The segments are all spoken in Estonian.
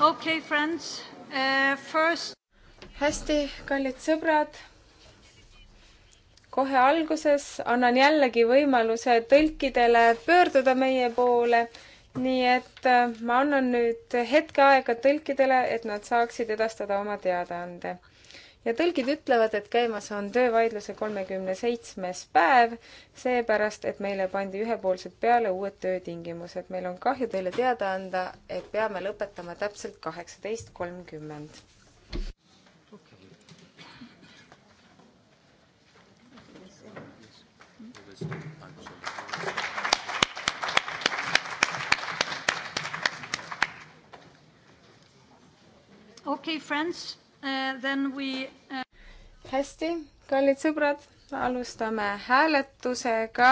okei okay,, friends uh,, first. hästi, kallid sõbrad. kohe alguses annan jällegi võimaluse tõlkidele pöörduda meie poole. nii et äh, ma annan nüüd hetke aega tõlkidele, et nad saaksid edastada oma teadaande ja tõlgid ütlevad, et käimas on töövaidluse kolmekümne seitsmes päev, seepärast et meile pandi ühepoolselt peale uued töötingimused. meil on kahju teile teada anda, et peame lõpetama täpselt kaheksateist kolmkümmend. okei okay,, friends Eh, we... Eh, hästi, kallid sõbrad, alustame hääletusega.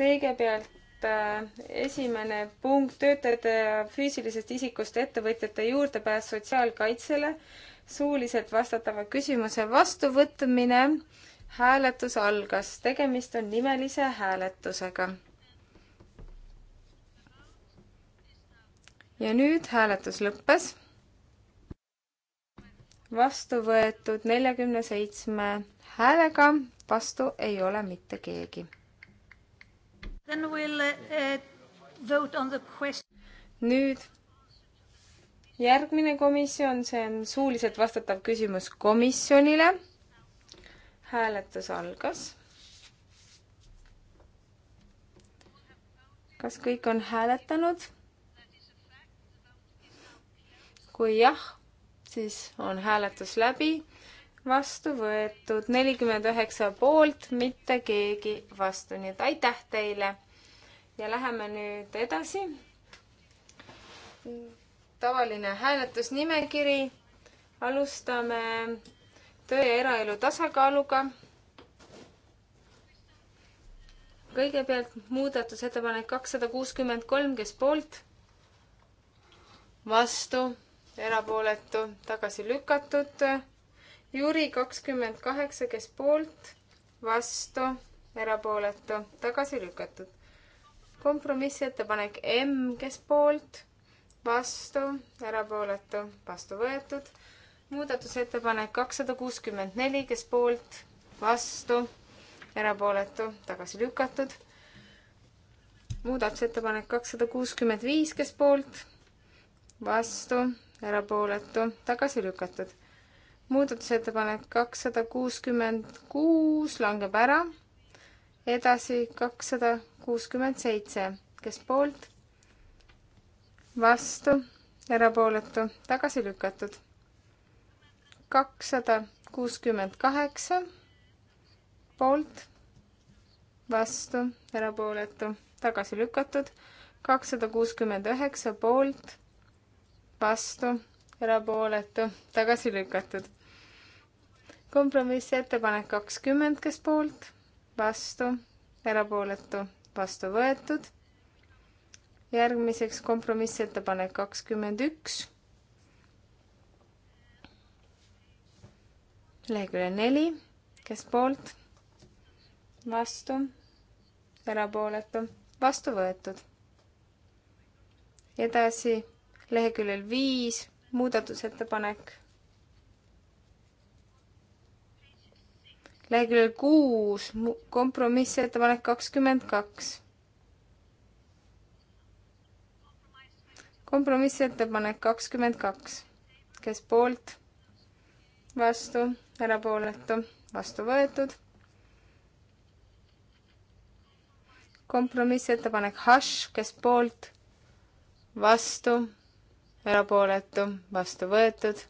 kõigepealt äh, esimene punkt, töötajate ja füüsilisest isikust ettevõtjate juurdepääs sotsiaalkaitsele, suuliselt vastatava küsimuse vastuvõtmine. hääletus algas, tegemist on nimelise hääletusega. ja nüüd hääletus lõppes vastu võetud neljakümne seitsme häälega, vastu ei ole mitte keegi. We'll, uh, nüüd järgmine komisjon, see on suuliselt vastatav küsimus komisjonile. hääletus algas. kas kõik on hääletanud? kui jah, siis on hääletus läbi, vastu võetud nelikümmend üheksa poolt, mitte keegi vastu, nii et aitäh teile. ja läheme nüüd edasi. tavaline hääletusnimekiri. alustame töö ja eraelu tasakaaluga. kõigepealt muudatusettepanek kakssada kuuskümmend kolm, kes poolt? vastu erapooletu, tagasi lükatud. Jüri kakskümmend kaheksa, kes poolt, vastu, erapooletu, tagasi lükatud. kompromissettepanek M, kes poolt, vastu, erapooletu, vastu võetud. muudatusettepanek kakssada kuuskümmend neli, kes poolt, vastu, erapooletu, tagasi lükatud. muudatusettepanek kakssada kuuskümmend viis, kes poolt, vastu erapooletu, tagasi lükatud. muudatusettepanek kakssada kuuskümmend kuus langeb ära. edasi kakssada kuuskümmend seitse, kes poolt, vastu, erapooletu, tagasi lükatud. kakssada kuuskümmend kaheksa, poolt, vastu, erapooletu, tagasi lükatud. kakssada kuuskümmend üheksa poolt vastu, erapooletu, tagasi lükatud. kompromissettepanek kakskümmend, kes poolt, vastu, erapooletu, vastu võetud. järgmiseks kompromissettepanek kakskümmend üks. lehekülje neli, kes poolt, vastu, erapooletu, vastu võetud. edasi leheküljel viis, muudatusettepanek. leheküljel kuus, kompromissettepanek kakskümmend kaks. kompromissettepanek kakskümmend kaks, kes poolt, vastu, erapooletu, vastu võetud kompromissettepanek Hush, kes poolt, vastu, erapooletu, vastu võetud.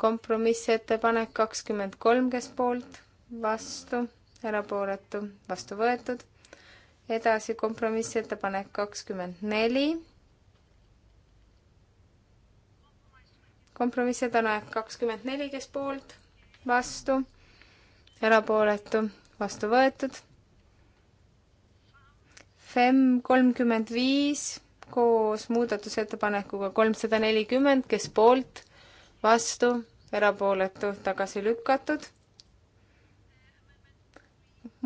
kompromissettepanek kakskümmend kolm, kes poolt, vastu, erapooletu, vastu võetud. edasi kompromissettepanek kakskümmend neli. kompromissettepanek kakskümmend neli, kes poolt, vastu, erapooletu, vastu võetud FEM kolmkümmend viis koos muudatusettepanekuga kolmsada nelikümmend, kes poolt, vastu, erapooletu, tagasi lükatud.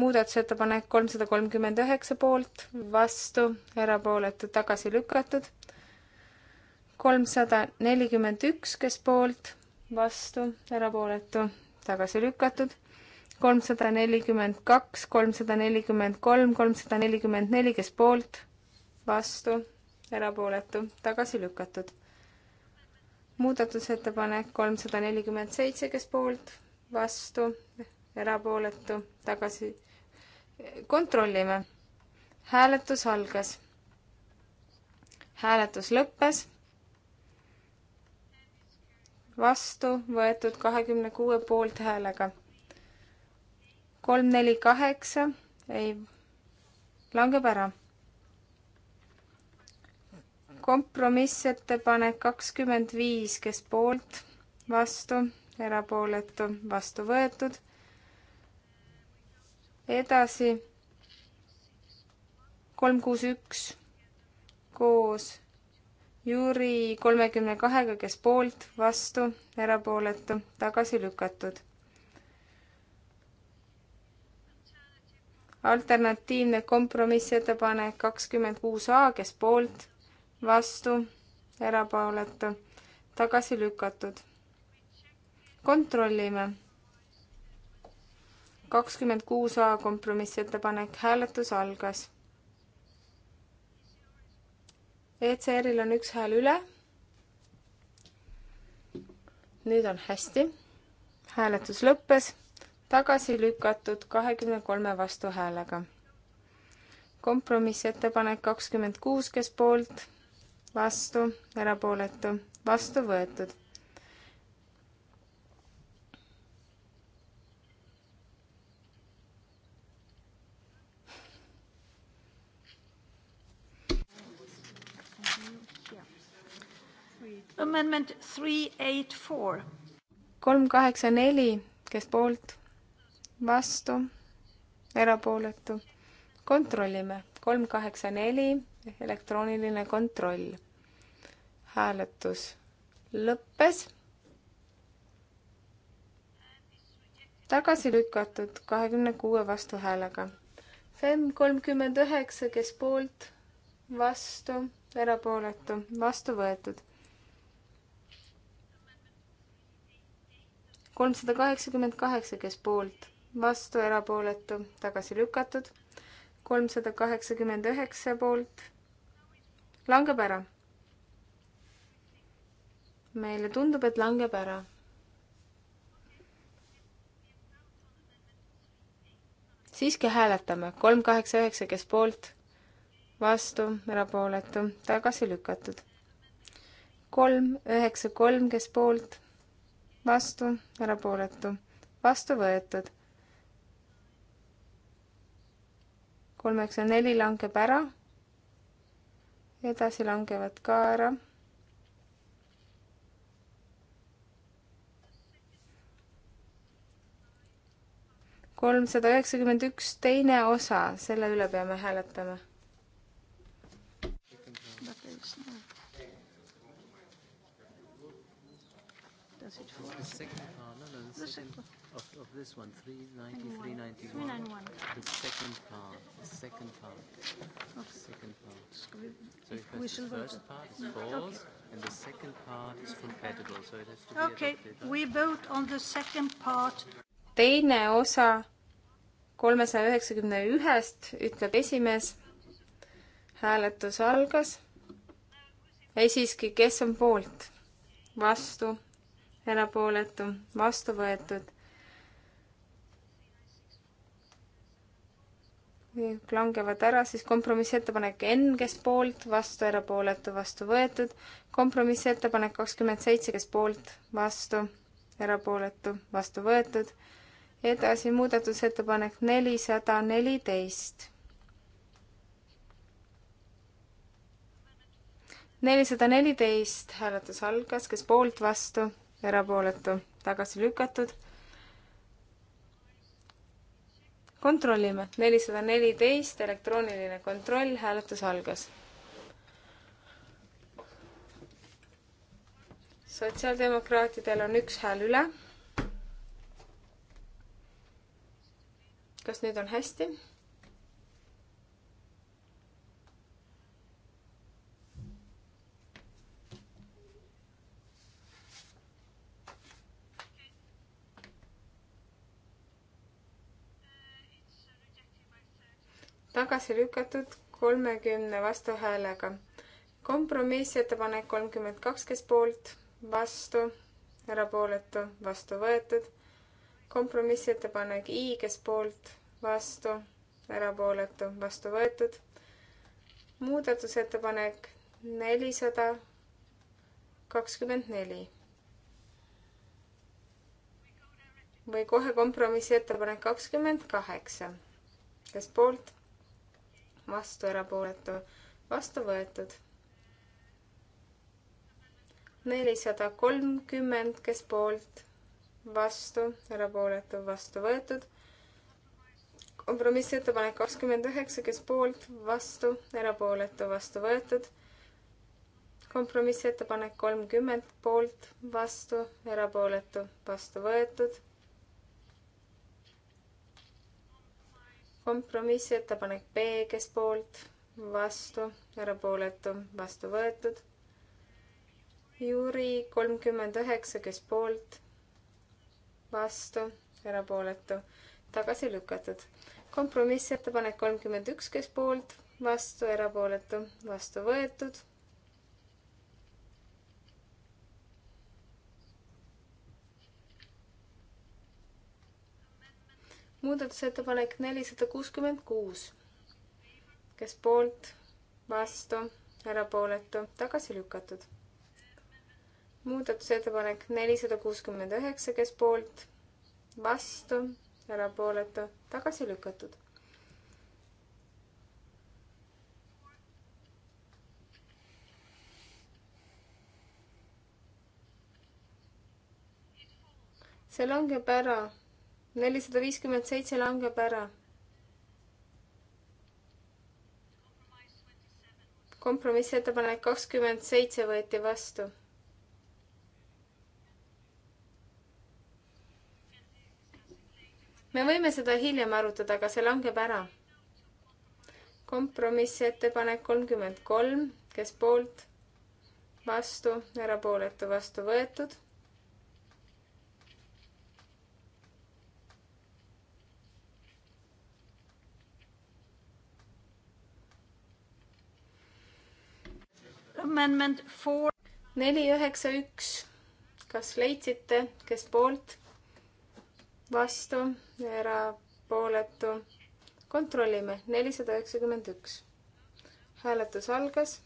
muudatusettepanek kolmsada kolmkümmend üheksa poolt, vastu, erapooletu, tagasi lükatud. kolmsada nelikümmend üks, kes poolt, vastu, erapooletu, tagasi lükatud kolmsada nelikümmend kaks, kolmsada nelikümmend kolm, kolmsada nelikümmend neli, kes poolt, vastu, erapooletu, tagasi lükatud. muudatusettepanek kolmsada nelikümmend seitse, kes poolt, vastu, erapooletu, tagasi. kontrollime. hääletus algas. hääletus lõppes vastu võetud kahekümne kuue poolthäälega kolm, neli, kaheksa, ei, langeb ära. kompromissettepanek kakskümmend viis, kes poolt, vastu, erapooletu, vastu võetud. edasi kolm, kuus, üks koos Jüri kolmekümne kahega, kes poolt, vastu, erapooletu, tagasi lükatud alternatiivne kompromissettepanek kakskümmend kuus A, kes poolt, vastu, erapooletu, tagasi lükatud. kontrollime. kakskümmend kuus A kompromissettepanek, hääletus algas. ECR-il on üks hääl üle. nüüd on hästi. hääletus lõppes tagasi lükatud kahekümne kolme vastuhäälega. kompromissettepanek kakskümmend kuus, kes poolt, vastu, erapooletu, vastu võetud. Amendment three eight four. kolm kaheksa neli, kes poolt vastu, erapooletu. kontrollime, kolm, kaheksa, neli, elektrooniline kontroll. hääletus lõppes. tagasi lükatud kahekümne kuue vastuhäälega. FEM kolmkümmend üheksa, kes poolt, vastu, erapooletu, vastu võetud kolmsada kaheksakümmend kaheksa, kes poolt, vastu, erapooletu, tagasi lükatud. kolmsada kaheksakümmend üheksa poolt langeb ära. meile tundub, et langeb ära. siiski hääletame, kolm, kaheksa, üheksa, kes poolt, vastu, erapooletu, tagasi lükatud. kolm, üheksa, kolm, kes poolt, vastu, erapooletu, vastu võetud kolmekümne neli langeb ära. edasi langevad ka ära. kolmsada üheksakümmend üks teine osa, selle üle peame hääletama. Does it fall? The second, oh, no, no, the second. Of, of this one, 393, 91. The second part, the second part, okay. second part. So if we the first vote. part is false, okay. and the second part is compatible, so it has to be Okay, adopted. we vote on the second part. Teine osa kolmesaja üheksakümne ühest, ütleb esimees. hääletus algas. ei siiski, kes on poolt? vastu, erapooletu, vastu võetud langevad ära, siis kompromissettepanek N, kes poolt, vastu, erapooletu, vastu võetud. kompromissettepanek kakskümmend seitse, kes poolt, vastu, erapooletu, vastu võetud. edasi muudatusettepanek nelisada neliteist. nelisada neliteist, hääletus algas, kes poolt, vastu, erapooletu, tagasi lükatud kontrollime, nelisada neliteist, elektrooniline kontroll, hääletus algas. sotsiaaldemokraatidel on üks hääl üle. kas nüüd on hästi? tagasi lükatud kolmekümne vastuhäälega. kompromissettepanek kolmkümmend kaks, kes poolt, vastu, erapooletu, vastu võetud. kompromissettepanek I, kes poolt, vastu, erapooletu, vastu võetud. muudatusettepanek nelisada kakskümmend neli. või kohe kompromissettepanek kakskümmend kaheksa, kes poolt vastu erapooletu, vastu võetud. nelisada kolmkümmend, kes poolt, vastu, erapooletu, vastu võetud. kompromissettepanek kakskümmend üheksa, kes poolt, vastu, erapooletu, vastu võetud kompromissettepanek kolmkümmend poolt, vastu, erapooletu, vastu võetud kompromissettepanek B, kes poolt, vastu, erapooletu, vastu võetud. Jüri kolmkümmend üheksa, kes poolt, vastu, erapooletu, tagasi lükatud. kompromissettepanek kolmkümmend üks, kes poolt, vastu, erapooletu, vastu võetud muudatusettepanek nelisada kuuskümmend kuus, kes poolt, vastu, erapooletu, tagasi lükatud. muudatusettepanek nelisada kuuskümmend üheksa, kes poolt, vastu, erapooletu, tagasi lükatud. see langeb ära nelisada viiskümmend seitse langeb ära. kompromissettepanek kakskümmend seitse võeti vastu. me võime seda hiljem arutada, aga see langeb ära. kompromissettepanek kolmkümmend kolm, kes poolt, vastu, erapooletu, vastu võetud amendment four. neli, üheksa, üks. kas leidsite, kes poolt? vastu, erapooletu. kontrollime, nelisada üheksakümmend üks. hääletus algas.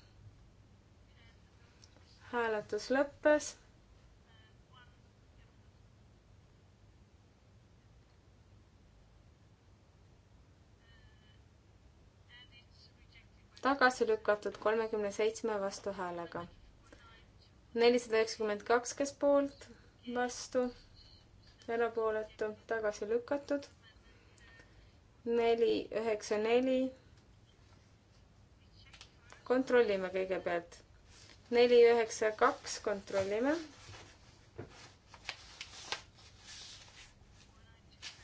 hääletus lõppes tagasi lükatud kolmekümne seitsme vastuhäälega. nelisada üheksakümmend kaks, kes poolt, vastu, erapooletu, tagasi lükatud. neli, üheksa, neli. kontrollime kõigepealt. neli, üheksa, kaks, kontrollime.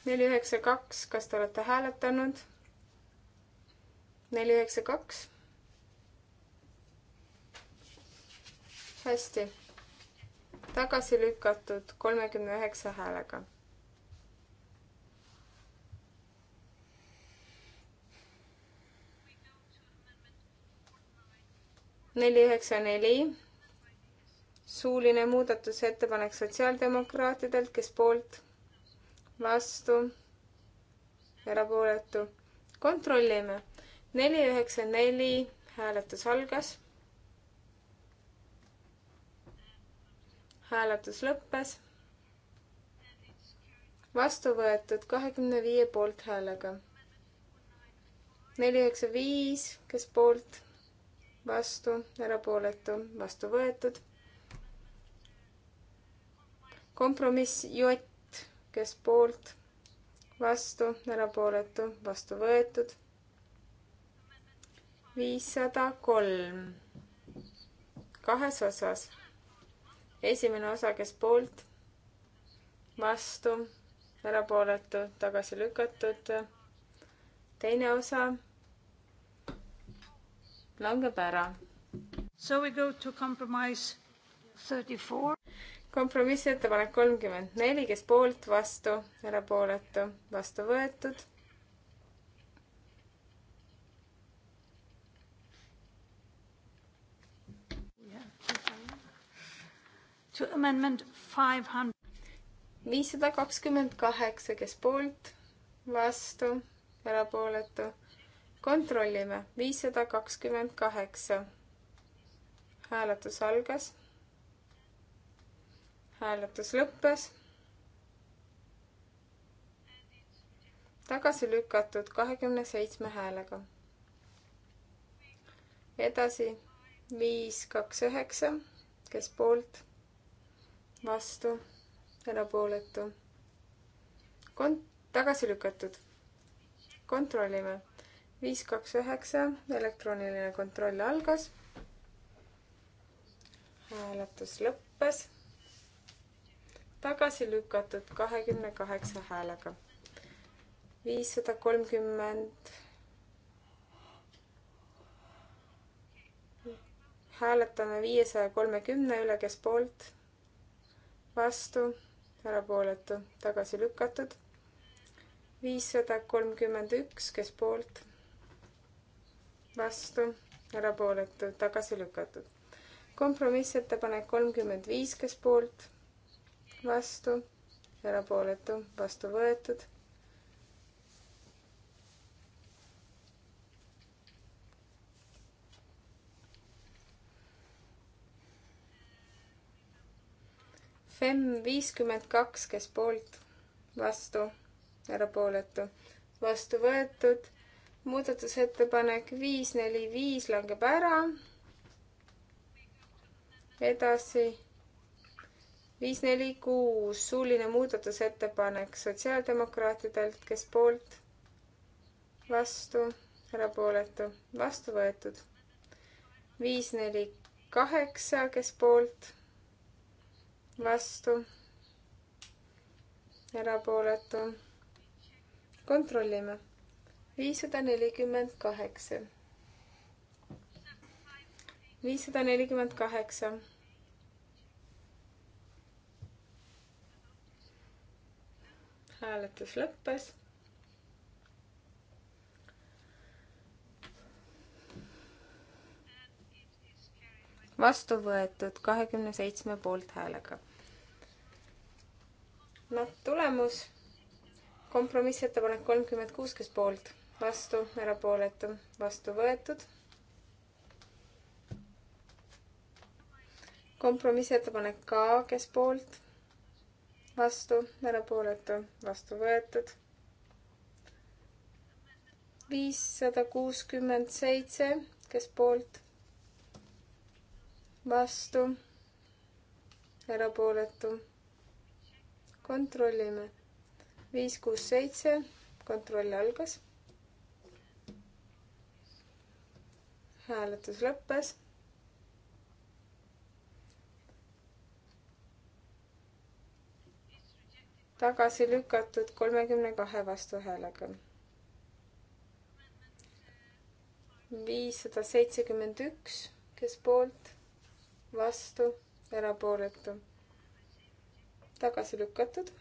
neli, üheksa, kaks, kas te olete hääletanud? neli, üheksa, kaks hästi. tagasi lükatud kolmekümne üheksa häälega. neli üheksa neli. suuline muudatusettepanek sotsiaaldemokraatidelt, kes poolt, vastu, erapooletu. kontrollime. neli üheksa neli, hääletus algas hääletus lõppes. vastu võetud kahekümne viie poolthäälega. neli, üheksa, viis, kes poolt, vastu, erapooletu, vastu võetud. kompromiss Jott, kes poolt, vastu, erapooletu, vastu võetud. viissada kolm kahes osas esimene osa, kes poolt, vastu, erapooletu, tagasi lükatud. teine osa langeb ära. So we go to compromise thirty four kompromissettepanek kolmkümmend neli, kes poolt, vastu, erapooletu, vastu võetud. viissada kakskümmend kaheksa, kes poolt, vastu, erapooletu. kontrollime, viissada kakskümmend kaheksa. hääletus algas. hääletus lõppes. tagasi lükatud kahekümne seitsme häälega. edasi viis, kaks, üheksa, kes poolt vastu, erapooletu. kont-, tagasi lükatud. kontrollime. viis, kaks, üheksa, elektrooniline kontroll algas. hääletus lõppes. tagasi lükatud kahekümne kaheksa häälega. viissada kolmkümmend hääletame viiesaja kolmekümne üle, kes poolt, vastu, erapooletu, tagasi lükatud. viissada kolmkümmend üks, kes poolt, vastu, erapooletu, tagasi lükatud. kompromissettepanek kolmkümmend viis, kes poolt, vastu, erapooletu, vastu võetud FEM viiskümmend kaks, kes poolt, vastu, erapooletu, vastu võetud. muudatusettepanek viis, neli, viis langeb ära. edasi viis, neli, kuus, suuline muudatusettepanek sotsiaaldemokraatidelt, kes poolt, vastu, erapooletu, vastu võetud. viis, neli, kaheksa, kes poolt, vastu, erapooletu. kontrollime. viissada nelikümmend kaheksa. viissada nelikümmend kaheksa. hääletus lõppes vastu võetud kahekümne seitsme poolthäälega. noh, tulemus, kompromissettepanek kolmkümmend kuus, kes poolt, vastu, erapooletu, vastu võetud. kompromissettepanek K, kes poolt, vastu, erapooletu, vastu võetud. viissada kuuskümmend seitse, kes poolt vastu, erapooletu. kontrollime. viis, kuus, seitse, kontroll algas. hääletus lõppes tagasi lükatud kolmekümne kahe vastuhäälega. viissada seitsekümmend üks, kes poolt, vastu, erapooletu, tagasi lükatud.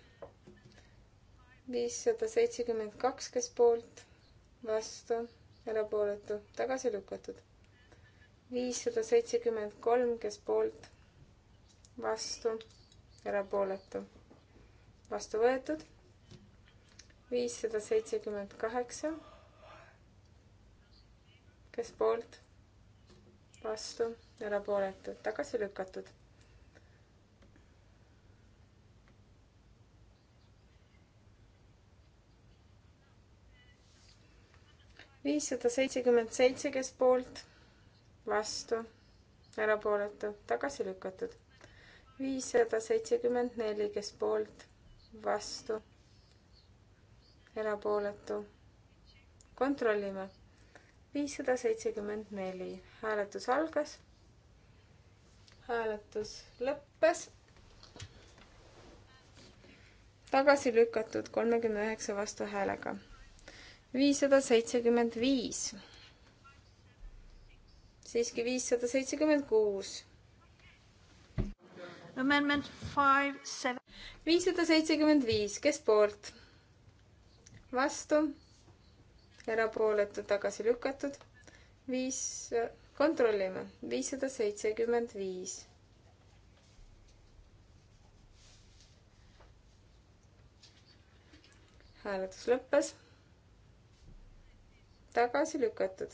viissada seitsekümmend kaks, kes poolt, vastu, erapooletu, tagasi lükatud. viissada seitsekümmend kolm, kes poolt, vastu, erapooletu, vastu võetud. viissada seitsekümmend kaheksa, kes poolt, vastu erapooletud, tagasi lükatud. viissada seitsekümmend seitse, kes poolt, vastu, erapooletu, tagasi lükatud. viissada seitsekümmend neli, kes poolt, vastu, erapooletu. kontrollime. viissada seitsekümmend neli, hääletus algas hääletus lõppes. tagasi lükatud kolmekümne üheksa vastuhäälega. viissada seitsekümmend viis. siiski viissada seitsekümmend kuus Amendment five seven. viissada seitsekümmend viis, kes poolt? vastu, erapooletu, tagasi lükatud, viis kontrollime, viissada seitsekümmend viis. hääletus lõppes. tagasi lükatud,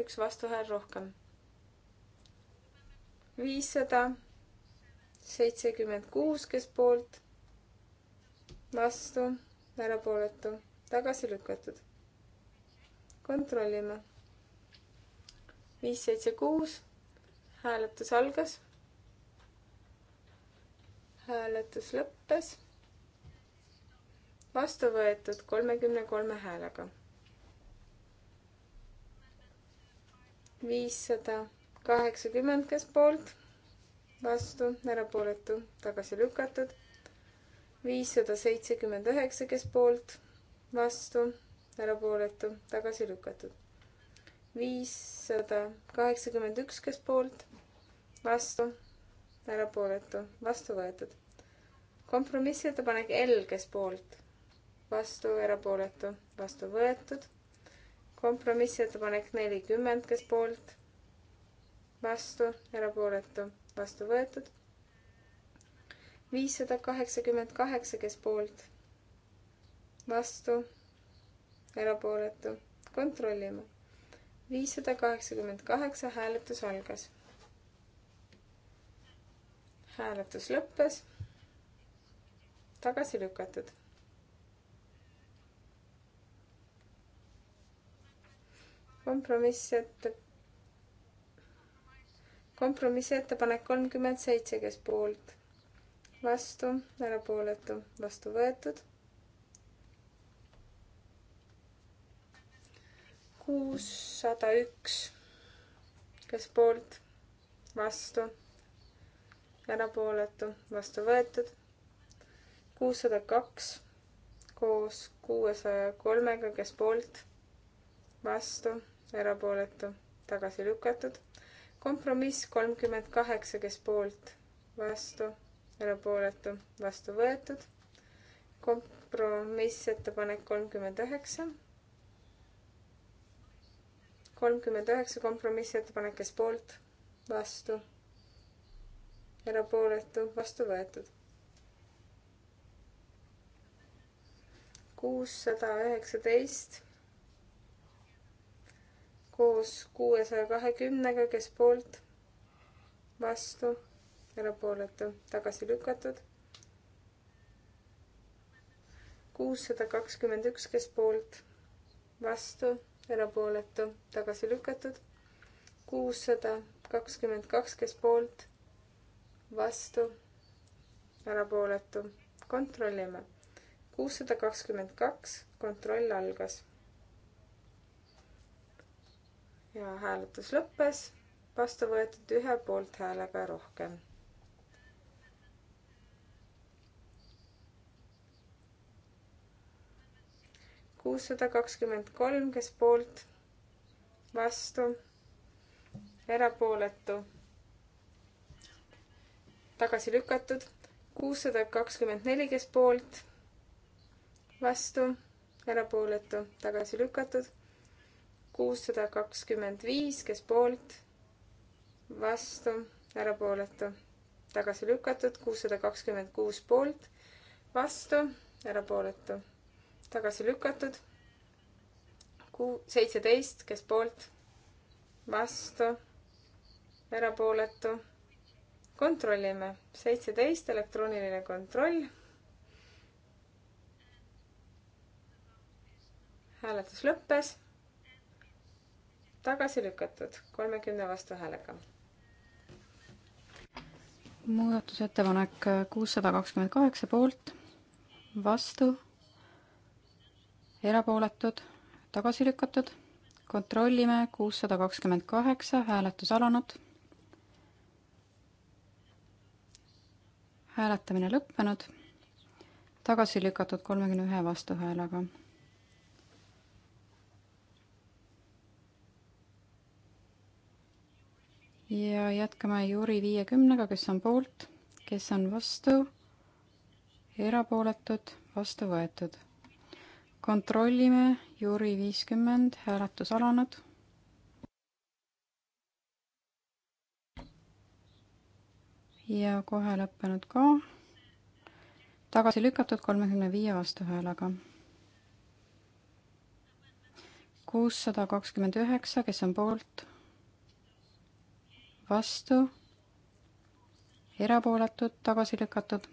üks vastuhääl rohkem. viissada seitsekümmend kuus, kes poolt, vastu, erapooletu, tagasi lükatud. kontrollime viis, seitse, kuus. hääletus algas. hääletus lõppes. vastu võetud kolmekümne kolme häälega. viissada kaheksakümmend, kes poolt, vastu, erapooletu, tagasi lükatud. viissada seitsekümmend üheksa, kes poolt, vastu, erapooletu, tagasi lükatud viissada kaheksakümmend üks, kes poolt, vastu, erapooletu, vastu võetud. kompromissettepanek L, kes poolt, vastu, erapooletu, vastu võetud. kompromissettepanek nelikümmend, kes poolt, vastu, erapooletu, vastu võetud. viissada kaheksakümmend kaheksa, kes poolt, vastu, erapooletu, kontrollime viissada kaheksakümmend kaheksa hääletus algas. hääletus lõppes. tagasi lükatud. kompromiss, et kompromissettepanek kolmkümmend seitse, kes poolt, vastu, erapooletu, vastu võetud kuussada üks, kes poolt, vastu, erapooletu, vastu võetud. kuussada kaks koos kuuesaja kolmega, kes poolt, vastu, erapooletu, tagasi lükatud. kompromiss kolmkümmend kaheksa, kes poolt, vastu, erapooletu, vastu võetud. kompromissettepanek kolmkümmend üheksa kolmkümmend üheksa kompromissettepanek, kes poolt, vastu, erapooletu, vastu võetud. kuussada üheksateist koos kuuesaja kahekümnega, kes poolt, vastu, erapooletu, tagasi lükatud. kuussada kakskümmend üks, kes poolt, vastu erapooletu, tagasi lükatud. kuussada kakskümmend kaks, kes poolt, vastu, erapooletu, kontrollime. kuussada kakskümmend kaks, kontroll algas. ja hääletus lõppes, vastu võetud ühe poolthäälega rohkem kuussada kakskümmend kolm, kes poolt, vastu, erapooletu, tagasi lükatud, kuussada kakskümmend neli, kes poolt, vastu, erapooletu, tagasi lükatud, kuussada kakskümmend viis, kes poolt, vastu, erapooletu, tagasi lükatud, kuussada kakskümmend kuus poolt, vastu, erapooletu tagasi lükatud. kuu, seitseteist, kes poolt, vastu, erapooletu. kontrollime, seitseteist, elektrooniline kontroll. hääletus lõppes. tagasi lükatud, kolmekümne vastuhäälega muudatusettepanek kuussada kakskümmend kaheksa poolt, vastu, erapooletud, tagasi lükatud. kontrollime, kuussada kakskümmend kaheksa, hääletus alanud. hääletamine lõppenud, tagasi lükatud kolmekümne ühe vastuhäälega. ja jätkame Juri viiekümnega, kes on poolt, kes on vastu, erapooletud, vastu võetud kontrollime, Juri viiskümmend, hääletus alanud. ja kohe lõppenud ka. tagasi lükatud kolmekümne viie vastuhäälega. kuussada kakskümmend üheksa, kes on poolt, vastu, erapooletud, tagasi lükatud.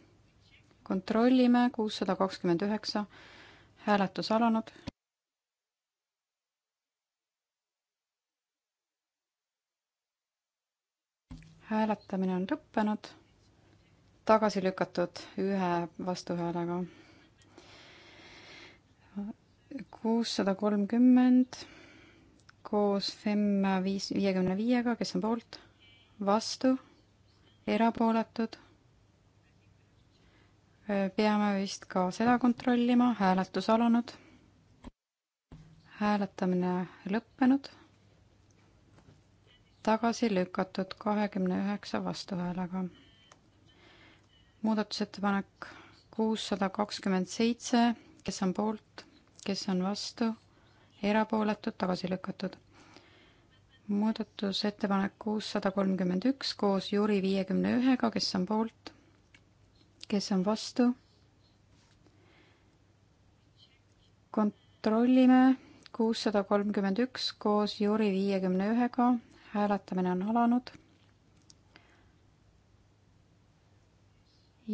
kontrollime, kuussada kakskümmend üheksa hääletus alanud. hääletamine on lõppenud, tagasi lükatud ühe vastuhäälega. kuussada kolmkümmend koos FEM viis, viiekümne viiega, kes on poolt, vastu, erapooletud Äh, peame vist ka seda kontrollima, hääletus alanud. hääletamine lõppenud. tagasi lükatud kahekümne üheksa vastuhäälega. muudatusettepanek kuussada kakskümmend seitse, kes on poolt, kes on vastu, erapooletud, tagasi lükatud muudatusettepanek kuussada kolmkümmend üks koos Jüri viiekümne ühega, kes on poolt, kes on vastu? kontrollime kuussada kolmkümmend üks koos Juri viiekümne ühega. hääletamine on alanud.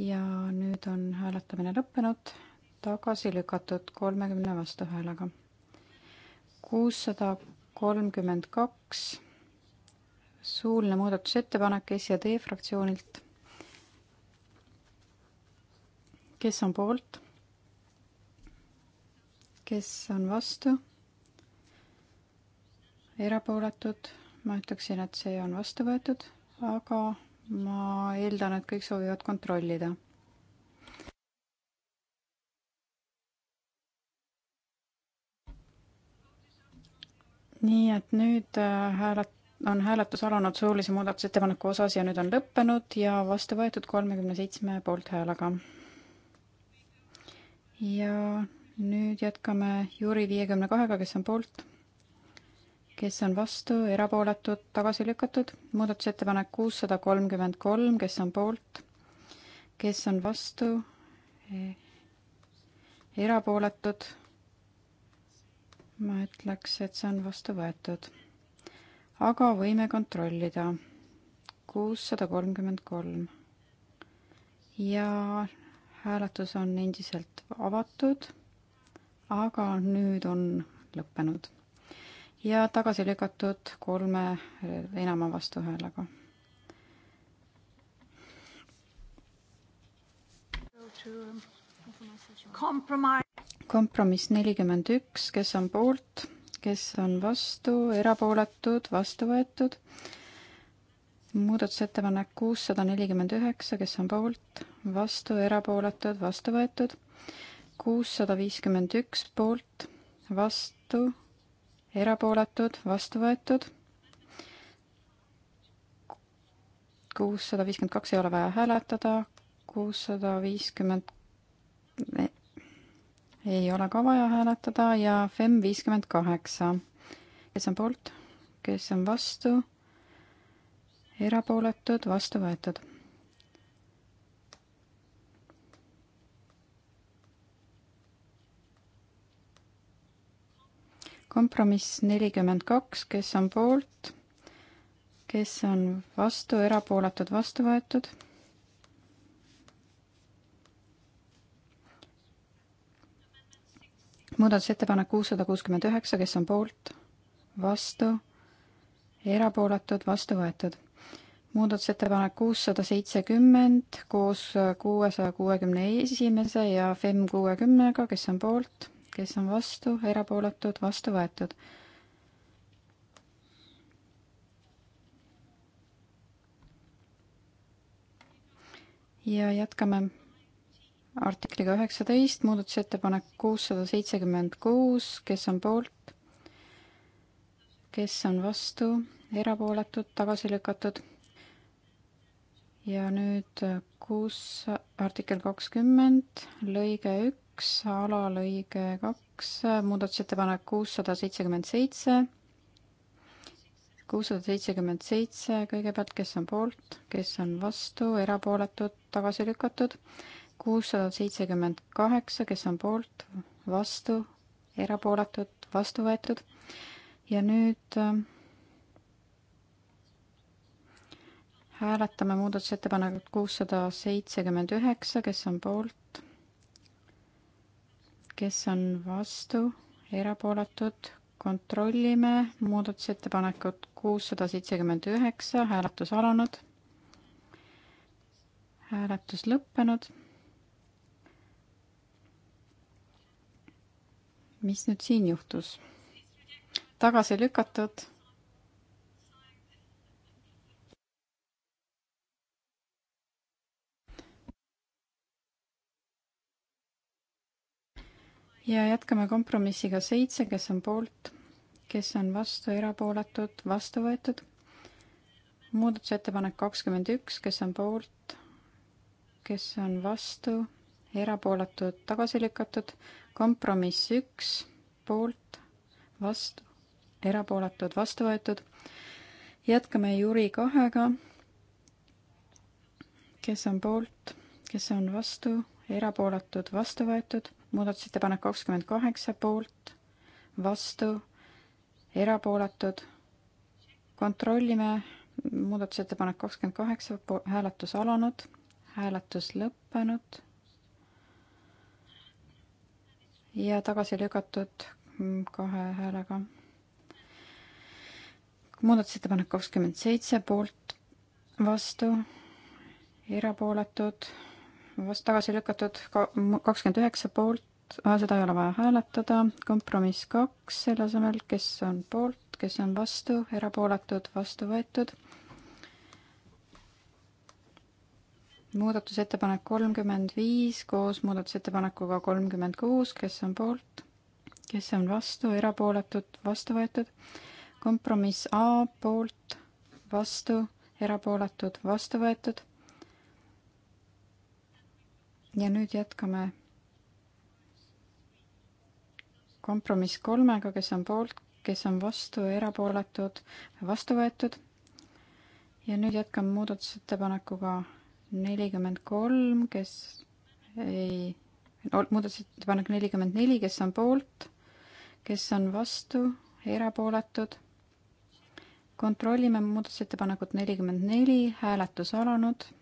ja nüüd on hääletamine lõppenud, tagasi lükatud kolmekümne vastuhäälega. kuussada kolmkümmend kaks suuline muudatusettepanek SED fraktsioonilt kes on poolt? kes on vastu? erapooletud, ma ütleksin, et see on vastu võetud, aga ma eeldan, et kõik soovivad kontrollida. nii et nüüd äh, häälet-, on hääletus alanud suulise muudatusettepaneku osas ja nüüd on lõppenud ja vastu võetud kolmekümne seitsme poolthäälega ja nüüd jätkame Juri viiekümne kahega, kes on poolt, kes on vastu, erapooletud, tagasi lükatud. muudatusettepanek kuussada kolmkümmend kolm, kes on poolt, kes on vastu, e, erapooletud. ma ütleks, et see on vastu võetud. aga võime kontrollida. kuussada kolmkümmend kolm. ja hääletus on endiselt avatud, aga nüüd on lõppenud ja tagasi lükatud kolme eh, enama vastuhäälega. kompromiss nelikümmend üks, kes on poolt, kes on vastu, erapooletud, vastu võetud muudatusettepanek kuussada nelikümmend üheksa, kes on poolt, vastu, erapooletud, vastu võetud. kuussada viiskümmend üks poolt, vastu, erapooletud, vastu võetud. kuussada viiskümmend kaks ei ole vaja hääletada, kuussada viiskümmend ei ole ka vaja hääletada ja FEM viiskümmend kaheksa, kes on poolt, kes on vastu erapooletud, vastu võetud. kompromiss nelikümmend kaks, kes on poolt, kes on vastu, erapooletud, vastu võetud muudatusettepanek kuussada kuuskümmend üheksa, kes on poolt, vastu, erapooletud, vastu võetud muudatusettepanek kuussada seitsekümmend koos kuuesaja kuuekümne esimese ja FEM kuuekümnega, kes on poolt, kes on vastu, erapooletud, vastu võetud. ja jätkame artikliga üheksateist, muudatusettepanek kuussada seitsekümmend kuus, kes on poolt, kes on vastu, erapooletud, tagasi lükatud ja nüüd kus artikkel kakskümmend, lõige üks, alalõige kaks, muudatusettepanek kuussada seitsekümmend seitse, kuussada seitsekümmend seitse kõigepealt, kes on poolt, kes on vastu, erapooletud, tagasi lükatud, kuussada seitsekümmend kaheksa, kes on poolt, vastu, erapooletud, vastu võetud ja nüüd hääletame muudatusettepanekut kuussada seitsekümmend üheksa, kes on poolt, kes on vastu, erapooletud, kontrollime muudatusettepanekut kuussada seitsekümmend üheksa, hääletus alanud, hääletus lõppenud. mis nüüd siin juhtus? tagasi lükatud ja jätkame kompromissiga seitse, kes on poolt, kes on vastu, erapooletud, vastu võetud. muudatusettepanek kakskümmend üks, kes on poolt, kes on vastu, erapooletud, tagasi lükatud. kompromiss üks, poolt, vastu, erapooletud, vastu võetud. jätkame Jüri kahega. kes on poolt, kes on vastu, erapooletud, vastu võetud muudatusettepanek kakskümmend kaheksa poolt, vastu, erapooletud. kontrollime muudatusettepanek kakskümmend kaheksa, hääletus alanud, hääletus lõppenud ja tagasi lükatud kahe häälega. muudatusettepanek kakskümmend seitse poolt, vastu, erapooletud vast tagasi lükatud kakskümmend üheksa poolt, seda ei ole vaja hääletada, kompromiss kaks selle asemel, kes on poolt, kes on vastu, erapooletud, vastu võetud. muudatusettepanek kolmkümmend viis koos muudatusettepanekuga kolmkümmend kuus, kes on poolt, kes on vastu, erapooletud, vastu võetud. kompromiss A poolt, vastu, erapooletud, vastu võetud ja nüüd jätkame kompromiss kolmega, kes on poolt, kes on vastu, erapooletud, vastu võetud. ja nüüd jätkame muudatusettepanekuga nelikümmend kolm, kes ei, muudatusettepanek nelikümmend neli, kes on poolt, kes on vastu, erapooletud. kontrollime muudatusettepanekut nelikümmend neli, hääletus alanud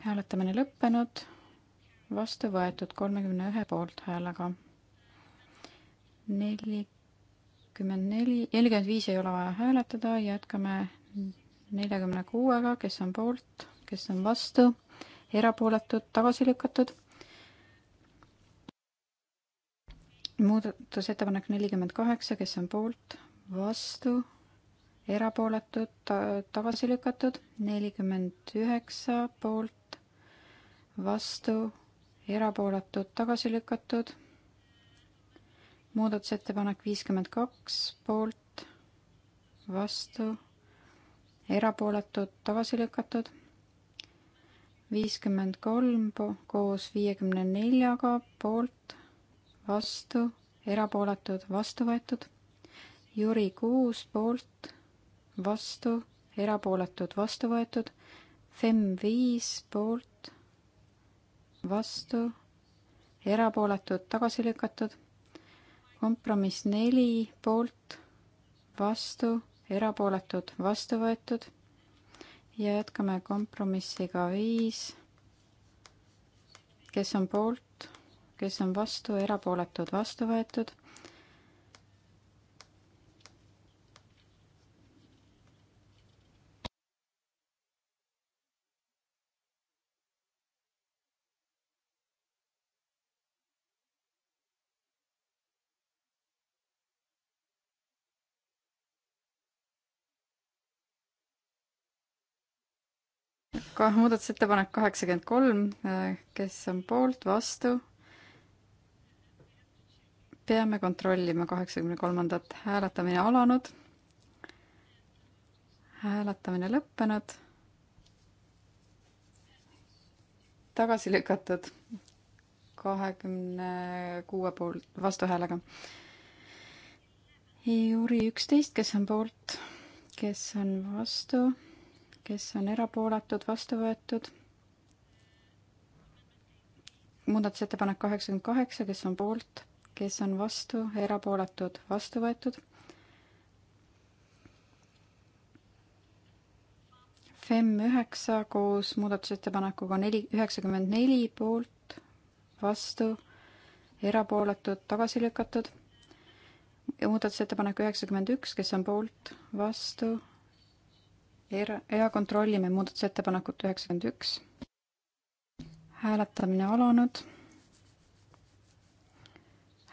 hääletamine lõppenud, vastu võetud kolmekümne ühe poolthäälega. nelikümmend neli, nelikümmend viis ei ole vaja hääletada, jätkame neljakümne kuuega, kes on poolt, kes on vastu, erapooletud, tagasi lükatud. muudatusettepanek nelikümmend kaheksa, kes on poolt, vastu erapooletud, tagasi lükatud, nelikümmend üheksa poolt, vastu, erapooletud, tagasi lükatud. muudatusettepanek viiskümmend kaks, poolt, vastu, erapooletud, tagasi lükatud. viiskümmend kolm koos viiekümne neljaga, poolt, vastu, erapooletud, vastu võetud. Jüri kuus, poolt, vastu, erapooletud, vastu võetud. Fem viis, poolt, vastu, erapooletud, tagasi lükatud. kompromiss neli poolt, vastu, erapooletud, vastu võetud. ja jätkame kompromissiga viis. kes on poolt, kes on vastu, erapooletud, vastu võetud. ka muudatusettepanek kaheksakümmend kolm, kes on poolt, vastu? peame kontrollima kaheksakümne kolmandat, hääletamine alanud. hääletamine lõppenud. tagasi lükatud kahekümne kuue poolt, vastuhäälega. Jüri üksteist, kes on poolt, kes on vastu kes on erapooletud, vastu võetud. muudatusettepanek kaheksakümmend kaheksa, kes on poolt, kes on vastu, erapooletud, vastu võetud. FEM üheksa koos muudatusettepanekuga neli, üheksakümmend neli poolt, vastu, erapooletud, tagasi lükatud. muudatusettepanek üheksakümmend üks, kes on poolt, vastu er-, ja kontrollime muudatusettepanekut üheksakümmend üks. hääletamine alanud.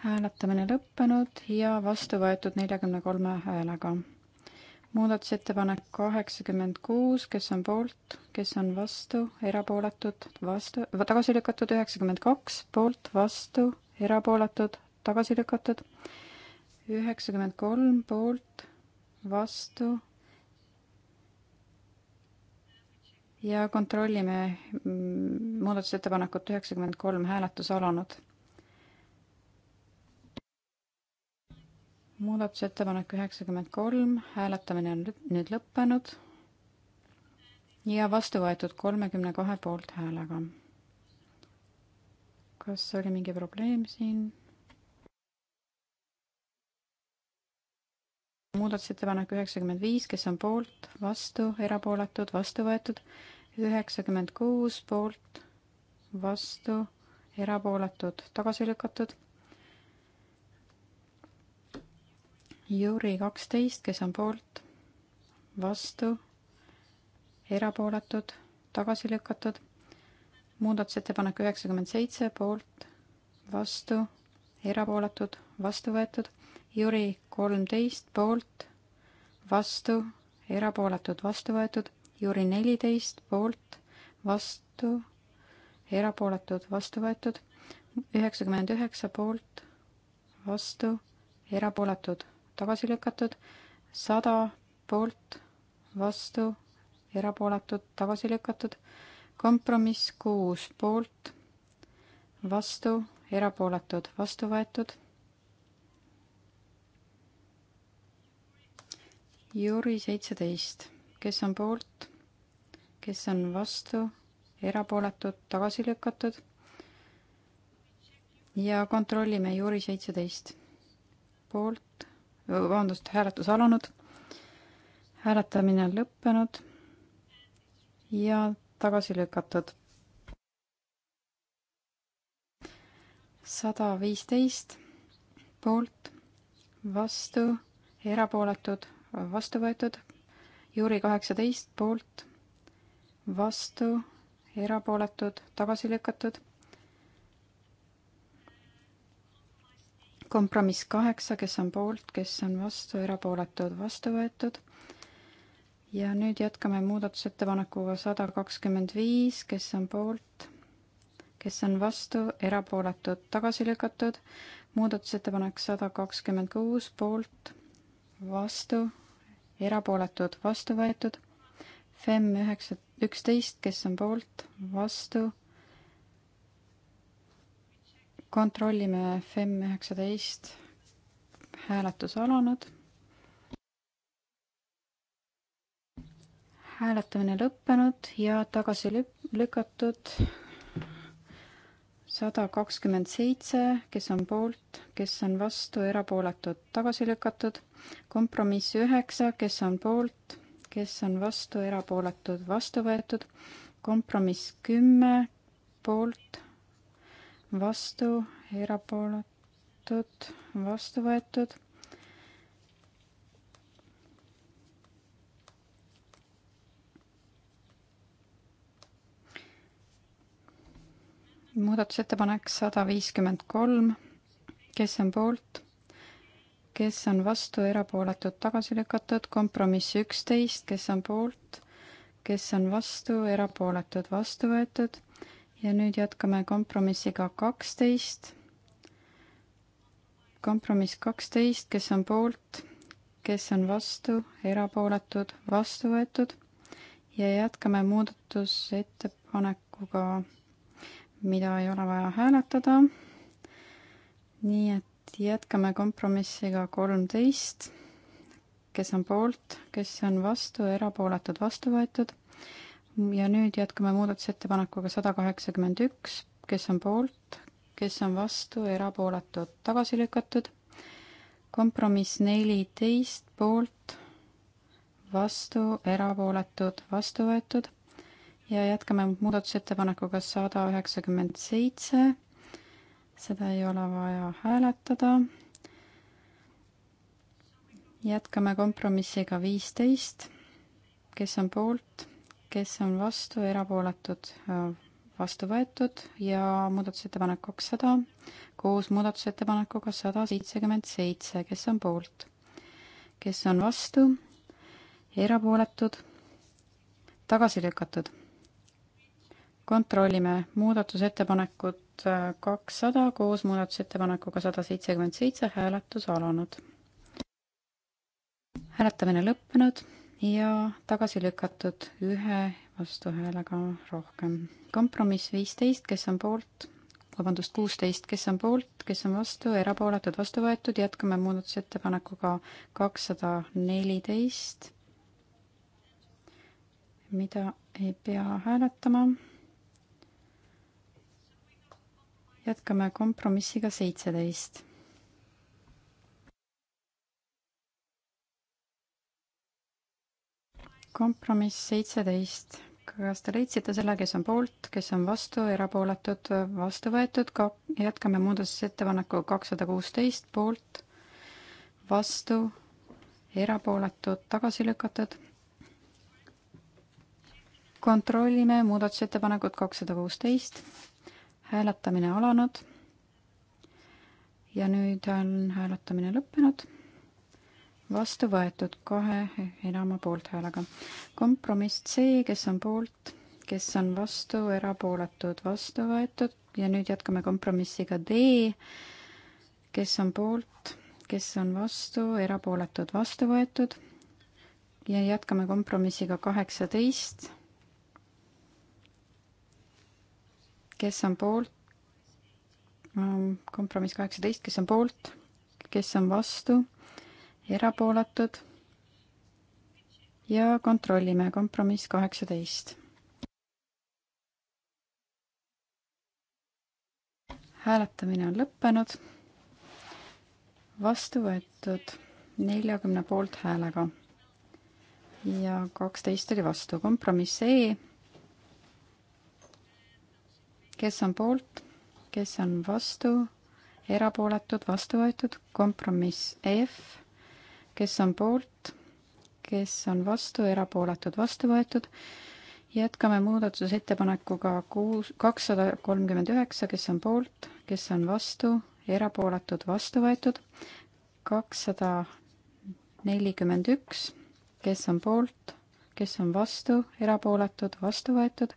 hääletamine lõppenud ja vastu võetud neljakümne kolme häälega. muudatusettepanek kaheksakümmend kuus, kes on poolt, kes on vastu, erapooletud, vastu, tagasi lükatud üheksakümmend kaks, poolt, vastu, erapooletud, tagasi lükatud, üheksakümmend kolm poolt, vastu ja kontrollime mm, muudatusettepanekut üheksakümmend kolm hääletus alanud. muudatusettepanek üheksakümmend kolm, hääletamine on nüüd lõppenud ja vastu võetud kolmekümne kahe poolthäälega. kas oli mingi probleem siin? muudatusettepanek üheksakümmend viis, kes on poolt, vastu, erapooletud, vastu võetud üheksakümmend kuus poolt, vastu, erapooletud, tagasi lükatud. Jüri kaksteist, kes on poolt, vastu, erapooletud, tagasi lükatud. muudatusettepanek üheksakümmend seitse poolt, vastu, erapooletud, vastu võetud. Jüri kolmteist poolt, vastu, erapooletud, vastu võetud Jüri neliteist poolt, vastu, erapooletud, vastu võetud, üheksakümmend üheksa poolt, vastu, erapooletud, tagasi lükatud, sada poolt, vastu, erapooletud, tagasi lükatud, kompromiss kuus poolt, vastu, erapooletud, vastu võetud. Jüri seitseteist kes on poolt, kes on vastu, erapooletud, tagasi lükatud. ja kontrollime juuri seitseteist poolt, vabandust, hääletus alanud, hääletamine on lõppenud ja tagasi lükatud. sada viisteist poolt, vastu, erapooletud, vastu võetud Juri kaheksateist poolt, vastu, erapooletud, tagasi lükatud. kompromiss kaheksa, kes on poolt, kes on vastu, erapooletud, vastu võetud. ja nüüd jätkame muudatusettepanekuga sada kakskümmend viis, kes on poolt, kes on vastu, erapooletud, tagasi lükatud. muudatusettepanek sada kakskümmend kuus, poolt, vastu erapooletud, vastu võetud. FEM üheksa, üksteist, kes on poolt, vastu. kontrollime FEM üheksateist, hääletus alanud. hääletamine lõppenud ja tagasi lükatud sada kakskümmend seitse, kes on poolt, kes on vastu, erapooletud, tagasi lükatud. kompromiss üheksa, kes on poolt, kes on vastu, erapooletud, vastu võetud. kompromiss kümme, poolt, vastu, erapooletud, vastu võetud muudatusettepanek sada viiskümmend kolm, kes on poolt, kes on vastu, erapooletud, tagasi lükatud, kompromiss üksteist, kes on poolt, kes on vastu, erapooletud, vastu võetud ja nüüd jätkame kompromissiga kaksteist. kompromiss kaksteist, kes on poolt, kes on vastu, erapooletud, vastu võetud ja jätkame muudatusettepanekuga kakssada mida ei ole vaja hääletada. nii et jätkame kompromissiga kolmteist, kes on poolt, kes on vastu, erapooletud, vastu võetud. ja nüüd jätkame muudatusettepanekuga sada kaheksakümmend üks, kes on poolt, kes on vastu, erapooletud, tagasi lükatud. kompromiss neliteist poolt, vastu, erapooletud, vastu võetud ja jätkame muudatusettepanekuga sada üheksakümmend seitse. seda ei ole vaja hääletada. jätkame kompromissiga viisteist. kes on poolt, kes on vastu, erapooletud, vastu võetud ja muudatusettepanek kakssada koos muudatusettepanekuga sada seitsekümmend seitse, kes on poolt, kes on vastu, erapooletud, tagasi lükatud kontrollime muudatusettepanekut äh, kakssada koos muudatusettepanekuga sada seitsekümmend seitse hääletus alanud. hääletamine lõppenud ja tagasi lükatud ühe vastuhäälega rohkem. kompromiss viisteist, kes on poolt, vabandust, kuusteist, kes on poolt, kes on vastu, erapooletud, vastu võetud, jätkame muudatusettepanekuga kakssada neliteist, mida ei pea hääletama jätkame kompromissiga seitseteist. kompromiss seitseteist, kas te leidsite selle, kes on poolt, kes on vastu, erapooletud, vastu võetud, ka jätkame muudatusettepaneku kakssada kuusteist, poolt, vastu, erapooletud, tagasi lükatud kontrollime muudatusettepanekut kakssada kuusteist hääletamine alanud. ja nüüd on hääletamine lõppenud. vastu võetud kahe enama poolthäälega. kompromiss C, kes on poolt, kes on vastu, erapooletud, vastu võetud ja nüüd jätkame kompromissiga D, kes on poolt, kes on vastu, erapooletud, vastu võetud ja jätkame kompromissiga kaheksateist kes on poolt, ähm, kompromiss kaheksateist, kes on poolt, kes on vastu, erapooletud ja kontrollime kompromiss kaheksateist. hääletamine on lõppenud, vastu võetud neljakümne poolthäälega ja kaksteist oli vastu, kompromiss E kes on poolt, kes on vastu, erapooletud, vastu võetud, kompromiss F, kes on poolt, kes on vastu, erapooletud, vastu võetud. jätkame muudatusettepanekuga kuus, kakssada kolmkümmend üheksa, kes on poolt, kes on vastu, erapooletud, vastu võetud, kakssada nelikümmend üks, kes on poolt, kes on vastu, erapooletud, vastu võetud,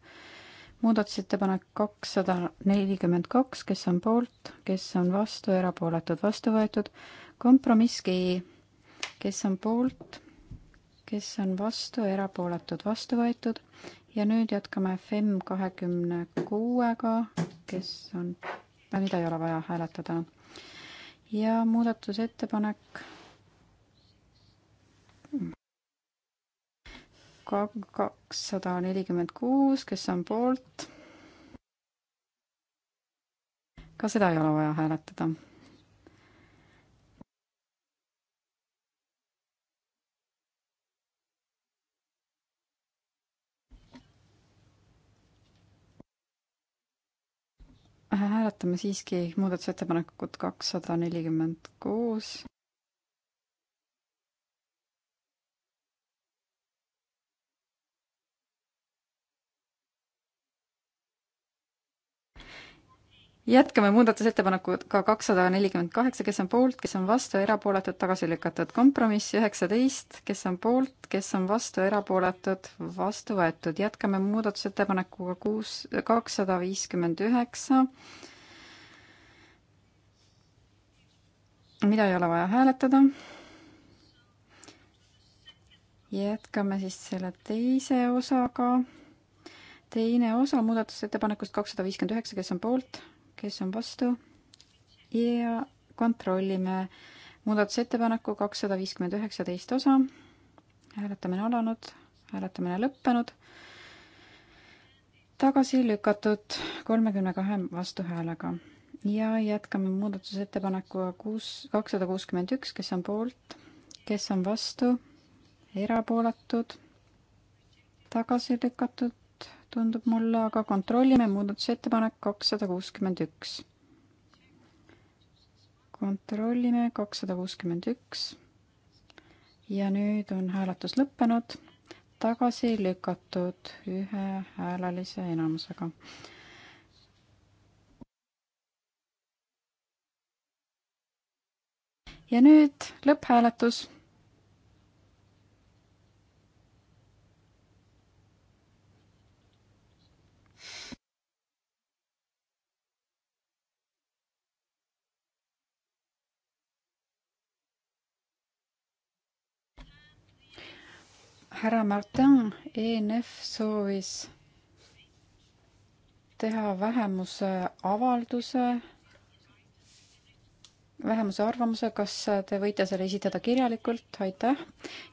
muudatusettepanek kakssada nelikümmend kaks, kes on poolt, kes on vastu, erapooletud, vastu võetud. kompromiss G, kes on poolt, kes on vastu, erapooletud, vastu võetud. ja nüüd jätkame FEM kahekümne kuuega, kes on, mida äh, ei ole vaja hääletada. ja muudatusettepanek kakssada nelikümmend kuus, kes on poolt. ka seda ei ole vaja hääletada. hääletame siiski muudatusettepanekut kakssada nelikümmend kuus. jätkame muudatusettepanekuga kakssada nelikümmend kaheksa, kes on poolt, kes on vastu, erapooletud, tagasi lükatud. kompromiss üheksateist, kes on poolt, kes on vastu, erapooletud, vastu võetud. jätkame muudatusettepanekuga kuus, kakssada viiskümmend üheksa. mida ei ole vaja hääletada. jätkame siis selle teise osaga teine osa muudatusettepanekust kakssada viiskümmend üheksa, kes on poolt, kes on vastu ja kontrollime muudatusettepaneku kakssada viiskümmend üheksa teist osa. hääletamine alanud, hääletamine lõppenud. tagasi lükatud kolmekümne kahe vastuhäälega ja jätkame muudatusettepanekuga kuus, kakssada kuuskümmend üks, kes on poolt, kes on vastu, erapooletud, tagasi lükatud tundub mulle, aga kontrollime muudatusettepanek kakssada kuuskümmend üks. kontrollime kakssada kuuskümmend üks. ja nüüd on hääletus lõppenud, tagasi lükatud ühehäälelise enamusega. ja nüüd lõpphääletus härra Martin ENF soovis teha vähemuse avalduse, vähemuse arvamuse, kas te võite selle esitada kirjalikult, aitäh.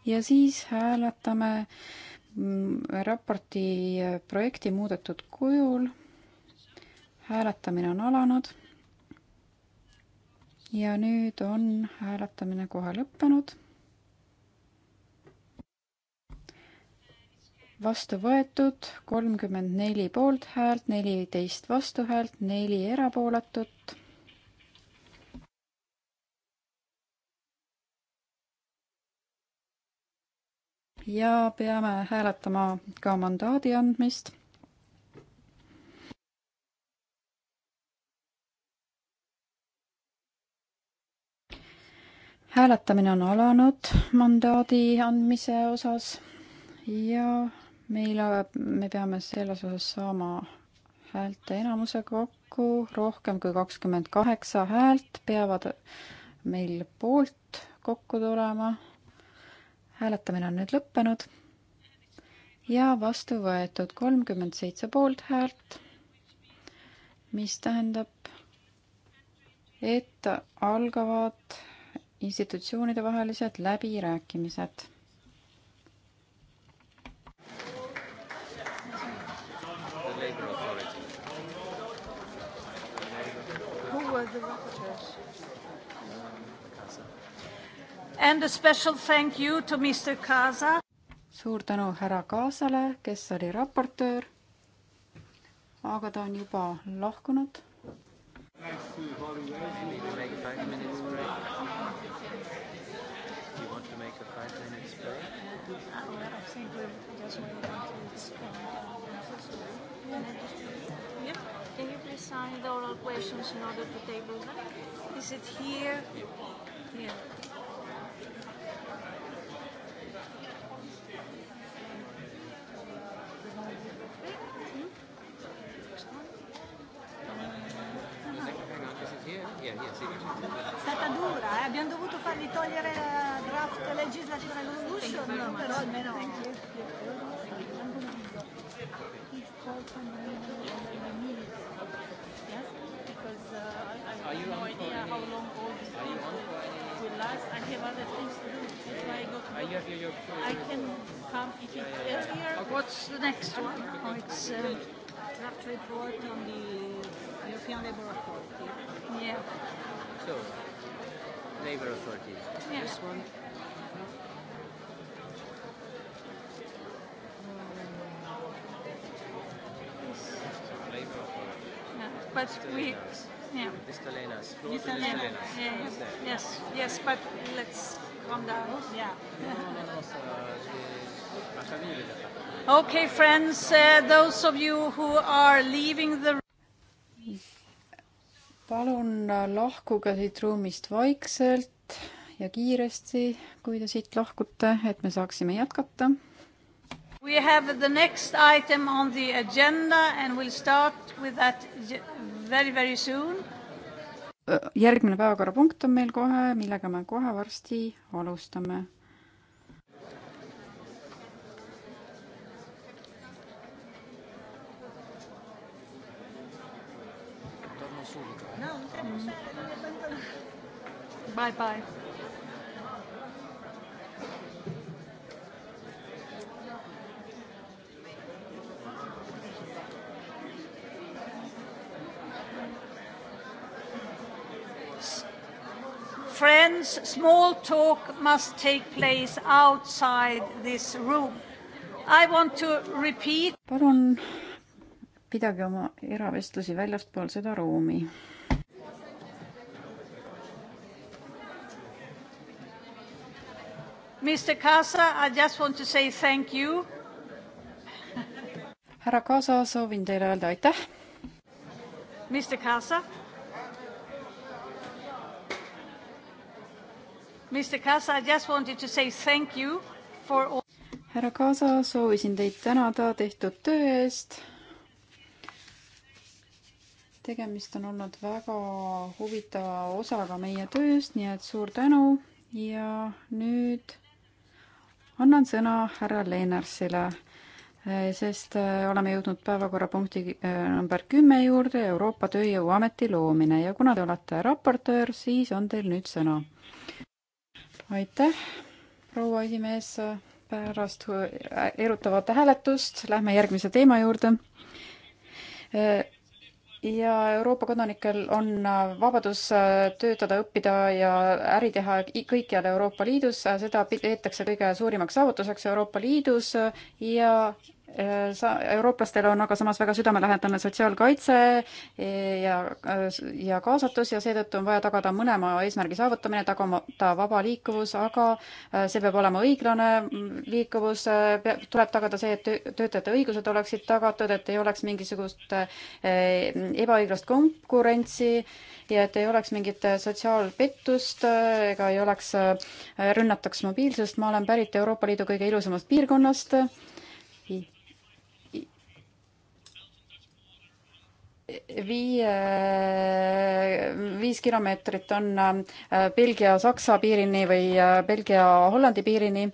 ja siis hääletame mm, raporti projekti muudetud kujul. hääletamine on alanud. ja nüüd on hääletamine kohe lõppenud vastu võetud, kolmkümmend neli poolthäält, neliteist vastuhäält, neli erapooletut. ja peame hääletama ka mandaadi andmist hääletamine on alanud mandaadi andmise osas ja meil, me peame selles osas saama häälte enamuse kokku, rohkem kui kakskümmend kaheksa häält peavad meil poolt kokku tulema. hääletamine on nüüd lõppenud ja vastu võetud kolmkümmend seitse poolthäält, mis tähendab, et algavad institutsioonide vahelised läbirääkimised And a special thank you to Mr Kaasa. suur tänu härra Kaasale, kes oli raportöör. aga ta on juba lahkunud. Yeah. Can you please sign the oral questions in order to table them? Is it here? Here. Yeah. È stata dura, eh? abbiamo dovuto fargli togliere la draft legislativa resolution, però almeno... Are you on for any, uh, are you on for any will last. I have other things to do. That's why I go to. Uh, you have your, your, your I can come if yeah, it's yeah, earlier. Yeah. What's the next one? Oh, it's a uh, draft report on the European Labour Authority. Yeah. So, labor authority. Yeah. This one. So, labor authority. Yeah. But Mr. we. Lenas. Yeah. Mr. Lenas. Floor Mr. Mr. Lenas. Lenas. Yeah, yes. yes. Yes. But let's calm down. Yeah. No, no, no. So, the... Okay, friends, uh, those of you who are leaving the palun äh, lahkuge siit ruumist vaikselt ja kiiresti, kui te siit lahkute, et me saaksime jätkata. We have the next item on the agenda and we'll start with that very, very soon. Äh, järgmine päevakorrapunkt on meil kohe, millega me kohe varsti alustame Bye bye. Friends, small talk must take place outside this room. I want to repeat. palun pidage oma eravestlusi väljaspool seda ruumi. Mr Kaasa, I just want to say thank you. härra Kaasa, soovin teile öelda aitäh. Mr Kaasa. Mr Kaasa, I just wanted to say thank you for all. härra Kaasa, soovisin teid tänada tehtud töö eest. tegemist on olnud väga huvitava osaga meie tööst, nii et suur tänu ja nüüd annan sõna härra Leinarsile, eh, sest eh, oleme jõudnud päevakorrapunkti eh, number kümme juurde, Euroopa Tööjõuameti loomine ja kuna te olete raportöör, siis on teil nüüd sõna. aitäh, proua esimees, pärast erutavat hääletust lähme järgmise teema juurde ja Euroopa kodanikel on äh, vabadus äh, töötada, õppida ja äri teha kõikjal Euroopa Liidus, äh, seda peetakse kõige suurimaks saavutuseks Euroopa Liidus ja sa-, eurooplastel on aga samas väga südamelähedane sotsiaalkaitse e, ja, e, ja kaasatus ja seetõttu on vaja tagada mõlema eesmärgi saavutamine, tagada vaba liikuvus, aga e, see peab olema õiglane liikuvus, tuleb tagada see, et töötajate õigused oleksid tagatud, et ei oleks mingisugust ebaõiglast konkurentsi ja et ei oleks mingit sotsiaalpettust ega ei oleks, rünnataks mobiilsust, ma olen pärit Euroopa Liidu kõige ilusamast piirkonnast, viie, viis kilomeetrit on äh, Belgia-Saksa piirini või äh, Belgia-Hollandi piirini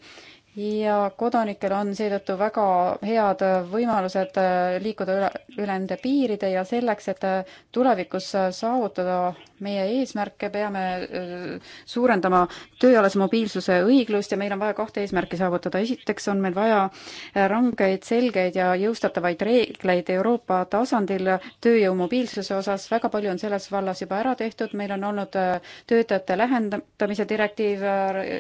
ja kodanikel on seetõttu väga head võimalused äh, liikuda üle, üle nende piiride ja selleks, et äh, tulevikus äh, saavutada meie eesmärke, peame suurendama tööalase mobiilsuse õiglust ja meil on vaja kahte eesmärki saavutada. esiteks on meil vaja rangeid, selgeid ja jõustatavaid reegleid Euroopa tasandil tööjõu mobiilsuse osas. väga palju on selles vallas juba ära tehtud, meil on olnud töötajate lähendamise direktiiv,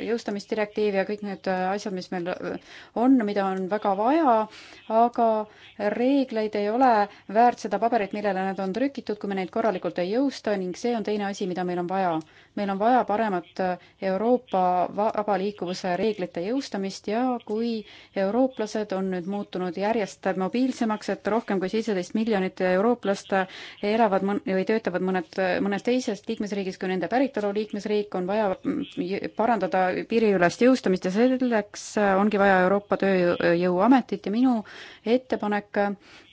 jõustamisdirektiiv ja kõik need asjad, mis mis meil on, mida on väga vaja, aga reegleid ei ole väärt seda paberit, millele nad on trükitud, kui me neid korralikult ei jõusta ning see on teine asi, mida meil on vaja meil on vaja paremat äh, Euroopa vaba liikuvuse reeglite jõustamist ja kui eurooplased on nüüd muutunud järjest mobiilsemaks, et rohkem kui seitseteist miljonit eurooplast äh, elavad mõn- või töötavad mõned, äh, mõnes teises liikmesriigis kui nende päritolu liikmesriik, on vaja mm, parandada piiriülest jõustamist ja selleks ongi vaja Euroopa Tööjõuametit ja minu ettepanek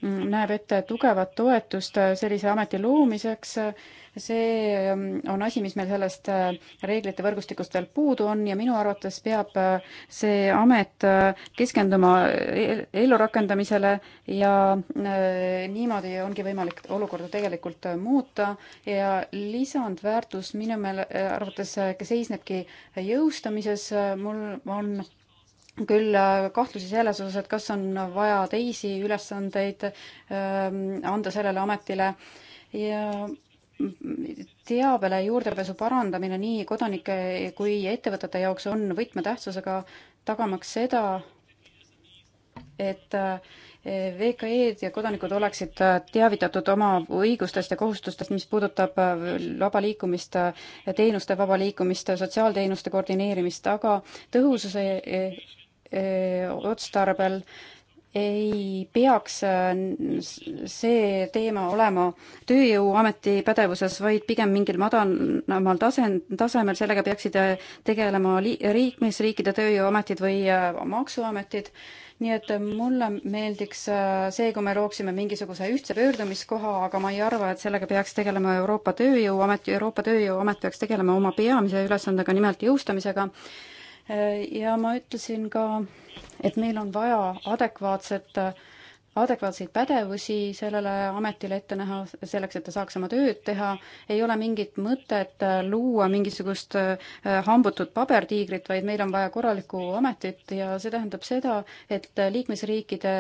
näeb ette tugevat toetust sellise ameti loomiseks, see ähm, on asi, mis meil sellest äh, reeglite võrgustikust veel puudu on ja minu arvates peab äh, see amet äh, keskenduma ellurakendamisele ja niimoodi ongi võimalik olukorda tegelikult muuta ja lisandväärtus minu meele-, arvates seisnebki jõustamises, mul on küll kahtlusi selles osas, et kas on vaja teisi ülesandeid ähm, anda sellele ametile ja teabele juurdepääsu parandamine nii kodanike kui ettevõtete jaoks on võtmetähtsusega, tagamaks seda, et eh, VKE-d ja kodanikud oleksid eh, teavitatud oma õigustest ja kohustustest, mis puudutab eh, vaba liikumist, teenuste vaba liikumist, sotsiaalteenuste koordineerimist, aga tõhususe otstarbel äh, ei peaks äh, see teema olema Tööjõuameti pädevuses, vaid pigem mingil madalamal tasem, tasemel, sellega peaksid äh, tegelema liikmesriikide Tööjõuametid või äh, Maksuametid. nii et mulle meeldiks see, kui me looksime mingisuguse ühtse pöördumiskoha, aga ma ei arva, et sellega peaks tegelema Euroopa Tööjõuamet, Euroopa Tööjõuamet peaks tegelema oma peamise ülesandega, nimelt jõustamisega ja ma ütlesin ka, et meil on vaja adekvaatset adekvaatseid pädevusi sellele ametile ette näha, selleks et ta saaks oma tööd teha, ei ole mingit mõtet luua mingisugust äh, hambutut pabertiigrit, vaid meil on vaja korralikku ametit ja see tähendab seda, et liikmesriikide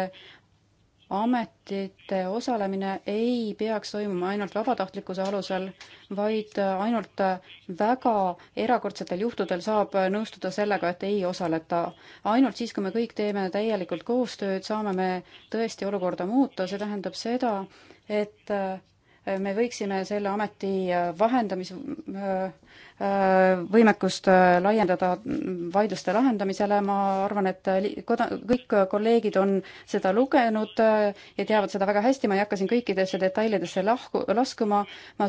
ametite osalemine ei peaks toimuma ainult vabatahtlikkuse alusel, vaid ainult väga erakordsetel juhtudel saab nõustuda sellega, et ei osaleta. ainult siis, kui me kõik teeme täielikult koostööd, saame me tõesti olukorda muuta, see tähendab seda, et me võiksime selle ameti äh, vahendamisvõimekust äh, äh, laiendada vaidluste lahendamisele, ma arvan, et koda-, kõik kolleegid on seda lugenud ja teavad seda väga hästi, ma ei hakka siin kõikidesse detailidesse lahku, laskuma, ma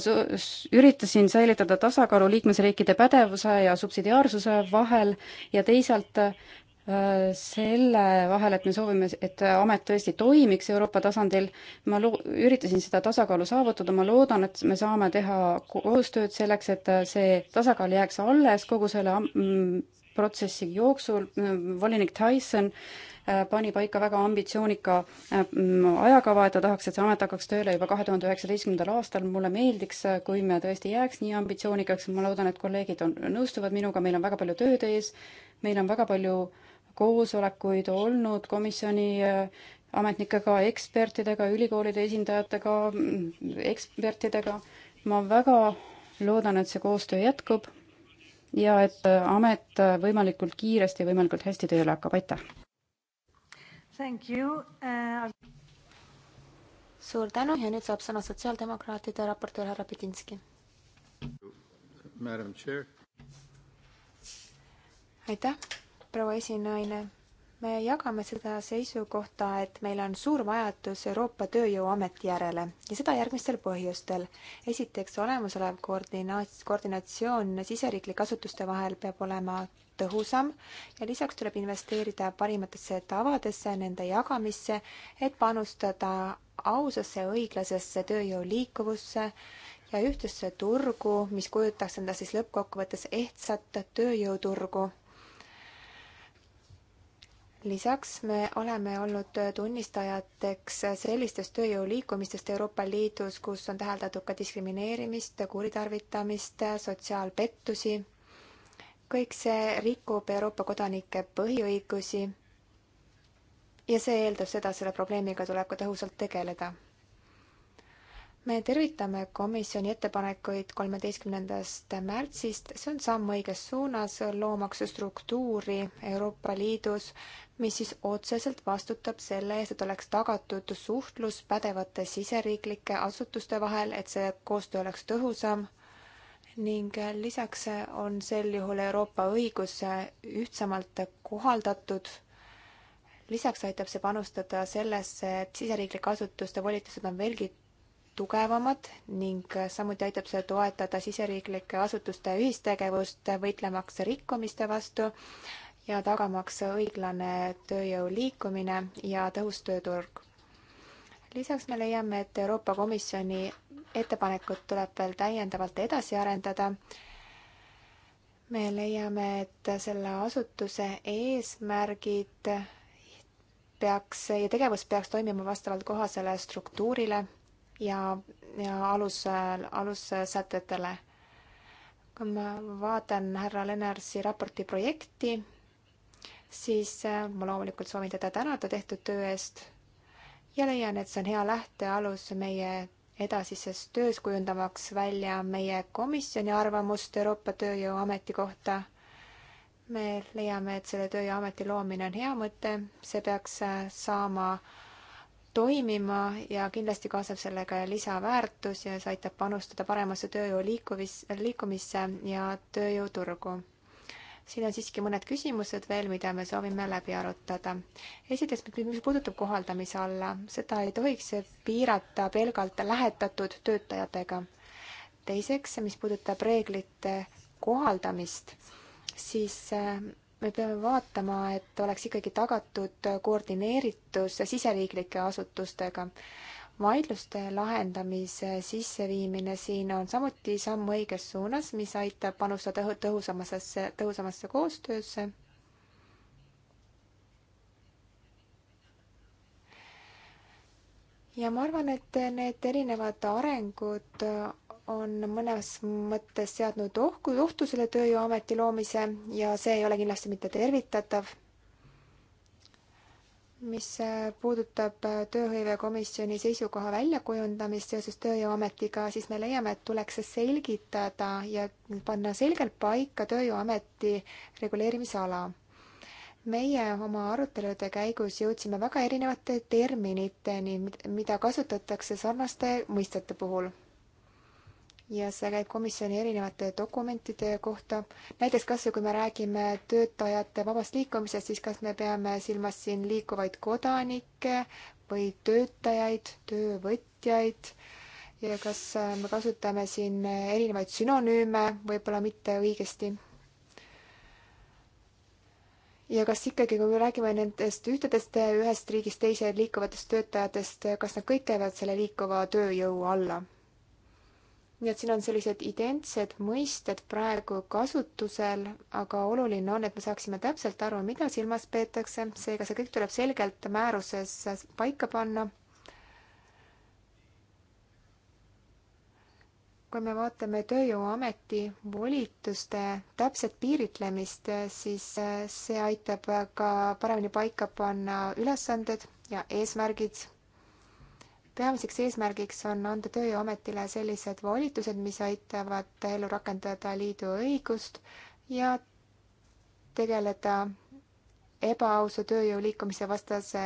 üritasin säilitada tasakaalu liikmesriikide pädevuse ja subsidiaarsuse vahel ja teisalt selle vahel, et me soovime, et amet tõesti toimiks Euroopa tasandil. ma loo-, üritasin seda tasakaalu saavutada, ma loodan, et me saame teha koostööd selleks, et see tasakaal jääks alles kogu selle mm, protsessi jooksul. volinik Tyson äh, pani paika väga ambitsioonika äh, mm, ajakava, et ta tahaks, et see amet hakkaks tööle juba kahe tuhande üheksateistkümnendal aastal. mulle meeldiks, äh, kui me tõesti jääks nii ambitsioonikaks. ma loodan, et kolleegid on, nõustuvad minuga, meil on väga palju tööd ees, meil on väga palju äh, koosolekuid olnud komisjoni äh, ametnikega, ekspertidega, ülikoolide esindajatega, mm, ekspertidega. ma väga loodan, et see koostöö jätkub ja et äh, amet äh, võimalikult kiiresti, võimalikult hästi tööle hakkab, aitäh! Thank you uh.... suur tänu ja nüüd saab sõna sotsiaaldemokraatide raportöör härra Pedinski. aitäh! proua esinaine. me jagame seda seisukohta, et meil on suur vajadus Euroopa Tööjõuameti järele ja seda järgmistel põhjustel. esiteks, olemasolev koordinaats-, koordinatsioon siseriiklike asutuste vahel peab olema tõhusam ja lisaks tuleb investeerida parimatesse tavadesse, nende jagamisse, et panustada ausasse ja õiglasesse tööjõu liikuvusse ja ühtlasse turgu, mis kujutaks enda siis lõppkokkuvõttes ehtsat tööjõuturgu lisaks me oleme olnud tunnistajateks sellistest tööjõu liikumistest Euroopa Liidus, kus on täheldatud ka diskrimineerimist, kuritarvitamist, sotsiaalpettusi. kõik see rikub Euroopa kodanike põhiõigusi. ja see eeldab seda, et selle probleemiga tuleb ka tõhusalt tegeleda me tervitame komisjoni ettepanekuid kolmeteistkümnendast märtsist, see on samm õiges suunas, loomaks struktuuri Euroopa Liidus, mis siis otseselt vastutab selle eest, et oleks tagatud suhtlus pädevate siseriiklike asutuste vahel, et see koostöö oleks tõhusam ning lisaks on sel juhul Euroopa õigus ühtsemalt kohaldatud lisaks aitab see panustada sellesse, et siseriiklike asutuste volitused on veelgi tugevamad ning äh, samuti aitab see toetada siseriiklike asutuste ühistegevust võitlemaks rikkumiste vastu ja tagamaks õiglane tööjõu liikumine ja tõhus tööturg. lisaks me leiame, et Euroopa Komisjoni ettepanekut tuleb veel täiendavalt edasi arendada me leiame, et selle asutuse eesmärgid peaks ja tegevus peaks toimima vastavalt kohasele struktuurile ja, ja alus, alussätetele. kui ma vaatan härra Lennartsi raporti projekti, siis äh, ma loomulikult soovin teda tänada tehtud töö eest ja leian, et see on hea lähtealus meie edasises töös, kujundamaks välja meie komisjoni arvamust Euroopa Tööjõuameti kohta. me leiame, et selle Tööjõuameti loomine on hea mõte, see peaks äh, saama äh, toimima ja kindlasti kaasab sellega lisaväärtus ja see aitab panustada paremasse tööjõu liikuvis, liikumisse ja tööjõuturgu. siin on siiski mõned küsimused veel, mida me soovime läbi arutada. esiteks, mis puudutab kohaldamise alla, seda ei tohiks piirata pelgalt lähetatud töötajatega. teiseks, mis puudutab reeglite kohaldamist, siis äh, me peame vaatama, et oleks ikkagi tagatud koordineeritus siseriiklike asutustega. vaidluste lahendamise sisseviimine siin on samuti samm õiges suunas, mis aitab panustada tõhusamasse, tõhusamasse koostöösse. ja ma arvan, et need erinevad arengud on mõnes mõttes seadnud ohku, ohtu selle tööjõuameti loomise ja see ei ole kindlasti mitte tervitatav. mis puudutab tööhõivekomisjoni seisukoha väljakujundamist seoses Tööjõuametiga, siis me leiame, et tuleks selgitada ja panna selgelt paika Tööjõuameti reguleerimisala meie oma arutelude käigus jõudsime väga erinevate terminiteni, mida kasutatakse sarnaste mõistete puhul ja see käib komisjoni erinevate dokumentide kohta. näiteks kas või kui me räägime töötajate vabast liikumisest, siis kas me peame silmas siin liikuvaid kodanikke või töötajaid, töövõtjaid ja kas äh, me kasutame siin erinevaid sünonüüme, võib-olla mitte õigesti. ja kas ikkagi, kui me räägime nendest ühtedest ühest riigist teise liikuvatest töötajatest, kas nad kõik käivad selle liikuva tööjõu alla? nii et siin on sellised identsed mõisted praegu kasutusel, aga oluline on, et me saaksime täpselt aru, mida silmas peetakse, seega see kõik tuleb selgelt määruses paika panna. kui me vaatame Tööjõuameti volituste täpset piiritlemist, siis see aitab ka paremini paika panna ülesanded ja eesmärgid peamiseks eesmärgiks on anda Tööametile sellised volitused, mis aitavad ellu rakendada liidu õigust ja tegeleda ebaausa tööjõu liikumise vastase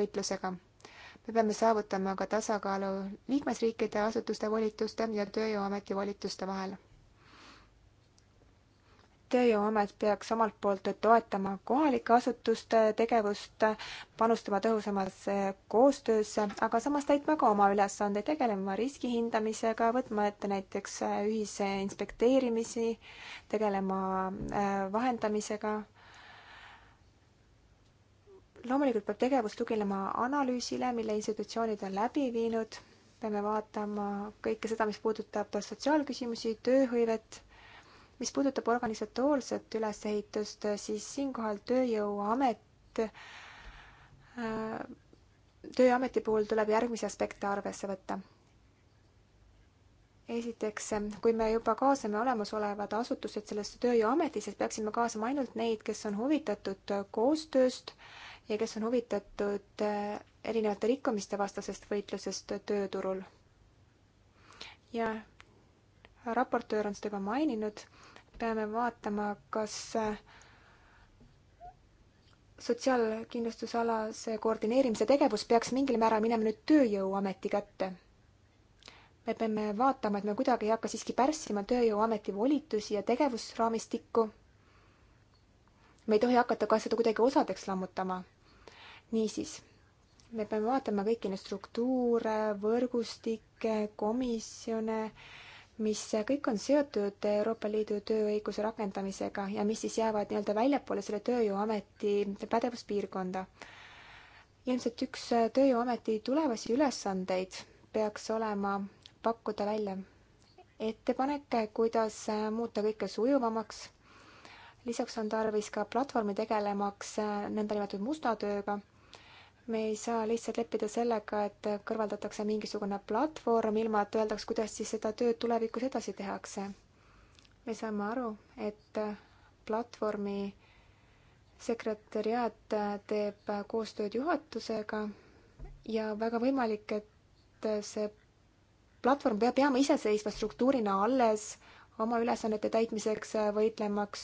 võitlusega. me peame saavutama ka tasakaalu liikmesriikide asutuste volituste ja Tööjõuameti volituste vahel. Tööjõuamet peaks omalt poolt toetama kohalike asutuste tegevust, panustama tõhusamasse koostöösse, aga samas täitma ka oma ülesandeid, tegelema riski hindamisega, võtma ette näiteks äh, ühise inspekteerimisi, tegelema äh, vahendamisega. loomulikult peab tegevus tuginema analüüsile, mille institutsioonid on läbi viinud peame vaatama kõike seda, mis puudutab sotsiaalküsimusi, tööhõivet mis puudutab organisatoorset ülesehitust, siis siinkohal Tööjõuamet, äh, Tööameti puhul tuleb järgmisi aspekte arvesse võtta. esiteks, kui me juba kaasame olemasolevad asutused sellesse Tööjõuametisse, siis peaksime kaasama ainult neid, kes on huvitatud koostööst ja kes on huvitatud äh, erinevate rikkumiste vastasest võitlusest tööturul. ja raportöör on seda juba maininud peame vaatama, kas äh, sotsiaalkindlustusalase koordineerimise tegevus peaks mingil määral minema nüüd Tööjõuameti kätte. me peame vaatama, et me kuidagi ei hakka siiski pärssima Tööjõuameti volitusi ja tegevusraamistikku. me ei tohi hakata ka seda kuidagi osadeks lammutama. niisiis, me peame vaatama kõiki neid struktuure, võrgustikke, komisjone mis kõik on seotud Euroopa Liidu tööõiguse rakendamisega ja mis siis jäävad nii-öelda väljapoole selle Tööjõuameti pädevuspiirkonda. ilmselt üks Tööjõuameti tulevasi ülesandeid peaks olema pakkuda välja ettepanek, kuidas muuta kõike sujuvamaks. lisaks on tarvis ka platvormi tegelemaks nõndanimetatud musta tööga me ei saa lihtsalt leppida sellega, et kõrvaldatakse mingisugune platvorm, ilma et öeldaks, kuidas siis seda tööd tulevikus edasi tehakse. me saame aru, et platvormi sekretäriaat teeb koostööd juhatusega ja väga võimalik, et see platvorm peab jääma iseseisva struktuurina alles oma ülesannete täitmiseks, võitlemaks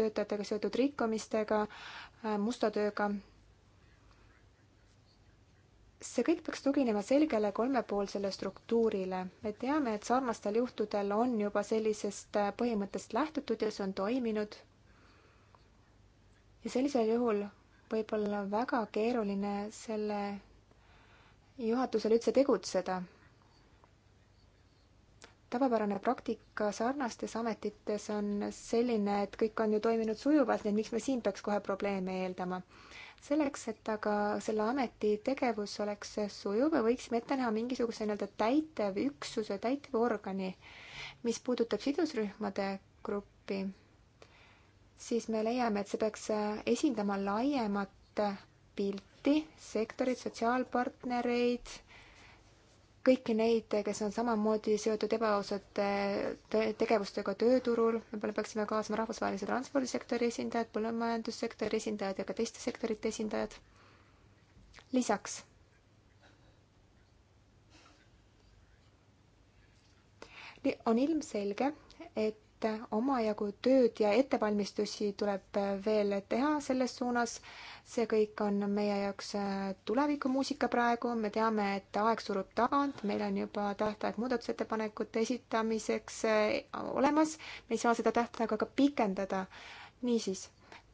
töötajatega seotud rikkumistega, musta tööga see kõik peaks tuginema selgele kolmepoolsele struktuurile. me teame, et sarnastel juhtudel on juba sellisest äh, põhimõttest lähtutud ja see on toiminud. ja sellisel juhul võib olla väga keeruline selle juhatusel üldse tegutseda. tavapärane praktika sarnastes ametites on selline, et kõik on ju toiminud sujuvalt, nii et miks me siin peaks kohe probleeme eeldama selleks, et aga selle ameti tegevus oleks sujuv, me võiksime ette näha mingisuguse nii-öelda täitevüksuse, täitevorgani, mis puudutab sidusrühmade gruppi, siis me leiame, et see peaks esindama laiemat pilti, sektorit, sotsiaalpartnereid kõiki neid, kes on samamoodi seotud ebaausate tegevustega tööturul, võib-olla peaksime kaasama rahvusvahelise transpordisektori esindajad, põllumajandussektori esindajad ja ka teiste sektorite esindajad. lisaks on ilmselge, et et omajagu tööd ja ettevalmistusi tuleb veel teha selles suunas. see kõik on meie jaoks äh, tulevikumuusika praegu, me teame, et aeg surub tagant, meil on juba tähtaeg muudatusettepanekute esitamiseks äh, olemas, me ei saa seda tähtaega ka pikendada. niisiis,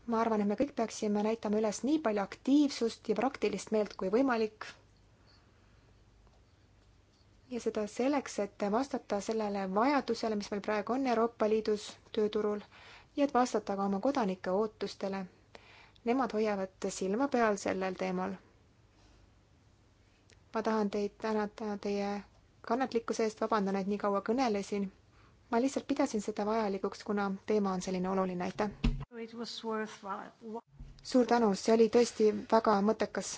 ma arvan, et me kõik peaksime näitama üles nii palju aktiivsust ja praktilist meelt kui võimalik ja seda selleks, et vastata sellele vajadusele, mis meil praegu on Euroopa Liidus tööturul ja et vastata ka oma kodanike ootustele. Nemad hoiavad silma peal sellel teemal. ma tahan teid tänada teie kannatlikkuse eest, vabandan, et nii kaua kõnelesin. ma lihtsalt pidasin seda vajalikuks, kuna teema on selline oluline, aitäh! suur tänu, see oli tõesti väga mõttekas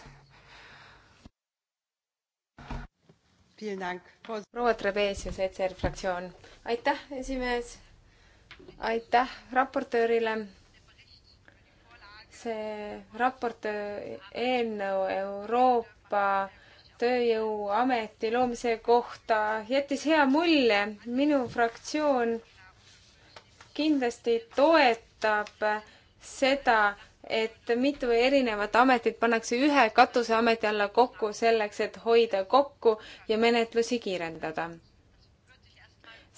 proua Trebesius, ECR fraktsioon. aitäh, esimees. aitäh raportöörile. see raportöö eelnõu Euroopa Tööjõuameti loomise kohta jättis hea mulje. minu fraktsioon kindlasti toetab seda, et mitu erinevat ametit pannakse ühe katuseameti alla kokku selleks, et hoida kokku ja menetlusi kiirendada.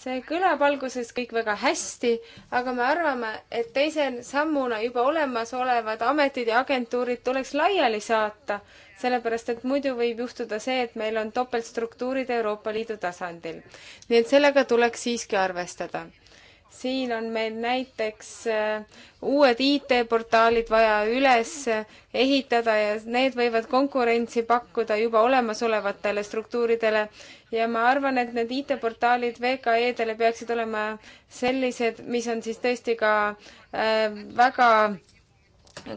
see kõlab alguses kõik väga hästi, aga me arvame, et teise sammuna juba olemasolevad ametid ja agentuurid tuleks laiali saata, sellepärast et muidu võib juhtuda see, et meil on topeltstruktuurid Euroopa Liidu tasandil. nii et sellega tuleks siiski arvestada siin on meil näiteks äh, uued IT-portaalid vaja üles äh, ehitada ja need võivad konkurentsi pakkuda juba olemasolevatele struktuuridele ja ma arvan, et need IT-portaalid VKE-dele peaksid olema sellised, mis on siis tõesti ka äh, väga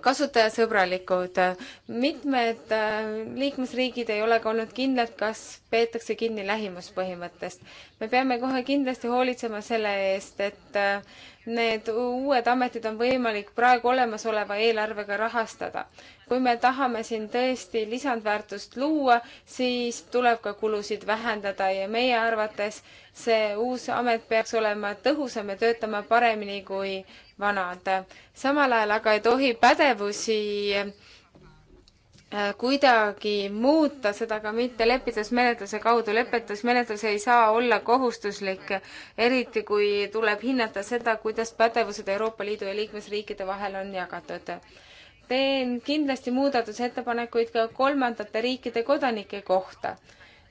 kasutajasõbralikud. mitmed äh, liikmesriigid ei ole ka olnud kindlad, kas peetakse kinni lähimuspõhimõttest. me peame kohe kindlasti hoolitsema selle eest, et äh, need uued ametid on võimalik praegu olemasoleva eelarvega rahastada kui me tahame siin tõesti lisandväärtust luua, siis tuleb ka kulusid vähendada ja meie arvates see uus amet peaks olema tõhusam ja töötama paremini kui vanad. samal ajal aga ei tohi pädevusi äh, kuidagi muuta, seda ka mitte lepitusmenetluse kaudu. lepitusmenetlus ei saa olla kohustuslik, eriti kui tuleb hinnata seda, kuidas pädevused Euroopa Liidu ja liikmesriikide vahel on jagatud teen kindlasti muudatusettepanekuid ka kolmandate riikide kodanike kohta,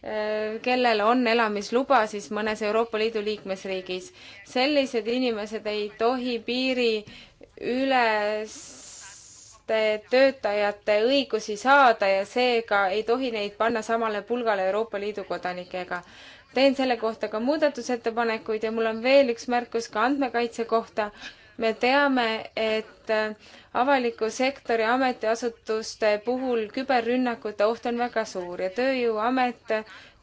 äh, kellel on elamisluba siis mõnes Euroopa Liidu liikmesriigis. sellised inimesed ei tohi piiriüleste töötajate õigusi saada ja seega ei tohi neid panna samale pulgale Euroopa Liidu kodanikega teen selle kohta ka muudatusettepanekuid ja mul on veel üks märkus ka andmekaitse kohta. me teame, et avaliku sektori ametiasutuste puhul küberrünnakute oht on väga suur ja Tööjõuamet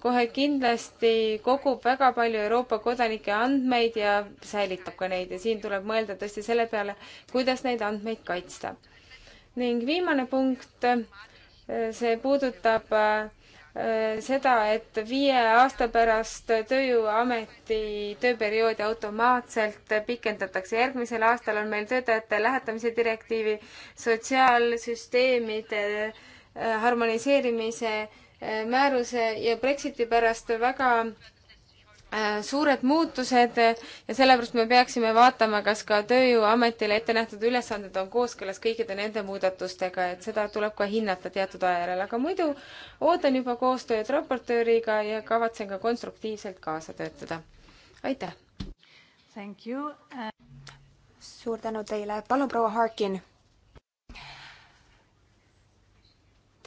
kohe kindlasti kogub väga palju Euroopa kodanike andmeid ja säilitab ka neid ja siin tuleb mõelda tõesti selle peale, kuidas neid andmeid kaitsta. ning viimane punkt, see puudutab äh, Äh, seda, et viie aasta pärast Tööjõuameti tööperioodi automaatselt pikendatakse. järgmisel aastal on meil töötajate lähetamise direktiivi sotsiaalsüsteemide äh, harmoniseerimise äh, määruse ja Brexiti pärast väga Äh, suured muutused ja sellepärast me peaksime vaatama, kas ka Tööjõuametile ette nähtud ülesanded on kooskõlas kõikide nende muudatustega, et seda tuleb ka hinnata teatud ajajärel, aga muidu ootan juba koostööd raportööriga ja kavatsen ka konstruktiivselt kaasa töötada. aitäh! suur tänu teile, palun proua Harkin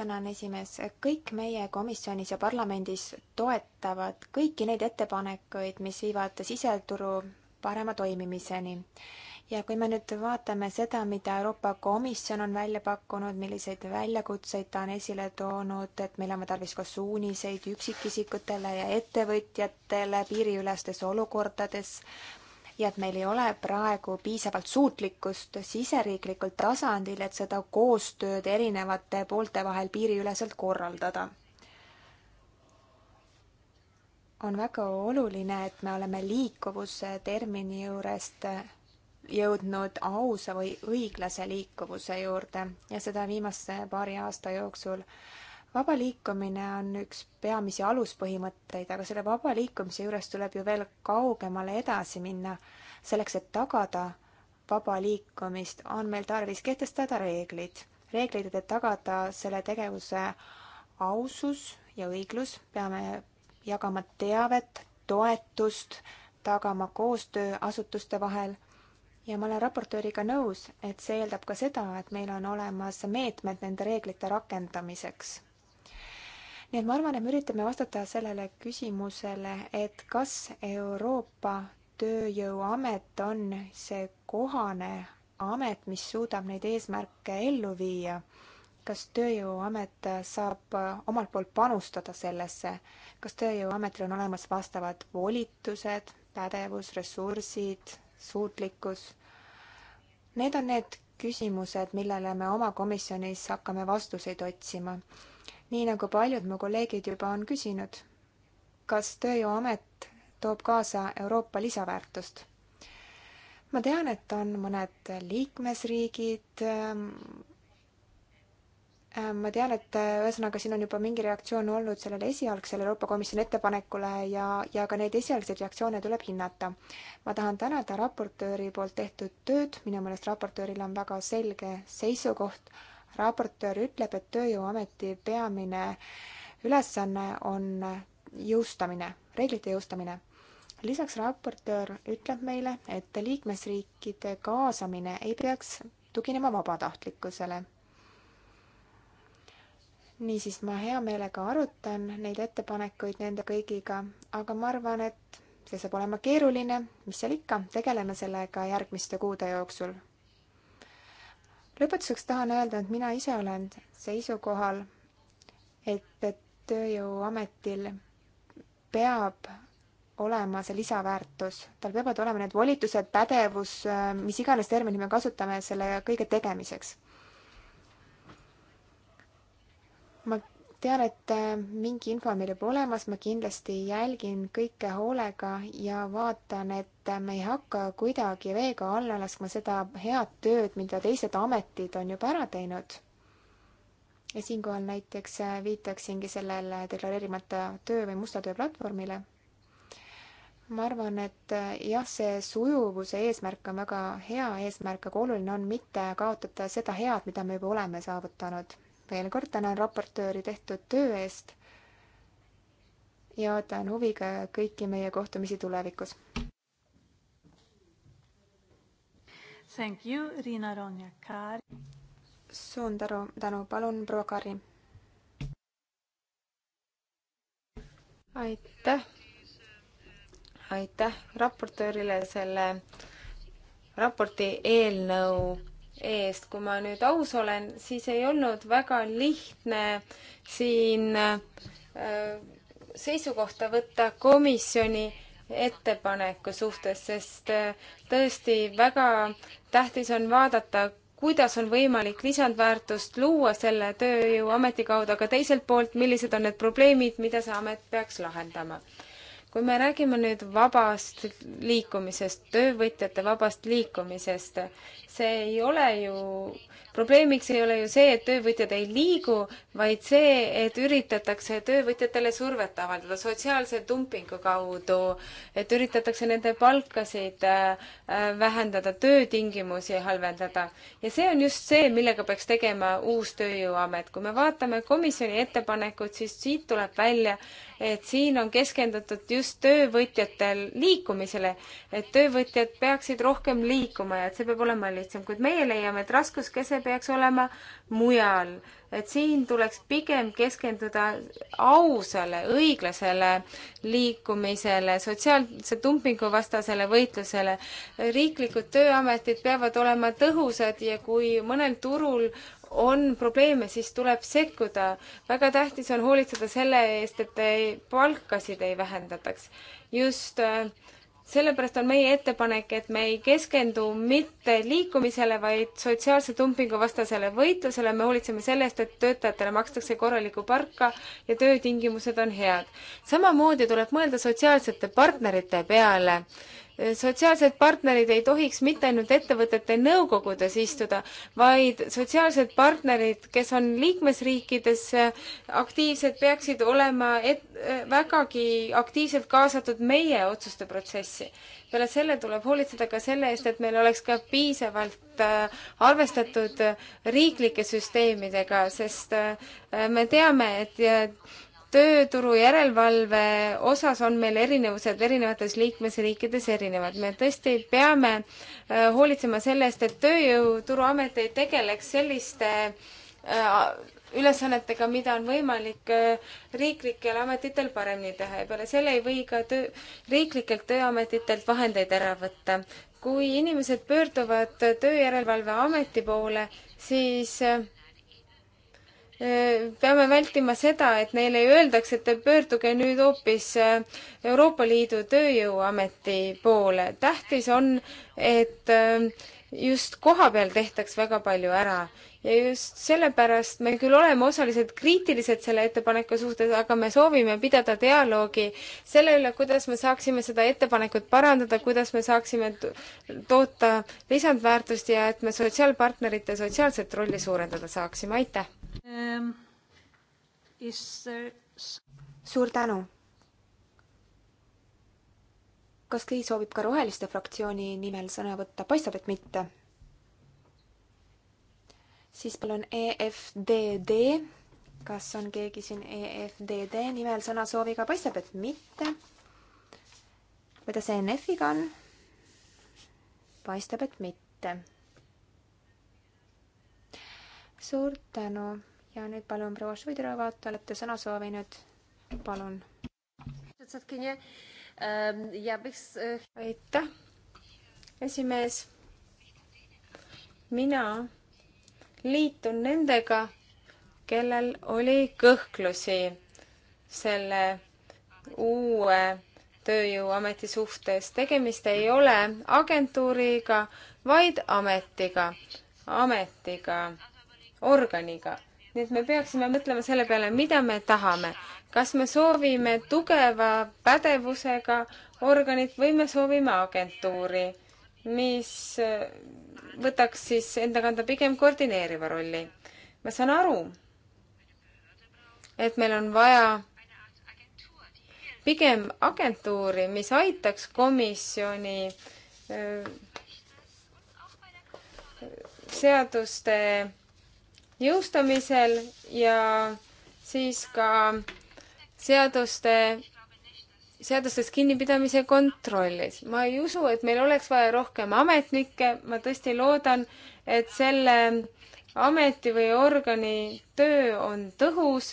tänan, esimees. kõik meie komisjonis ja parlamendis toetavad kõiki neid ettepanekuid, mis viivad siseturu parema toimimiseni. ja kui me nüüd vaatame seda, mida Euroopa Komisjon on välja pakkunud, milliseid väljakutseid ta on esile toonud, et meil on tarvis ka suuniseid üksikisikutele ja ettevõtjatele piiriülestes olukordades, ja et meil ei ole praegu piisavalt suutlikkust siseriiklikul tasandil, et seda koostööd erinevate poolte vahel piiriüleselt korraldada. on väga oluline, et me oleme liikuvuse termini juurest jõudnud ausa või õiglase liikuvuse juurde ja seda viimase paari aasta jooksul vaba liikumine on üks peamisi aluspõhimõtteid, aga selle vaba liikumise juures tuleb ju veel kaugemale edasi minna. selleks, et tagada vaba liikumist, on meil tarvis kehtestada reeglid. reeglid, et tagada selle tegevuse ausus ja õiglus, peame jagama teavet, toetust, tagama koostöö asutuste vahel ja ma olen raportööriga nõus, et see eeldab ka seda, et meil on olemas meetmed nende reeglite rakendamiseks nii et ma arvan, et me üritame vastata sellele küsimusele, et kas Euroopa Tööjõuamet on see kohane amet, mis suudab neid eesmärke ellu viia. kas Tööjõuamet saab omalt poolt panustada sellesse, kas Tööjõuametil on olemas vastavad volitused, pädevus, ressursid, suutlikkus? Need on need küsimused, millele me oma komisjonis hakkame vastuseid otsima nii nagu paljud mu kolleegid juba on küsinud, kas Tööjõuamet toob kaasa Euroopa lisaväärtust? ma tean, et on mõned liikmesriigid, ma tean, et ühesõnaga siin on juba mingi reaktsioon olnud sellele esialgsele Euroopa Komisjoni ettepanekule ja, ja ka neid esialgseid reaktsioone tuleb hinnata. ma tahan tänada raportööri poolt tehtud tööd, minu meelest raportööril on väga selge seisukoht raportöör ütleb, et Tööjõuameti peamine ülesanne on jõustamine, reeglite jõustamine lisaks raportöör ütleb meile, et liikmesriikide kaasamine ei peaks tuginema vabatahtlikkusele. niisiis, ma hea meelega arutan neid ettepanekuid nende kõigiga, aga ma arvan, et see saab olema keeruline, mis seal ikka, tegeleme sellega järgmiste kuude jooksul lõpetuseks tahan öelda, et mina ise olen seisukohal, et Tööjõuametil peab olema see lisaväärtus, tal peavad olema need volitused, pädevus, mis iganes termini me kasutame selle kõige tegemiseks tean, et äh, mingi info on meil juba olemas, ma kindlasti jälgin kõike hoolega ja vaatan, et äh, me ei hakka kuidagi veega alla laskma seda head tööd, mida teised ametid on juba ära teinud ja siinkohal näiteks äh, viitaksingi sellele deklareerimata töö või musta töö platvormile. ma arvan, et jah, see sujuvuse eesmärk on väga hea eesmärk, aga oluline on mitte kaotada seda head, mida me juba oleme saavutanud veel kord tänan raportööri tehtud töö eest ja ootan huviga kõiki meie kohtumisi tulevikus. Thank you, Riina Ronja-Kaari. suur tänu, tänu, palun, proua Kari. aitäh, aitäh raportöörile selle raporti eelnõu eest. kui ma nüüd aus olen, siis ei olnud väga lihtne siin äh, seisukohta võtta komisjoni ettepaneku suhtes, sest äh, tõesti väga tähtis on vaadata, kuidas on võimalik lisandväärtust luua selle tööjõuameti kaudu, aga teiselt poolt, millised on need probleemid, mida see amet peaks lahendama kui me räägime nüüd vabast liikumisest, töövõtjate vabast liikumisest, see ei ole ju, probleemiks ei ole ju see, et töövõtjad ei liigu, vaid see, et üritatakse töövõtjatele survet avaldada sotsiaalse dumpingu kaudu, et üritatakse nende palkasid äh, vähendada, töötingimusi halvendada. ja see on just see, millega peaks tegema uus Tööjõuamet. kui me vaatame komisjoni ettepanekut, siis siit tuleb välja, et siin on keskendutud just töövõtjatel liikumisele, et töövõtjad peaksid rohkem liikuma ja et see peab olema lihtsam, kuid meie leiame, et raskuskese peaks olema mujal, et siin tuleks pigem keskenduda ausale, õiglasele liikumisele, sotsiaalse dumpingu vastasele võitlusele. riiklikud tööametid peavad olema tõhusad ja kui mõnel turul on probleeme, siis tuleb sekkuda. väga tähtis on hoolitseda selle eest, et ei, palkasid ei vähendataks. just äh, sellepärast on meie ettepanek, et me ei keskendu mitte liikumisele, vaid sotsiaalse dumpingu vastasele võitlusele. me hoolitseme selle eest, et töötajatele makstakse korralikku palka ja töötingimused on head. samamoodi tuleb mõelda sotsiaalsete partnerite peale sotsiaalsed partnerid ei tohiks mitte ainult ettevõtete nõukogudes istuda, vaid sotsiaalsed partnerid, kes on liikmesriikides äh, aktiivsed, peaksid olema et, äh, vägagi aktiivselt kaasatud meie otsuste protsessi. peale selle tuleb hoolitseda ka selle eest, et meil oleks ka piisavalt äh, arvestatud riiklike süsteemidega, sest me teame, et tööturu järelevalve osas on meil erinevused erinevates liikmesriikides erinevad. me tõesti peame äh, hoolitsema selle eest, et tööjõuturuamet ei tegeleks selliste äh, ülesannetega, mida on võimalik äh, riiklikel ametitel paremini teha ja peale selle ei või ka töö, riiklikelt tööametitelt vahendeid ära võtta. kui inimesed pöörduvad Töö Järelevalve Ameti poole, siis äh, peame vältima seda, et neile ei öeldaks, et te pöörduge nüüd hoopis äh, Euroopa Liidu Tööjõuameti poole. tähtis on, et äh, just kohapeal tehtaks väga palju ära ja just sellepärast me küll oleme osaliselt kriitilised selle ettepaneku suhtes, aga me soovime pidada dialoogi selle üle, kuidas me saaksime seda ettepanekut parandada, kuidas me saaksime toota lisandväärtust ja et me sotsiaalpartnerite sotsiaalset rolli suurendada saaksime, aitäh! um,. There... suur tänu. kas keegi soovib ka Roheliste fraktsiooni nimel sõna võtta? paistab, et mitte. siis palun EFDD. kas on keegi siin EFDD nimel sõnasooviga? paistab, et mitte. kuidas ENF-iga on? paistab, et mitte suur tänu ja nüüd palun proua Šuiderova, te olete sõna soovinud, palun. aitäh, esimees. mina liitun nendega, kellel oli kõhklusi selle uue tööjõuameti suhtes. tegemist ei ole agentuuriga, vaid ametiga, ametiga organiga. nii et me peaksime mõtlema selle peale, mida me tahame. kas me soovime tugeva pädevusega organit või me soovime agentuuri, mis äh, võtaks siis enda kanda pigem koordineeriva rolli. ma saan aru, et meil on vaja pigem agentuuri, mis aitaks komisjoni äh, seaduste jõustamisel ja siis ka seaduste, seadustest kinnipidamise kontrollis. ma ei usu, et meil oleks vaja rohkem ametnikke, ma tõesti loodan, et selle ameti või organi töö on tõhus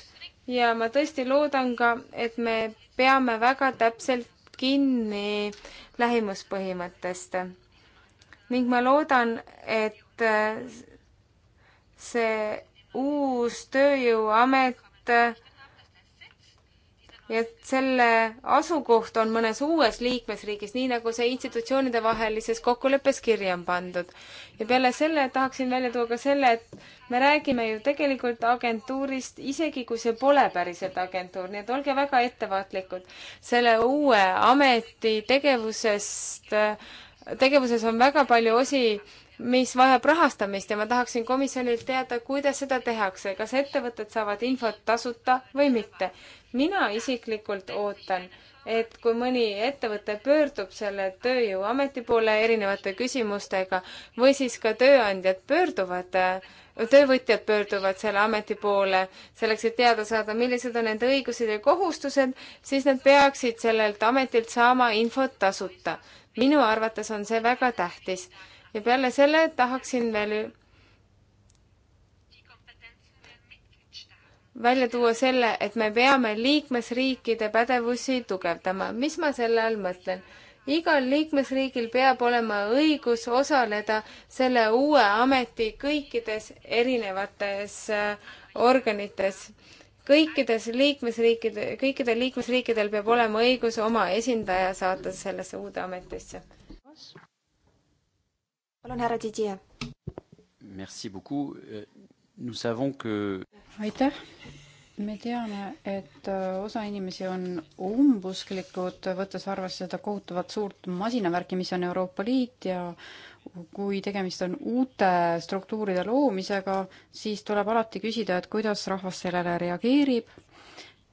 ja ma tõesti loodan ka, et me peame väga täpselt kinni lähimuspõhimõttest. ning ma loodan, et see uus tööjõuamet ja et selle asukoht on mõnes uues liikmesriigis, nii nagu see institutsioonide vahelises kokkuleppes kirja on pandud. ja peale selle tahaksin välja tuua ka selle, et me räägime ju tegelikult agentuurist, isegi kui see pole päriselt agentuur, nii et olge väga ettevaatlikud. selle uue ameti tegevusest, tegevuses on väga palju osi, mis vajab rahastamist ja ma tahaksin komisjonilt teada, kuidas seda tehakse, kas ettevõtted saavad infot tasuta või mitte. mina isiklikult ootan, et kui mõni ettevõte pöördub selle Tööjõuameti poole erinevate küsimustega või siis ka tööandjad pöörduvad töövõtjad pöörduvad selle ameti poole selleks, et teada saada, millised on nende õigused ja kohustused, siis nad peaksid sellelt ametilt saama infot tasuta. minu arvates on see väga tähtis ja peale selle tahaksin veel välja tuua selle, et me peame liikmesriikide pädevusi tugevdama. mis ma selle all mõtlen? igal liikmesriigil peab olema õigus osaleda selle uue ameti kõikides erinevates äh, organites. kõikides liikmesriikide, kõikidel liikmesriikidel peab olema õigus oma esindaja saata sellesse uude ametisse palun, härra Didier. Merci beaucoup. Euh, nous savons que. aitäh me teame, et äh, osa inimesi on umbusklikud, võttes arvesse seda kohutavat suurt masinavärki, mis on Euroopa Liit ja kui tegemist on uute struktuuride loomisega, siis tuleb alati küsida, et kuidas rahvas sellele reageerib.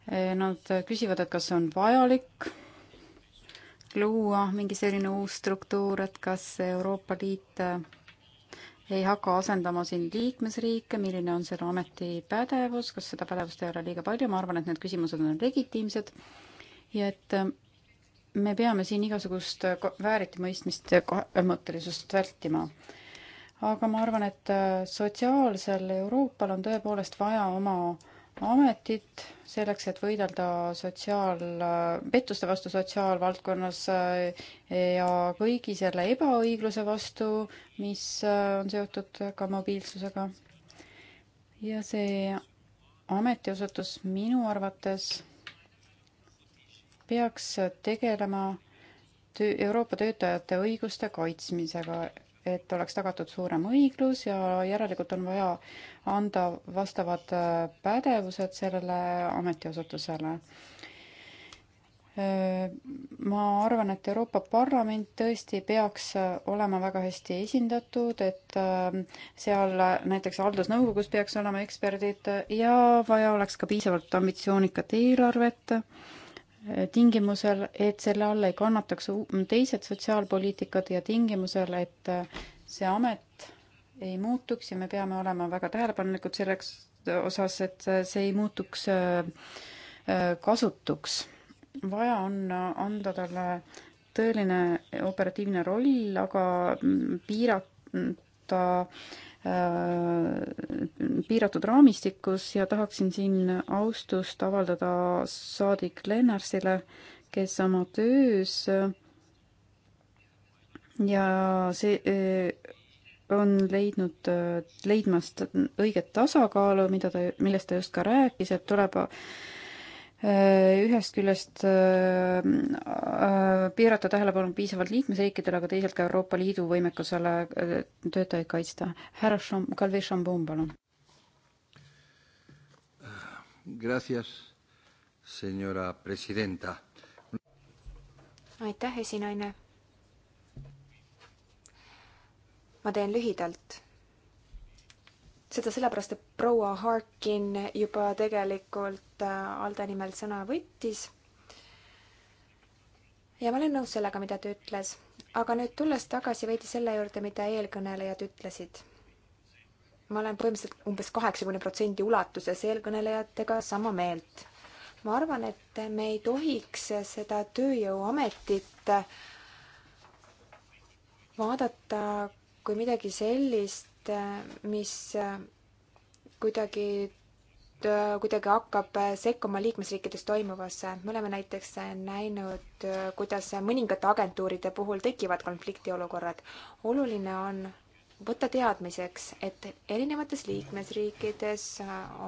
Äh, nad küsivad, et kas see on vajalik luua mingi selline uus struktuur, et kas Euroopa Liit äh, ei hakka asendama siin liikmesriike, milline on selle ameti pädevus, kas seda pädevust ei ole liiga palju, ma arvan, et need küsimused on legitiimsed ja et äh, me peame siin igasugust äh, vääritimõistmist ja kahemõttelisust vältima. aga ma arvan, et sotsiaalsel Euroopal on tõepoolest vaja oma äh, ametit selleks, et võidelda sotsiaal, pettuste vastu sotsiaalvaldkonnas eh, ja kõigi selle ebaõigluse vastu, mis eh, on seotud ka mobiilsusega. ja see ametiasutus minu arvates peaks tegelema töö, Euroopa töötajate õiguste kaitsmisega, et oleks tagatud suurem õiglus ja järelikult on vaja anda vastavad äh, pädevused sellele ametiasutusele. Äh, ma arvan, et Euroopa Parlament tõesti peaks äh, olema väga hästi esindatud, et seal näiteks haldusnõukogus peaks olema eksperdid ja vaja oleks ka piisavalt ambitsioonikat eelarvet tingimusel, et selle all ei kannataks teised sotsiaalpoliitikad ja tingimusel, et see amet ei muutuks ja me peame olema väga tähelepanelikud selleks osas, et see ei muutuks äh, äh, kasutuks. vaja on anda talle tõeline operatiivne roll, aga piirata äh, piiratud raamistikus ja tahaksin siin austust avaldada saadik Lennarsile, kes oma töös ja see on leidnud, leidmas õiget tasakaalu, mida ta, millest ta just ka rääkis, et tuleb äh, ühest küljest äh, äh, piirata tähelepanu piisavalt liikmesriikidele, aga teisalt ka Euroopa Liidu võimekusele töötajaid kaitsta. härra Šam-, Kalvi Šambon, palun. Gracias, senora presidenta. aitäh, esinaine ma teen lühidalt. seda sellepärast, et proua Harkin juba tegelikult äh, Alde nimel sõna võttis. ja ma olen nõus sellega, mida ta ütles, aga nüüd tulles tagasi veidi selle juurde, mida eelkõnelejad ütlesid ma olen põhimõtteliselt umbes kaheksakümne protsendi ulatuses eelkõnelejatega sama meelt. ma arvan, et me ei tohiks seda Tööjõuametit vaadata kui midagi sellist, mis kuidagi, kuidagi hakkab sekkuma liikmesriikides toimuvasse. me oleme näiteks näinud, kuidas mõningate agentuuride puhul tekivad konfliktiolukorrad. oluline on võtta teadmiseks, et erinevates liikmesriikides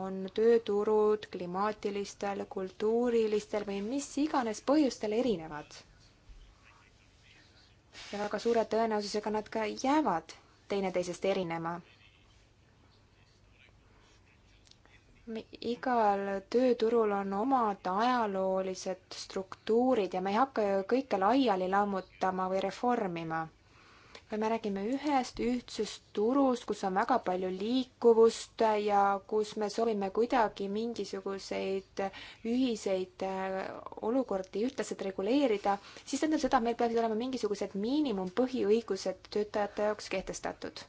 on tööturud klimaatilistel, kultuurilistel või mis iganes põhjustel erinevad ja väga suure tõenäosusega nad ka jäävad teineteisest erinema. igal tööturul on omad ajaloolised struktuurid ja me ei hakka ju kõike laiali lammutama või reformima või me räägime ühest ühtsest turust, kus on väga palju liikuvust ja kus me soovime kuidagi mingisuguseid ühiseid äh, olukordi ühtlaselt reguleerida, siis tähendab seda, et meil peaksid olema mingisugused miinimumpõhiõigused töötajate jaoks kehtestatud.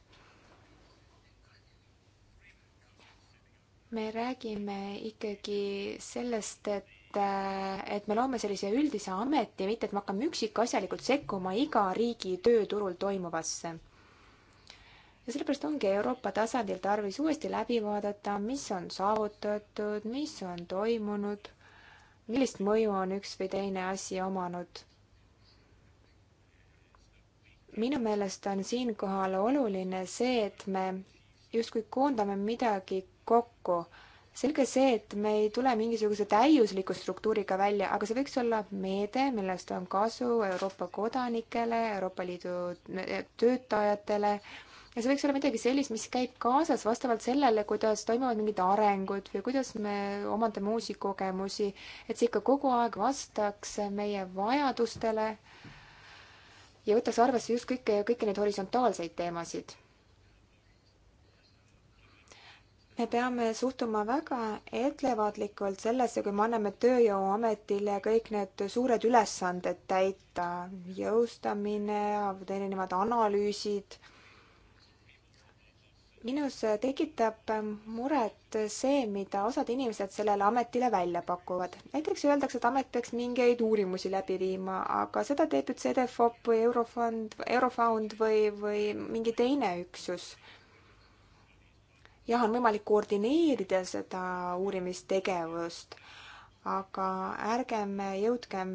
me räägime ikkagi sellest, et Äh, et me loome sellise üldise ameti, mitte et me hakkame üksikasjalikult sekkuma iga riigi tööturul toimuvasse. ja sellepärast ongi Euroopa tasandil tarvis uuesti läbi vaadata, mis on saavutatud, mis on toimunud, millist mõju on üks või teine asi omanud. minu meelest on siinkohal oluline see, et me justkui koondame midagi kokku selge see, et me ei tule mingisuguse täiusliku struktuuriga välja, aga see võiks olla meede, millest on kasu Euroopa kodanikele, Euroopa Liidu eh, töötajatele ja see võiks olla midagi sellist, mis käib kaasas vastavalt sellele, kuidas toimuvad mingid arengud või kuidas me omandame uusi kogemusi, et see ikka kogu aeg vastaks meie vajadustele ja võtaks arvesse just kõike, kõiki neid horisontaalseid teemasid me peame suhtuma väga ettevaatlikult sellesse, kui me anname Tööjõuametile kõik need suured ülesanded täita, jõustamine, erinevad analüüsid. minus tekitab muret see, mida osad inimesed sellele ametile välja pakuvad. näiteks öeldakse, et amet peaks mingeid uurimusi läbi viima, aga seda teeb nüüd CDFOP või Eurofond, Eurofond või, või mingi teine üksus jah, on võimalik koordineerida seda uurimistegevust, aga ärgem jõudkem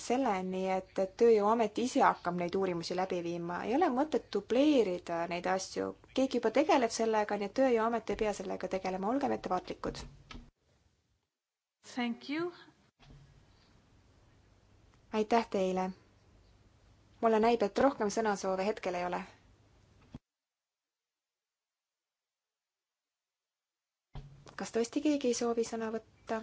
selleni, et, et Tööjõuamet ise hakkab neid uurimusi läbi viima. ei ole mõtet dubleerida neid asju. keegi juba tegeleb sellega, nii et Tööjõuamet ei pea sellega tegelema, olgem ettevaatlikud. aitäh teile. mulle näib, et rohkem sõnasoove hetkel ei ole kas tõesti keegi ei soovi sõna võtta?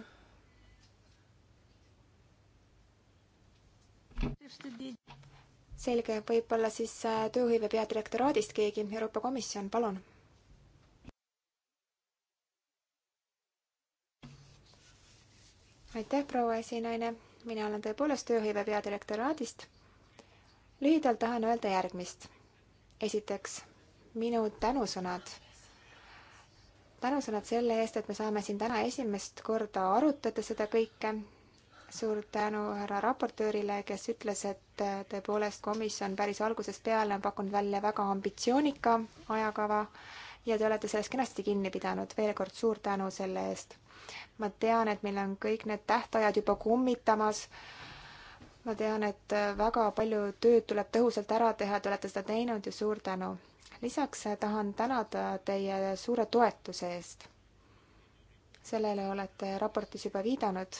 selge, võib-olla siis äh, tööhõive peadirektoraadist keegi, Euroopa Komisjon, palun. aitäh, proua esinaine, mina olen tõepoolest tööhõive peadirektoraadist. lühidalt tahan öelda järgmist. esiteks, minu tänusõnad tänusõnad selle eest, et me saame siin täna esimest korda arutada seda kõike. suur tänu härra raportöörile, kes ütles, et äh, tõepoolest komisjon päris algusest peale on pakkunud välja väga ambitsioonika ajakava ja te olete sellest kenasti kinni pidanud. veel kord suur tänu selle eest. ma tean, et meil on kõik need tähtajad juba kummitamas ma tean, et äh, väga palju tööd tuleb tõhusalt ära teha, te olete seda teinud ja suur tänu lisaks äh, tahan tänada teie suure toetuse eest. sellele olete raportis juba viidanud.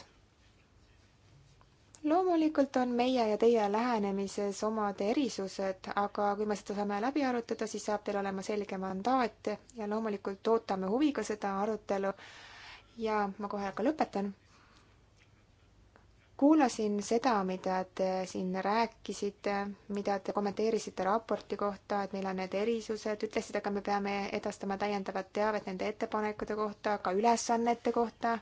loomulikult on meie ja teie lähenemises omad erisused, aga kui me seda saame läbi arutada, siis saab teil olema selge mandaat ja loomulikult ootame huviga seda arutelu. ja ma kohe ka lõpetan kuulasin seda, mida te siin rääkisite, mida te kommenteerisite raporti kohta, et meil on need erisused, ütlesite, aga me peame edastama täiendavat teavet nende ettepanekute kohta, ka ülesannete kohta.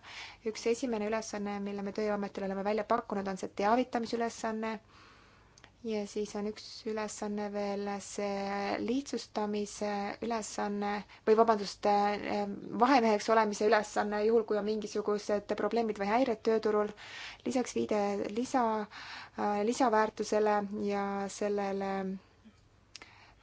üks esimene ülesanne, mille me Tööametile oleme välja pakkunud, on see teavitamisülesanne ja siis on üks ülesanne veel see lihtsustamise ülesanne või vabandust, ähm, vahemeheks olemise ülesanne, juhul kui on mingisugused probleemid või häired tööturul. lisaks viide lisa, äh, lisaväärtusele ja sellele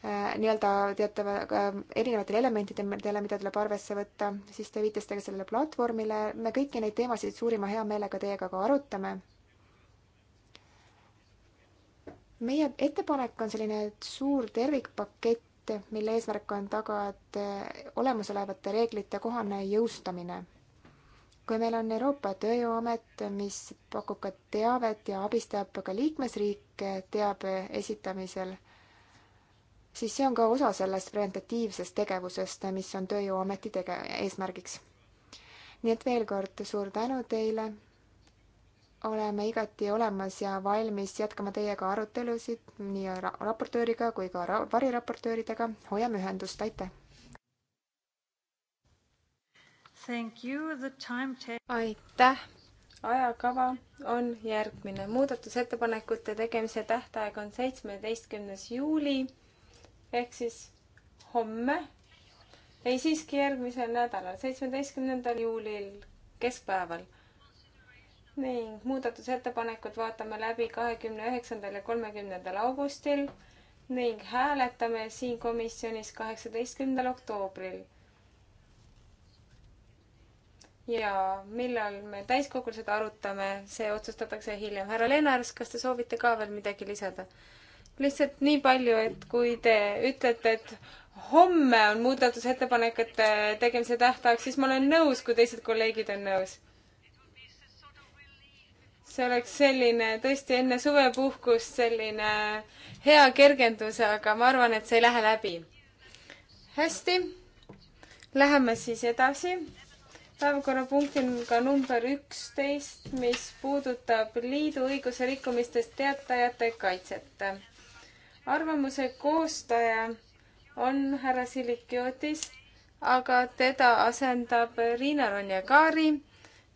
äh, nii-öelda teatava äh, erinevatele elementidele, mida tuleb arvesse võtta, siis te viitasite ka sellele platvormile. me kõiki neid teemasid suurima heameelega teiega ka arutame meie ettepanek on selline suur tervikpakett, mille eesmärk on tagada olemasolevate reeglite kohane jõustamine. kui meil on Euroopa Tööjõuamet, mis pakub ka teavet ja abistab ka liikmesriike teabe esitamisel, siis see on ka osa sellest preventatiivsest tegevusest, mis on Tööjõuameti tege-, eesmärgiks. nii et veel kord suur tänu teile oleme igati olemas ja valmis jätkama teiega arutelusid nii ra raportööriga kui ka ra variraportööridega. hoiame ühendust, aitäh! aitäh! ajakava on järgmine. muudatusettepanekute tegemise tähtaeg on seitsmeteistkümnes juuli ehk siis homme, ei siiski järgmisel nädalal, seitsmeteistkümnendal juulil keskpäeval ning muudatusettepanekud vaatame läbi kahekümne üheksandal ja kolmekümnendal augustil ning hääletame siin komisjonis kaheksateistkümnendal oktoobril. ja millal me täiskogul seda arutame, see otsustatakse hiljem. härra Lennars, kas te soovite ka veel midagi lisada? lihtsalt nii palju, et kui te ütlete, et homme on muudatusettepanekute tegemise tähtaeg, siis ma olen nõus, kui teised kolleegid on nõus see oleks selline tõesti enne suvepuhkust selline hea kergendus, aga ma arvan, et see ei lähe läbi. hästi, läheme siis edasi. päevakorrapunkt on ka number üksteist, mis puudutab liidu õiguse rikkumistest teatajate kaitset. arvamuse koostaja on härra Silikiotis, aga teda asendab Riina Ronja Kaari,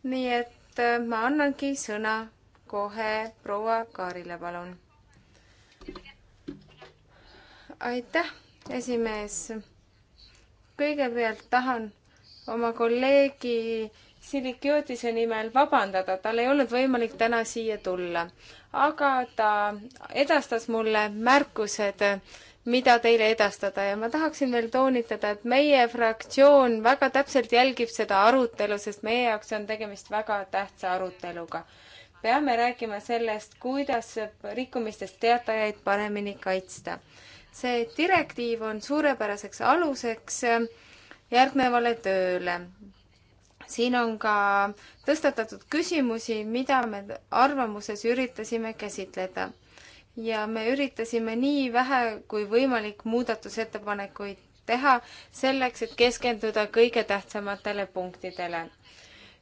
nii et et äh, ma annangi sõna kohe proua Kaarile, palun. aitäh, esimees. kõigepealt tahan oma kolleegi Silikiotise nimel vabandada, tal ei olnud võimalik täna siia tulla, aga ta edastas mulle märkused äh, mida teile edastada ja ma tahaksin veel toonitada, et meie fraktsioon väga täpselt jälgib seda arutelu, sest meie jaoks on tegemist väga tähtsa aruteluga. peame rääkima sellest, kuidas rikkumistest teatajaid paremini kaitsta. see direktiiv on suurepäraseks aluseks järgnevale tööle. siin on ka tõstatatud küsimusi, mida me arvamuses üritasime käsitleda ja me üritasime nii vähe kui võimalik muudatusettepanekuid teha selleks, et keskenduda kõige tähtsamatele punktidele.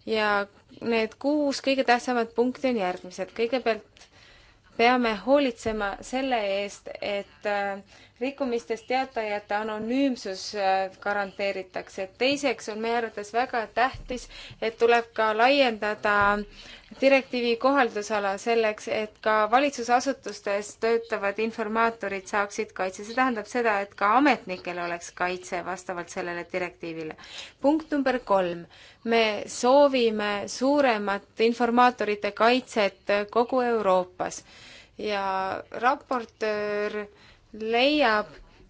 ja need kuus kõige tähtsamat punkti on järgmised. kõigepealt peame hoolitsema selle eest, et rikkumistest teatajate anonüümsus äh, garanteeritakse. teiseks on meie arvates väga tähtis, et tuleb ka laiendada direktiivi kohaldusala selleks, et ka valitsusasutustes töötavad informaatorid saaksid kaitse. see tähendab seda, et ka ametnikel oleks kaitse vastavalt sellele direktiivile. punkt number kolm. me soovime suuremat informaatorite kaitset kogu Euroopas ja raportöör äh, leiab,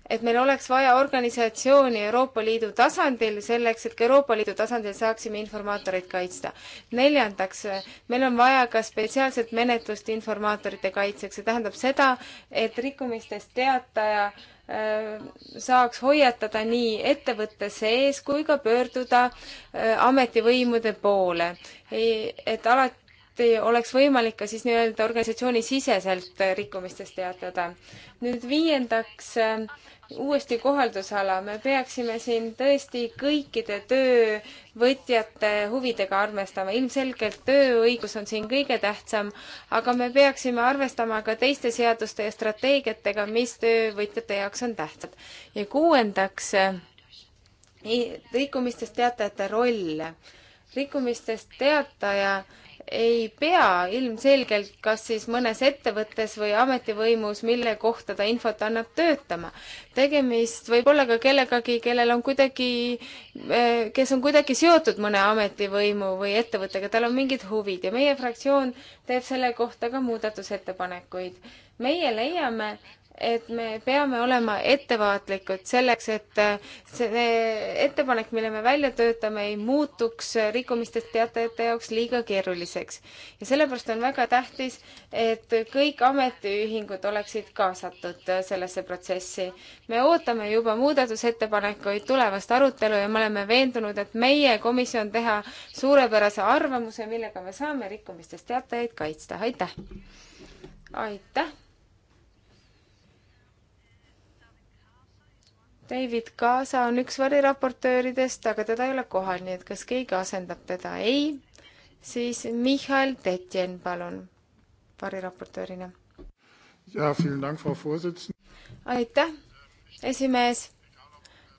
et meil oleks vaja organisatsiooni Euroopa Liidu tasandil selleks, et ka Euroopa Liidu tasandil saaksime informaatoreid kaitsta. neljandaks, meil on vaja ka spetsiaalset menetlust informaatorite kaitseks, see tähendab seda, et rikkumistest teataja äh, saaks hoiatada nii ettevõtte sees kui ka pöörduda äh, ametivõimude poole. et alati oleks võimalik ka siis nii-öelda organisatsioonisiseselt rikkumistest teatada. nüüd viiendaks, äh, uuesti kohaldusala, me peaksime siin tõesti kõikide töövõtjate huvidega arvestama, ilmselgelt tööõigus on siin kõige tähtsam, aga me peaksime arvestama ka teiste seaduste ja strateegiatega, mis töövõtjate jaoks on tähtsad. ja kuuendaks, äh, rikkumistest teatajate roll. rikkumistest teataja ei pea ilmselgelt kas siis mõnes ettevõttes või ametivõimus, mille kohta ta infot annab, töötama. tegemist võib olla ka kellegagi, kellel on kuidagi, eh, kes on kuidagi seotud mõne ametivõimu või ettevõttega, tal on mingid huvid ja meie fraktsioon teeb selle kohta ka muudatusettepanekuid. meie leiame, et me peame olema ettevaatlikud selleks, et äh, see ettepanek, mille me välja töötame, ei muutuks rikkumistest teatajate jaoks liiga keeruliseks. ja sellepärast on väga tähtis, et kõik ametiühingud oleksid kaasatud sellesse protsessi. me ootame juba muudatusettepanekuid, tulevast arutelu ja me oleme veendunud, et meie komisjon teha suurepärase arvamuse, millega me saame rikkumistest teatajaid kaitsta. aitäh! aitäh! David Kaasa on üks variraportööridest, aga teda ei ole kohal, nii et kas keegi asendab teda? ei. siis Michal Tetjen, palun, variraportöörina. aitäh, esimees.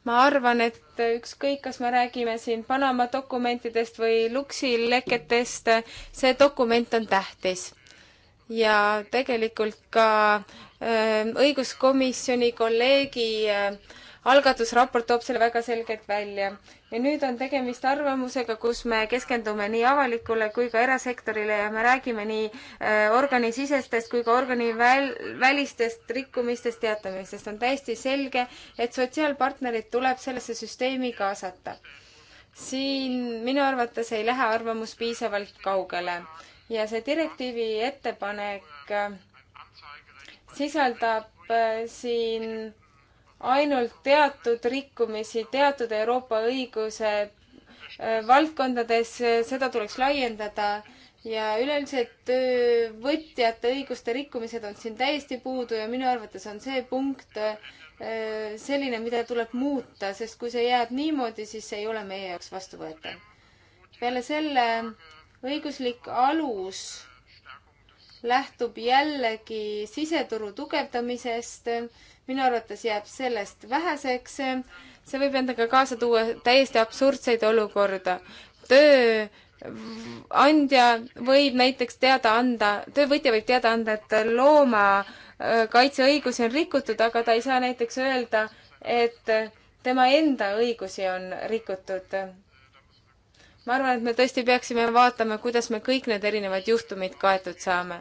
ma arvan, et ükskõik, kas me räägime siin Panama dokumentidest või Luxi leketest, see dokument on tähtis ja tegelikult ka öö, äh, õiguskomisjoni kolleegi öö, äh, algatusraport toob selle väga selgelt välja. ja nüüd on tegemist arvamusega, kus me keskendume nii avalikule kui ka erasektorile ja me räägime nii äh, organisisestest kui ka organi väl-, välistest rikkumistest teatamisest. on täiesti selge, et sotsiaalpartnerid tuleb sellesse süsteemi kaasata. siin minu arvates ei lähe arvamus piisavalt kaugele ja see direktiivi ettepanek äh, sisaldab äh, siin ainult teatud rikkumisi teatud Euroopa õiguse äh, valdkondades, äh, seda tuleks laiendada ja üleüldiselt töövõtjate õiguste rikkumised on siin täiesti puudu ja minu arvates on see punkt äh, selline, mida tuleb muuta, sest kui see jääb niimoodi, siis see ei ole meie jaoks vastuvõetav. peale selle õiguslik alus lähtub jällegi siseturu tugevdamisest minu arvates jääb sellest väheseks. see võib endaga kaasa tuua täiesti absurdseid olukorda. tööandja võib näiteks teada anda, töövõtja võib teada anda, et loomakaitseõigusi äh, on rikutud, aga ta ei saa näiteks öelda, et tema enda õigusi on rikutud. ma arvan, et me tõesti peaksime vaatama, kuidas me kõik need erinevad juhtumid kaetud saame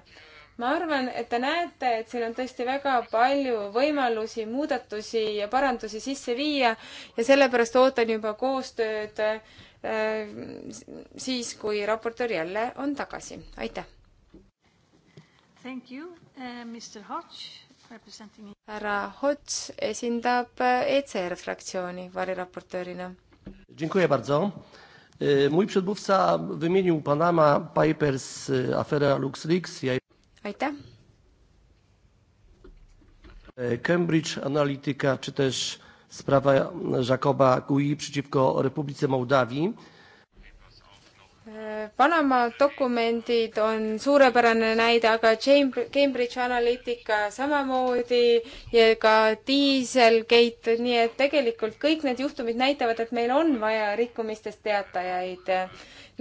ma arvan, et te näete, et siin on tõesti väga palju võimalusi, muudatusi ja parandusi sisse viia ja sellepärast ootan juba koostööd äh, siis, kui raportöör jälle on tagasi. aitäh! Uh, härra Hots esindab äh, ECR fraktsiooni variraportöörina. Dziękuję bardzo. E, mój przedmówca wymienił Panama Papers, e, aferę LuxLeaks. Ja aitäh. Cambridge Analytica czy też sprawa Jacoba Gui przeciwko Republice Mołdawii. Panama dokumendid on suurepärane näide, aga Cambridge Analytica samamoodi ja ka Dieselgate, nii et tegelikult kõik need juhtumid näitavad, et meil on vaja rikkumistest teatajaid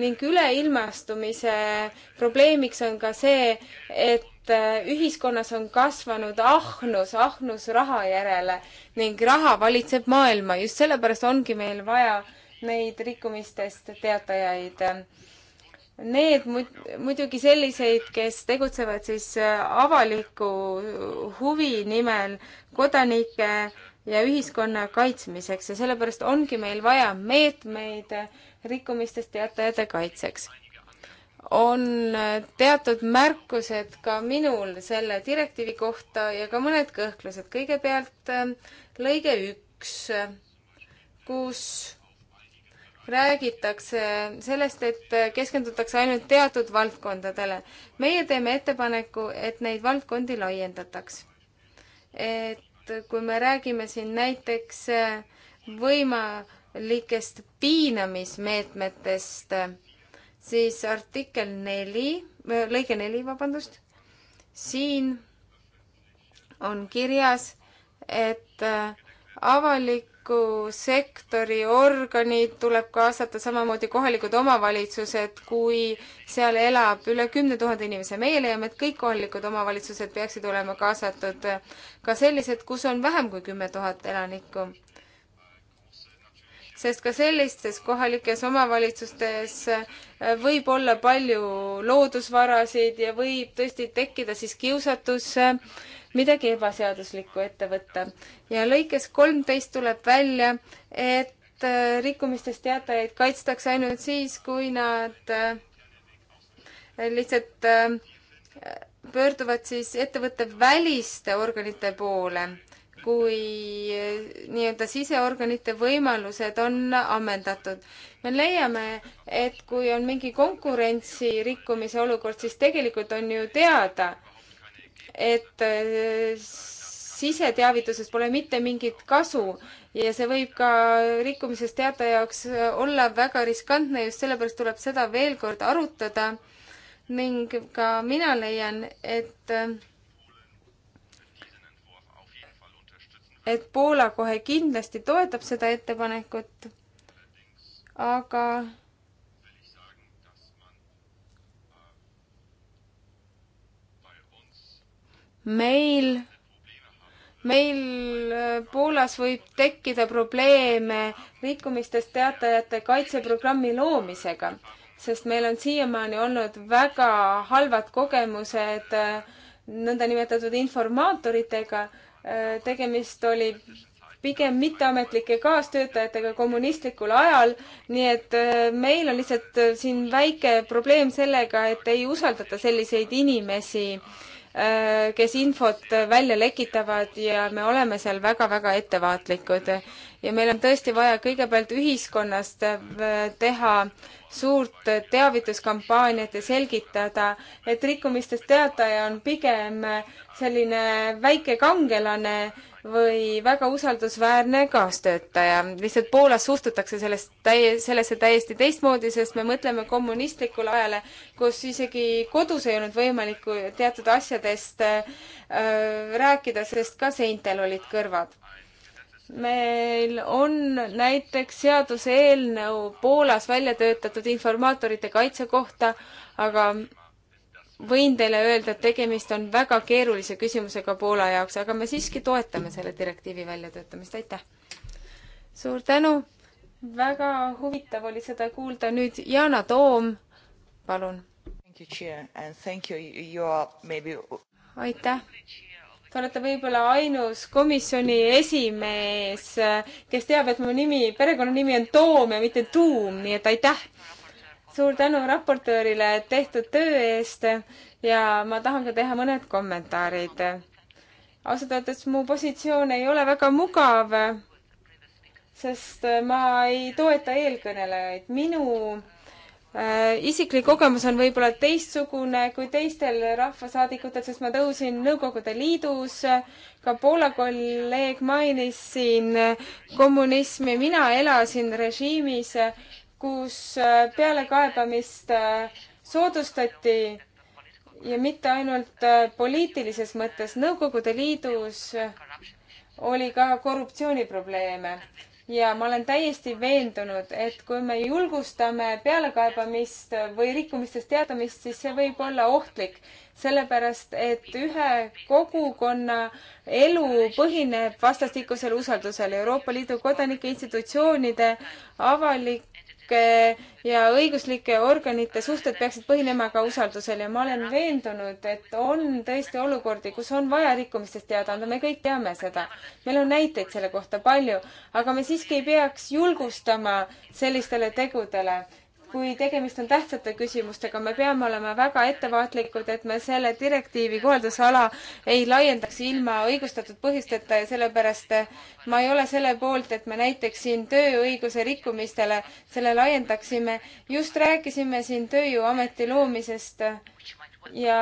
ning üleilmastumise probleemiks on ka see, et äh, ühiskonnas on kasvanud ahnus, ahnus raha järele ning raha valitseb maailma. just sellepärast ongi meil vaja neid rikkumistest teatajaid. Need muidugi selliseid, kes tegutsevad siis äh, avaliku huvi nimel kodanike ja ühiskonna kaitsmiseks ja sellepärast ongi meil vaja meetmeid, rikkumistest teatajate kaitseks. on teatud märkused ka minul selle direktiivi kohta ja ka mõned kõhklused. kõigepealt ähm, lõige üks, kus räägitakse sellest, et keskendutakse ainult teatud valdkondadele. meie teeme ettepaneku, et neid valdkondi laiendataks. et kui me räägime siin näiteks äh, võima-, liikest piinamismeetmetest, siis artikkel neli, äh, lõige neli, vabandust, siin on kirjas, et äh, avaliku sektori organid tuleb kaasata, samamoodi kohalikud omavalitsused, kui seal elab üle kümne tuhande inimese. meie leiame, et kõik kohalikud omavalitsused peaksid olema kaasatud, äh, ka sellised, kus on vähem kui kümme tuhat elanikku sest ka sellistes kohalikes omavalitsustes äh, võib olla palju loodusvarasid ja võib tõesti tekkida siis kiusatus äh, midagi ebaseaduslikku ette võtta. ja lõikes kolmteist tuleb välja, et äh, rikkumistest teatajaid kaitstakse ainult siis, kui nad lihtsalt pöörduvad siis ettevõtte väliste organite poole kui eh, nii-öelda siseorganite võimalused on ammendatud. me leiame, et kui on mingi konkurentsi rikkumise olukord, siis tegelikult on ju teada, et eh, siseteavituses pole mitte mingit kasu ja see võib ka rikkumisest teataja jaoks eh, olla väga riskantne, just sellepärast tuleb seda veel kord arutada ning ka mina leian, et et Poola kohe kindlasti toetab seda ettepanekut, aga meil, meil äh, Poolas võib tekkida probleeme rikkumistest teatajate kaitseprogrammi loomisega, sest meil on siiamaani olnud väga halvad kogemused äh, nõndanimetatud informaatoritega Äh, tegemist oli pigem mitteametlike kaastöötajatega kommunistlikul ajal, nii et äh, meil on lihtsalt äh, siin väike probleem sellega, et ei usaldata selliseid inimesi, kes infot välja lekitavad ja me oleme seal väga-väga ettevaatlikud ja meil on tõesti vaja kõigepealt ühiskonnast äh, teha suurt teavituskampaaniat ja selgitada, et rikkumistest teataja on pigem äh, selline väike kangelane või väga usaldusväärne kaastöötaja. lihtsalt Poolas suhtutakse sellest täie, sellesse täiesti teistmoodi, sest me mõtleme kommunistlikule ajale, kus isegi kodus ei olnud võimalik teatud asjadest äh, rääkida, sest ka seintel olid kõrvad meil on näiteks seaduseelnõu Poolas välja töötatud informaatorite kaitse kohta, aga võin teile öelda, et tegemist on väga keerulise küsimusega Poola jaoks, aga me siiski toetame selle direktiivi väljatöötamist, aitäh! suur tänu, väga huvitav oli seda kuulda, nüüd Yana Toom, palun! aitäh! Te olete võib-olla ainus komisjoni esimees, kes teab, et mu nimi, perekonnanimi on Toom ja mitte Tuum, nii et aitäh! suur tänu raportöörile tehtud töö eest ja ma tahan ka teha mõned kommentaarid. ausalt öeldes mu positsioon ei ole väga mugav, sest ma ei toeta eelkõnelejaid. minu Äh, isiklik kogemus on võib-olla teistsugune kui teistel rahvasaadikutel, sest ma tõusin Nõukogude Liidus, ka Poola kolleeg mainis siin kommunismi, mina elasin režiimis, kus äh, pealekaebamist äh, soodustati ja mitte ainult poliitilises mõttes, Nõukogude Liidus oli ka korruptsiooniprobleeme ja ma olen täiesti veendunud, et kui me julgustame pealekaebamist või rikkumistest teadamist, siis see võib olla ohtlik, sellepärast et ühe kogukonna elu põhineb vastastikusel usaldusel Euroopa Liidu kodanike institutsioonide avalik ja õiguslike organite suhted peaksid põhinema ka usaldusel ja ma olen veendunud, et on tõesti olukordi, kus on vaja rikkumistest teada anda, me kõik teame seda. meil on näiteid selle kohta palju, aga me siiski ei peaks julgustama sellistele tegudele kui tegemist on tähtsate küsimustega, me peame olema väga ettevaatlikud, et me selle direktiivi kohaldusala ei laiendaks ilma õigustatud põhjusteta ja sellepärast eh, ma ei ole selle poolt, et me näiteks siin tööõiguse rikkumistele selle laiendaksime. just rääkisime siin Tööjõuameti loomisest ja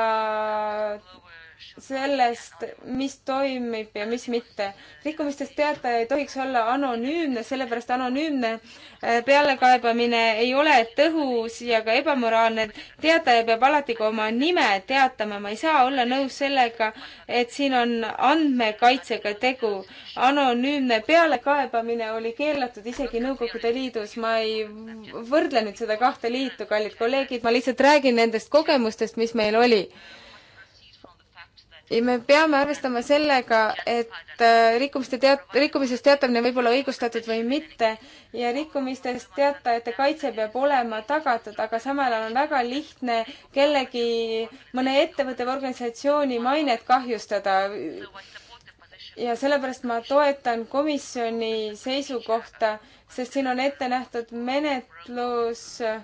sellest, mis toimib ja mis mitte. rikkumistest teataja ei tohiks olla anonüümne, sellepärast anonüümne äh, pealekaebamine ei ole tõhus ja ka ebamoraalne. teataja peab alati ka oma nime teatama, ma ei saa olla nõus sellega, et siin on andmekaitsega tegu. anonüümne pealekaebamine oli keelatud isegi Nõukogude Liidus, ma ei võrdle nüüd seda kahte liitu, kallid kolleegid, ma lihtsalt räägin nendest kogemustest, mis meil oli me peame arvestama sellega, et äh, rikkumiste teat-, rikkumisest teatamine võib olla õigustatud või mitte ja rikkumistest teatajate kaitse peab olema tagatud, aga samal ajal on väga lihtne kellegi, mõne ettevõtte või organisatsiooni mainet kahjustada ja sellepärast ma toetan komisjoni seisukohta, sest siin on ette nähtud menetlus äh,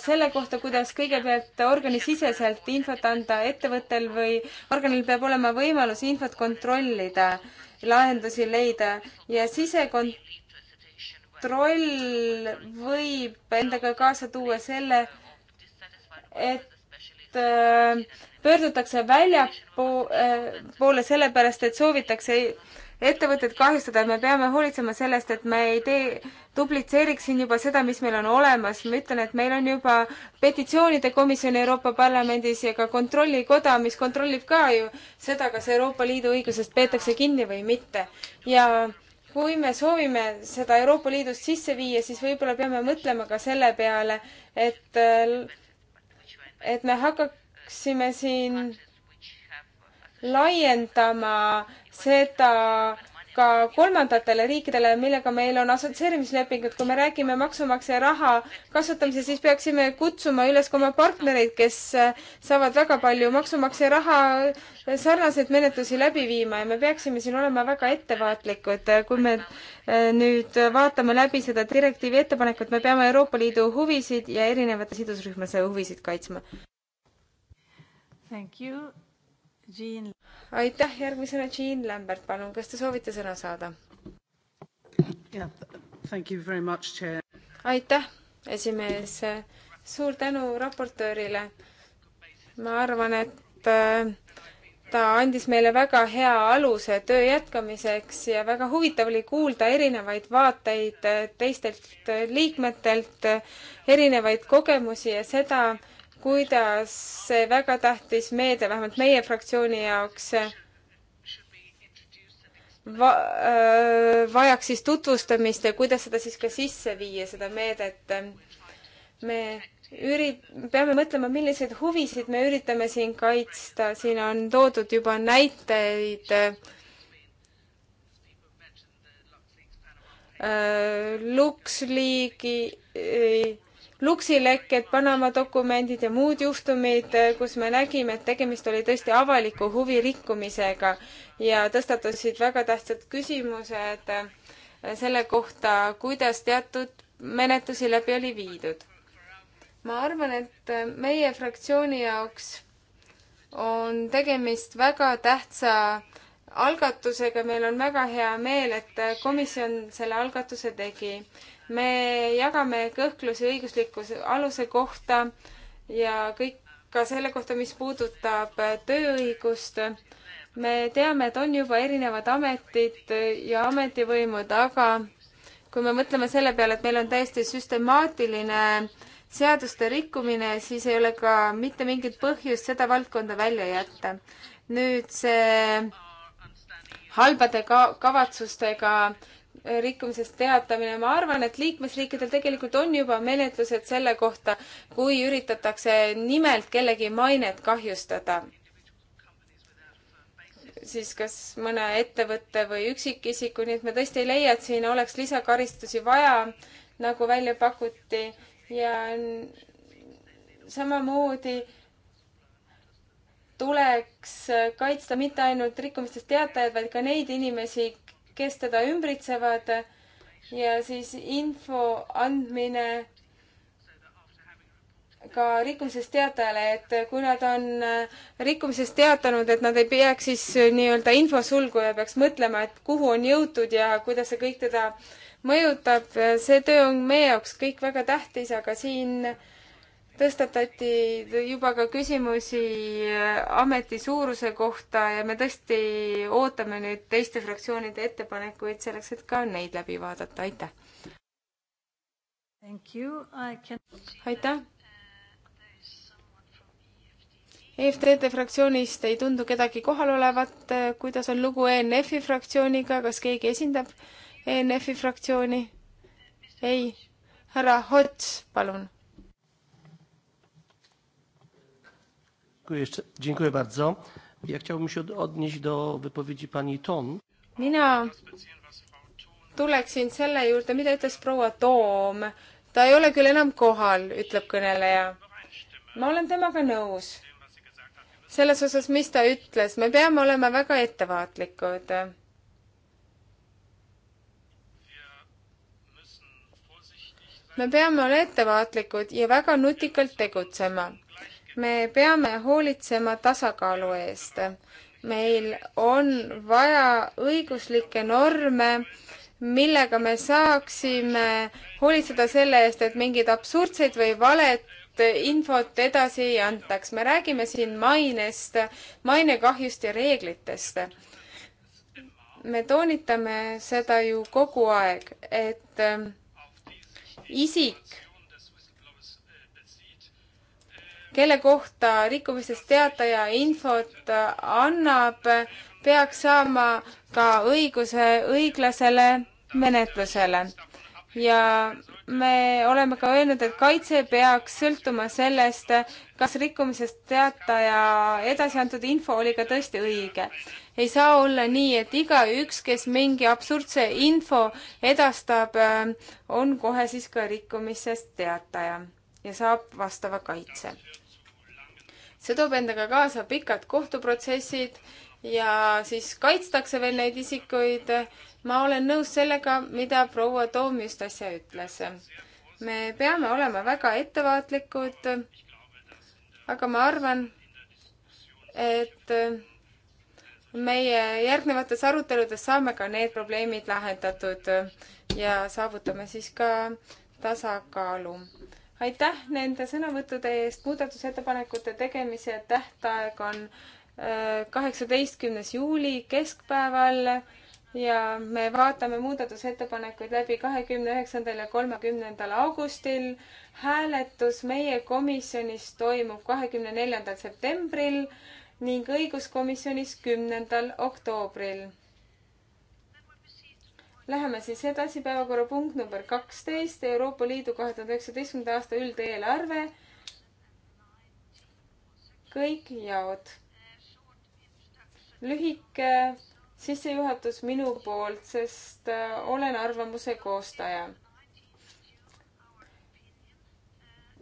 selle kohta, kuidas kõigepealt organisiseselt infot anda ettevõttel või organil peab olema võimalus infot kontrollida, lahendusi leida ja sisekontroll võib endaga kaasa tuua selle, et äh, pöördutakse väljapoole äh, sellepärast, et soovitakse ettevõtteid kahjustada, me peame hoolitsema sellest, et me ei tee, duplitseeriks siin juba seda, mis meil on olemas. ma ütlen, et meil on juba petitsioonide komisjon Euroopa Parlamendis ja ka kontrollikoda, mis kontrollib ka ju seda, kas Euroopa Liidu õigusest peetakse kinni või mitte. ja kui me soovime seda Euroopa Liidust sisse viia, siis võib-olla peame mõtlema ka selle peale, et, et me hakkaksime siin laiendama seda ka kolmandatele riikidele, millega meil on assotsieerimislepingud, kui me räägime maksumaksja raha kasutamise, siis peaksime kutsuma üles ka oma partnereid, kes saavad väga palju maksumaksja raha sarnaseid menetlusi läbi viima ja me peaksime siin olema väga ettevaatlikud, kui me eh, nüüd vaatame läbi seda direktiivi ettepanekut, me peame Euroopa Liidu huvisid ja erinevate sidusrühmade huvisid kaitsma. Thank you. Jean. aitäh, järgmisena Jean Lambert, palun, kas te soovite sõna saada yeah,? aitäh, esimees, suur tänu raportöörile. ma arvan, et äh, ta andis meile väga hea aluse töö jätkamiseks ja väga huvitav oli kuulda erinevaid vaateid teistelt liikmetelt, erinevaid kogemusi ja seda, kuidas see väga tähtis meede, vähemalt meie fraktsiooni jaoks, va-, äh, vajaks siis tutvustamist ja kuidas seda siis ka sisse viia, seda meedet. me üri-, peame mõtlema, milliseid huvisid me üritame siin kaitsta, siin on toodud juba näiteid äh, LuxLeague'i Luxileked, Panama dokumendid ja muud juhtumid, eh, kus me nägime, et tegemist oli tõesti avaliku huvi rikkumisega ja tõstatusid väga tähtsad küsimused eh, selle kohta, kuidas teatud menetlusi läbi oli viidud. ma arvan, et eh, meie fraktsiooni jaoks on tegemist väga tähtsa algatusega, meil on väga hea meel, et komisjon selle algatuse tegi me jagame kõhklusi õiguslikkuse aluse kohta ja kõik ka selle kohta, mis puudutab tööõigust. me teame, et on juba erinevad ametid ja ametivõimud, aga kui me mõtleme selle peale, et meil on täiesti süstemaatiline seaduste rikkumine, siis ei ole ka mitte mingit põhjust seda valdkonda välja jätta. nüüd see halbade ka kavatsustega rikkumisest teatamine, ma arvan, et liikmesriikidel tegelikult on juba menetlused selle kohta, kui üritatakse nimelt kellegi mainet kahjustada. siis kas mõne ettevõtte või üksikisiku, nii et ma tõesti ei leia, et siin oleks lisakaristusi vaja, nagu välja pakuti ja samamoodi tuleks kaitsta mitte ainult rikkumistest teatajaid, vaid ka neid inimesi, kes teda ümbritsevad ja siis info andmine ka rikkumisest teatajale, et kui nad on äh, rikkumisest teatanud, et nad ei peaks siis äh, nii-öelda infosulgu ja peaks mõtlema, et kuhu on jõutud ja kuidas see kõik teda mõjutab. see töö on meie jaoks kõik väga tähtis, aga siin äh, tõstatati juba ka küsimusi äh, ameti suuruse kohta ja me tõesti ootame nüüd teiste fraktsioonide ettepanekuid selleks, et ka neid läbi vaadata, aitäh! Can... aitäh! EFTD fraktsioonist ei tundu kedagi kohal olevat, kuidas on lugu ENF-i fraktsiooniga, kas keegi esindab ENF-i fraktsiooni? ei, härra Hots, palun Dziękuję, jeszcze, dziękuję bardzo. Ja chciałbym się odnieść do wypowiedzi pani Ton. Mina tuleksin selle juurde, mida ütles proua Toom. ta ei ole küll enam kohal, ütleb kõneleja. ma olen temaga nõus. selles osas, mis ta ütles, me peame olema väga ettevaatlikud. me peame olema ettevaatlikud ja väga nutikalt tegutsema me peame hoolitsema tasakaalu eest. meil on vaja õiguslikke norme, millega me saaksime hoolitseda selle eest, et mingeid absurdseid või valet infot edasi ei antaks. me räägime siin mainest, mainekahjust ja reeglitest. me toonitame seda ju kogu aeg, et isik kelle kohta rikkumistest teataja infot annab, peaks saama ka õiguse õiglasele menetlusele. ja me oleme ka öelnud, et kaitse peaks sõltuma sellest, kas rikkumisest teataja edasi antud info oli ka tõesti õige. ei saa olla nii, et igaüks, kes mingi absurdse info edastab, on kohe siis ka rikkumisest teataja ja saab vastava kaitse see toob endaga kaasa pikad kohtuprotsessid ja siis kaitstakse veel neid isikuid. ma olen nõus sellega, mida proua Toom just äsja ütles. me peame olema väga ettevaatlikud. aga ma arvan, et meie järgnevates aruteludes saame ka need probleemid lahendatud ja saavutame siis ka tasakaalu aitäh nende sõnavõttude eest, muudatusettepanekute tegemise tähtaeg on äh, kaheksateistkümnes juuli keskpäeval ja me vaatame muudatusettepanekuid läbi kahekümne üheksandal ja kolmekümnendal augustil. hääletus meie komisjonis toimub kahekümne neljandal septembril ning õiguskomisjonis kümnendal oktoobril. Läheme siis edasi, päevakorrapunkt number kaksteist, Euroopa Liidu kahe tuhande üheksateistkümnenda aasta üldeelarve. kõik jaod. lühike sissejuhatus minu poolt, sest äh, olen arvamuse koostaja.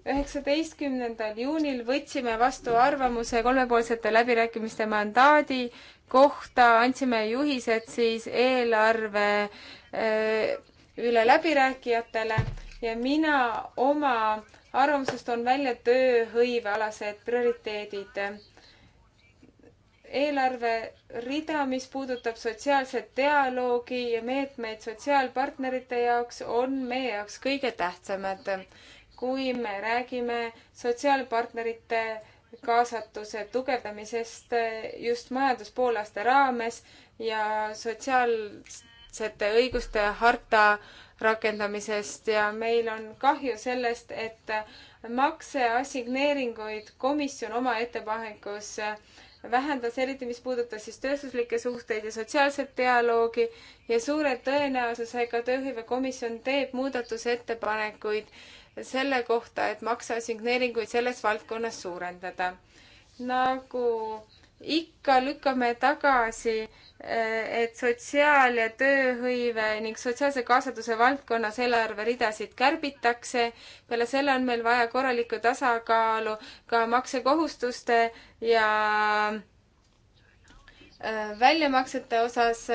üheksateistkümnendal juunil võtsime vastu arvamuse kolmepoolsete läbirääkimiste mandaadi kohta andsime juhised siis eelarve Äh, üle läbirääkijatele ja mina oma arvamuses toon välja tööhõivealased prioriteedid. eelarverida, mis puudutab sotsiaalset dialoogi ja meetmeid sotsiaalpartnerite jaoks, on meie jaoks kõige tähtsamad, kui me räägime sotsiaalpartnerite kaasatuse tugevdamisest just majanduspoolaasta raames ja sotsiaal- võrdsete õiguste harta rakendamisest ja meil on kahju sellest, et makseassigneeringuid komisjon oma ettepanekus vähendas, eriti mis puudutas siis tööstuslikke suhteid ja sotsiaalset dialoogi ja suure tõenäosusega tööhõivekomisjon teeb muudatusettepanekuid selle kohta, et makseassigneeringuid selles valdkonnas suurendada. nagu ikka lükkame tagasi, eh, et sotsiaal- ja tööhõive ning sotsiaalse kaasatuse valdkonnas eelarveridasid kärbitakse. peale selle on meil vaja korralikku tasakaalu ka maksekohustuste ja eh, väljamaksete osas,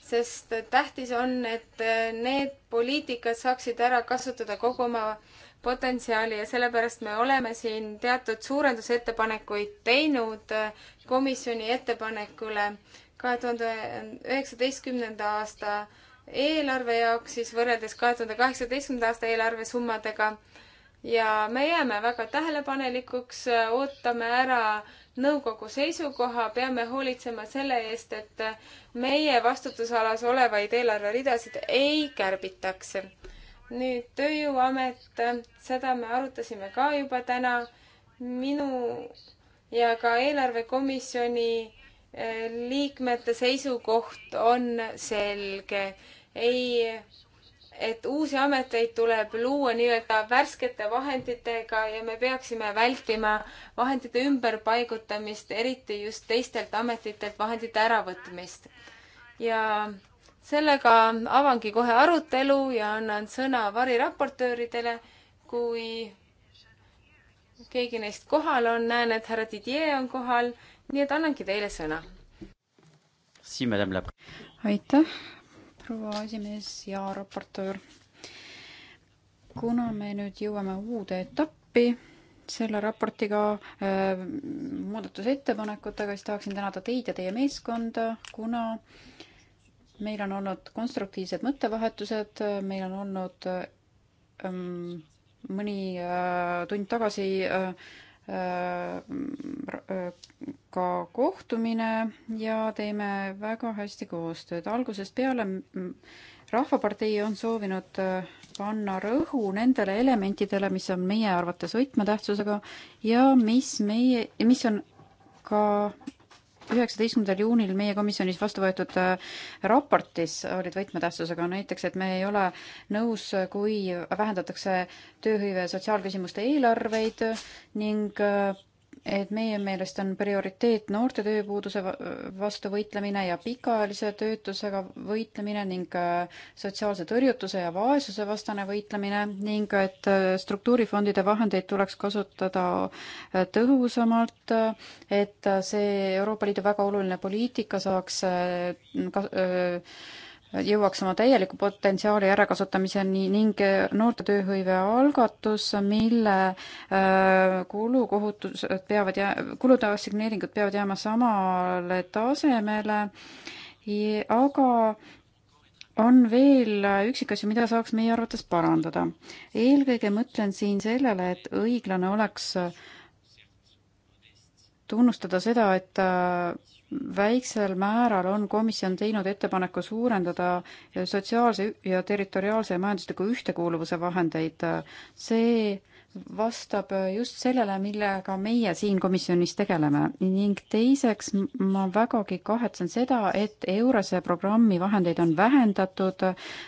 sest tähtis on, et eh, need poliitikad saaksid ära kasutada kogu oma potentsiaali ja sellepärast me oleme siin teatud suurendusettepanekuid teinud komisjoni ettepanekule kahe tuhande üheksateistkümnenda aasta eelarve jaoks siis võrreldes kahe tuhande kaheksateistkümnenda aasta eelarve summadega. ja me jääme väga tähelepanelikuks, ootame ära nõukogu seisukoha, peame hoolitsema selle eest, et meie vastutusalas olevaid eelarveridasid ei kärbitaks nüüd Tööjõuamet, seda me arutasime ka juba täna. minu ja ka eelarvekomisjoni eh, liikmete seisukoht on selge. ei, et uusi ameteid tuleb luua nii-öelda värskete vahenditega ja me peaksime vältima vahendite ümberpaigutamist, eriti just teistelt ametitelt vahendite äravõtmist. ja sellega avangi kohe arutelu ja annan sõna variraportööridele, kui keegi neist kohal on, näen, et härra Didier on kohal, nii et annangi teile sõna. aitäh, proua esimees ja raportöör. kuna me nüüd jõuame uude etappi selle raportiga äh, muudatusettepanekutega, siis tahaksin tänada teid ja teie meeskonda, kuna äh, meil on olnud konstruktiivsed mõttevahetused, meil on olnud ähm, mõni äh, tund tagasi äh, äh, äh ka kohtumine ja teeme väga hästi koostööd. algusest peale mm, Rahvapartei on soovinud äh, panna rõhu nendele elementidele, mis on meie arvates võtmetähtsusega ja mis meie, mis on ka üheksateistkümnendal juunil meie komisjonis vastu võetud äh, raportis olid võtmetähtsusega näiteks, et me ei ole nõus, äh, kui vähendatakse tööhõive ja sotsiaalküsimuste eelarveid ning äh, et meie meelest on prioriteet noorte tööpuuduse vastu võitlemine ja pikaajalise töötusega võitlemine ning sotsiaalse tõrjutuse ja vaesuse vastane võitlemine ning et äh, struktuurifondide vahendeid tuleks kasutada äh, tõhusamalt, et äh, see Euroopa Liidu väga oluline poliitika saaks kas-, jõuaks oma täieliku potentsiaali ärakasutamiseni ning noorte tööhõive algatus, mille äh, kulukohutused peavad jää-, kulude assigneeringud peavad jääma samale tasemele, aga on veel üksikasju, mida saaks meie arvates parandada. eelkõige mõtlen siin sellele, et õiglane oleks tunnustada seda, et äh, väiksel määral on komisjon teinud ettepaneku suurendada sotsiaalse ja territoriaalse ja majandusliku ühtekuuluvuse vahendeid. see vastab just sellele, millega meie siin komisjonis tegeleme ning teiseks ma vägagi kahetsen seda, et Eurose programmi vahendeid on vähendatud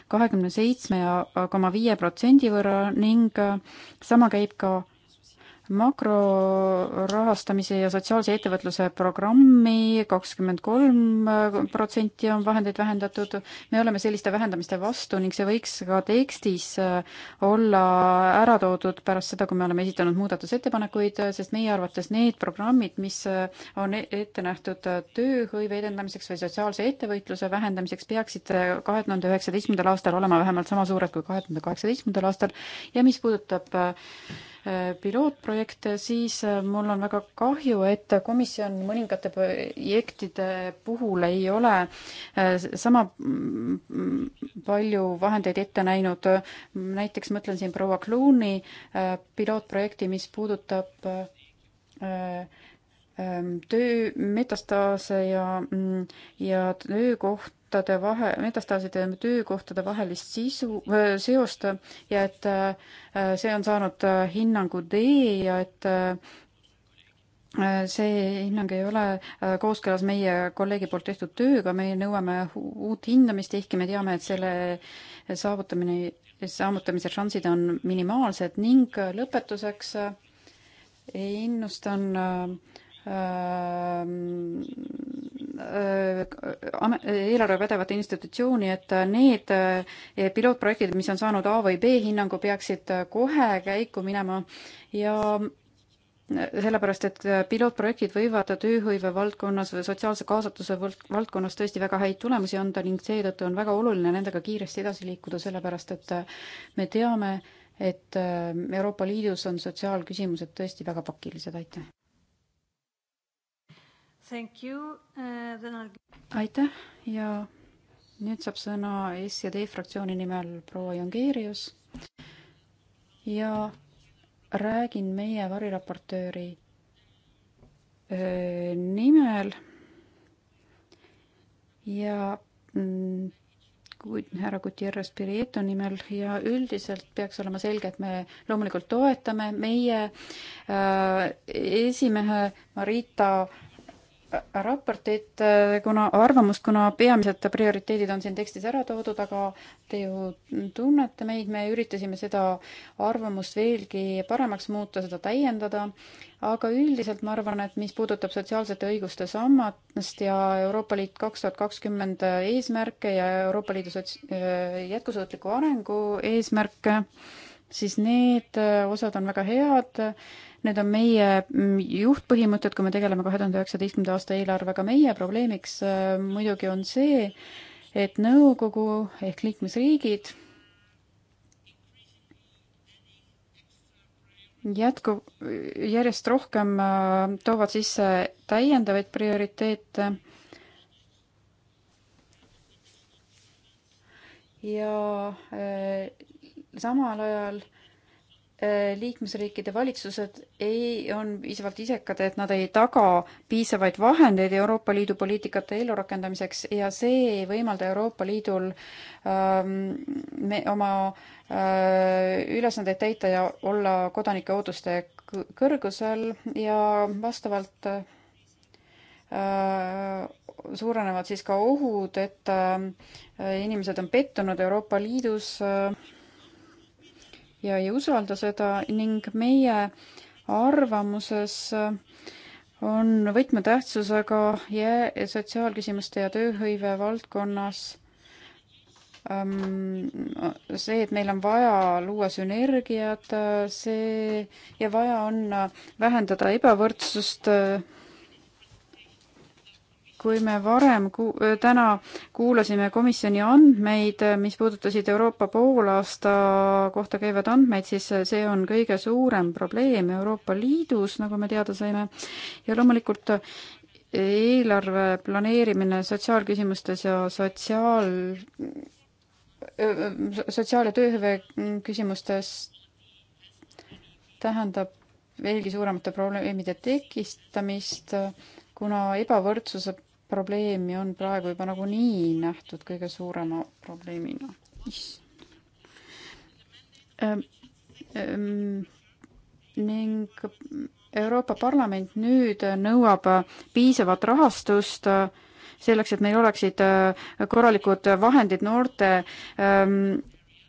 kahekümne seitsme koma viie protsendi võrra ning sama käib ka makrorahastamise ja sotsiaalse ettevõtluse programmi kakskümmend kolm protsenti on vahendeid vähendatud. me oleme selliste vähendamiste vastu ning see võiks ka tekstis äh, olla ära toodud pärast seda, kui me oleme esitanud muudatusettepanekuid, sest meie arvates need programmid, mis äh, on e-, ette nähtud äh, tööhõive edendamiseks või sotsiaalse ettevõtluse vähendamiseks, peaksid kahe tuhande üheksateistkümnendal aastal olema vähemalt sama suured kui kahe tuhande kaheksateistkümnendal aastal ja mis puudutab pilootprojekte, siis äh, mul on väga kahju, et komisjon mõningate projektide puhul ei ole äh, sama mm, palju vahendeid ette näinud. näiteks mõtlen siin proua Clooney äh, pilootprojekti, mis puudutab töö, metastaase ja, mm, ja töökoht, töökohtade vahe, metastaaside ja töökohtade vahelist sisu, äh, seost ja et äh, see on saanud äh, hinnangu D ja et see hinnang ei ole kooskõlas meie kolleegi poolt tehtud tööga, me nõuame uut hindamist, ehkki me teame, et selle saavutamine, saavutamise šansid on minimaalsed ning lõpetuseks ennustan äh, Äh, eelarvepädevate institutsiooni, et need äh, pilootprojektid, mis on saanud A või B hinnangu, peaksid kohe käiku minema ja äh, sellepärast, et pilootprojektid võivad tööhõive valdkonnas või sotsiaalse kaasatuse valdkonnas tõesti väga häid tulemusi anda ning seetõttu on väga oluline nendega kiiresti edasi liikuda, sellepärast et me teame, et Euroopa Liidus on sotsiaalküsimused tõesti väga pakilised, aitäh! Uh, aitäh ja nüüd saab sõna SD fraktsiooni nimel proua Jongeerius ja räägin meie variraportööri äh, nimel ja mm, härra Gutierrez Prieto nimel ja üldiselt peaks olema selge, et me loomulikult toetame meie äh, esimehe Marita raportit, äh, kuna, arvamust, kuna peamised prioriteedid on siin tekstis ära toodud, aga te ju tunnete meid, me üritasime seda arvamust veelgi paremaks muuta, seda täiendada, aga üldiselt ma arvan, et mis puudutab sotsiaalsete õiguste sammast ja Euroopa Liit kaks tuhat kakskümmend eesmärke ja Euroopa Liidu sots-, äh, jätkusuutliku arengu eesmärke, siis need äh, osad on väga head Need on meie mm, juhtpõhimõtted, kui me tegeleme kahe tuhande üheksateistkümnenda aasta eelarvega. meie probleemiks äh, muidugi on see, et nõukogu ehk liikmesriigid jätku, järjest rohkem äh, toovad sisse täiendavaid prioriteete ja äh, samal ajal Äh, liikmesriikide valitsused ei, on piisavalt isekad, et nad ei taga piisavaid vahendeid Euroopa Liidu poliitikate ellurakendamiseks ja see ei võimalda Euroopa Liidul ähm, me, oma äh, ülesandeid täita ja olla kodanike ootuste kõrgusel ja vastavalt äh, suurenevad siis ka ohud, et äh, inimesed on pettunud Euroopa Liidus äh, ja ei usalda seda ning meie arvamuses on võtmetähtsusega ja sotsiaalküsimuste ja tööhõive valdkonnas ähm, see, et meil on vaja luua sünergiat, äh, see ja vaja on äh, vähendada ebavõrdsust äh, kui me varem ku-, täna kuulasime komisjoni andmeid, mis puudutasid Euroopa poolaasta kohta käivaid andmeid, siis see on kõige suurem probleem Euroopa Liidus, nagu me teada saime, ja loomulikult eelarve planeerimine sotsiaalküsimustes ja sotsiaal, sotsiaal- ja tööhõive küsimustes tähendab veelgi suuremate probleemide tekistamist, kuna ebavõrdsuse probleemi on praegu juba nagunii nähtud kõige suurema probleemina. Ähm, ähm, ning Euroopa Parlament nüüd nõuab piisavat rahastust äh, selleks, et meil oleksid äh, korralikud vahendid noorte ähm,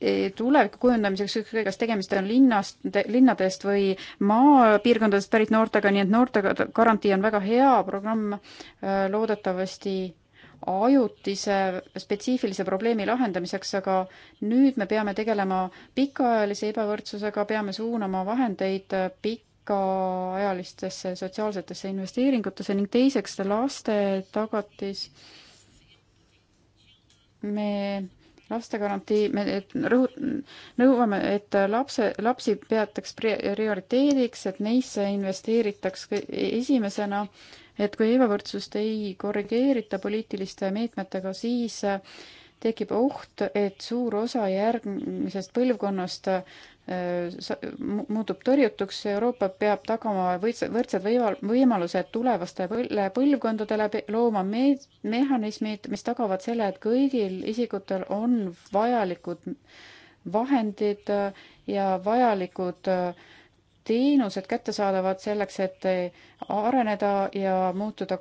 E, tuleviku kujundamiseks, ükskõik kas tegemist on linnast, linnadest või maapiirkondadest pärit noortega, nii et noorte garantii on väga hea programm, e, loodetavasti ajutise spetsiifilise probleemi lahendamiseks, aga nüüd me peame tegelema pikaajalise ebavõrdsusega, peame suunama vahendeid pikaajalistesse sotsiaalsetesse investeeringutesse ning teiseks laste tagatis. me lastegarantii, me rõhut-, nõuame, et lapse, lapsi peetaks prioriteediks, et neisse investeeritaks esimesena, et kui ebavõrdsust ei korrigeerita poliitiliste meetmetega, siis tekib oht, et suur osa järgmisest põlvkonnast äh, muutub tõrjutuks, Euroopa peab tagama võrdsed võimalused tulevaste põlvkondadele, looma me-, mehhanismid, mis tagavad selle, et kõigil isikutel on vajalikud vahendid äh, ja vajalikud äh, teenused kättesaadavad selleks, et areneda ja muutuda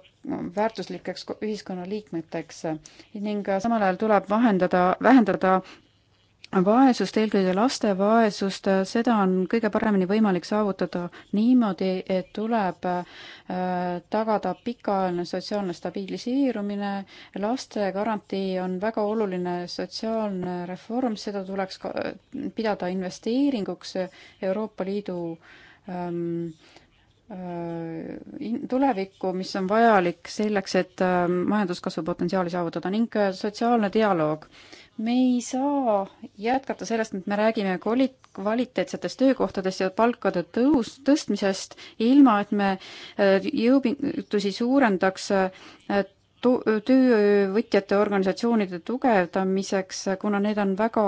väärtuslikeks ühiskonnaliikmeteks ning samal ajal tuleb vahendada, vähendada vaesust, eelkõige laste vaesust, seda on kõige paremini võimalik saavutada niimoodi, et tuleb äh, tagada pikaajaline sotsiaalne stabiliseerumine, laste garantii on väga oluline sotsiaalne reform, seda tuleks ka äh, pidada investeeringuks Euroopa Liidu ähm, äh, tulevikku, mis on vajalik selleks, et majanduskasvu potentsiaali saavutada ning sotsiaalne dialoog äh, me ei saa jätkata sellest, et me räägime kvali-, kvaliteetsetest töökohtadest ja palkade tõus, tõstmisest, ilma et me äh, jõupingutusi suurendaks äh, töövõtjate organisatsioonide tugevdamiseks, kuna need on väga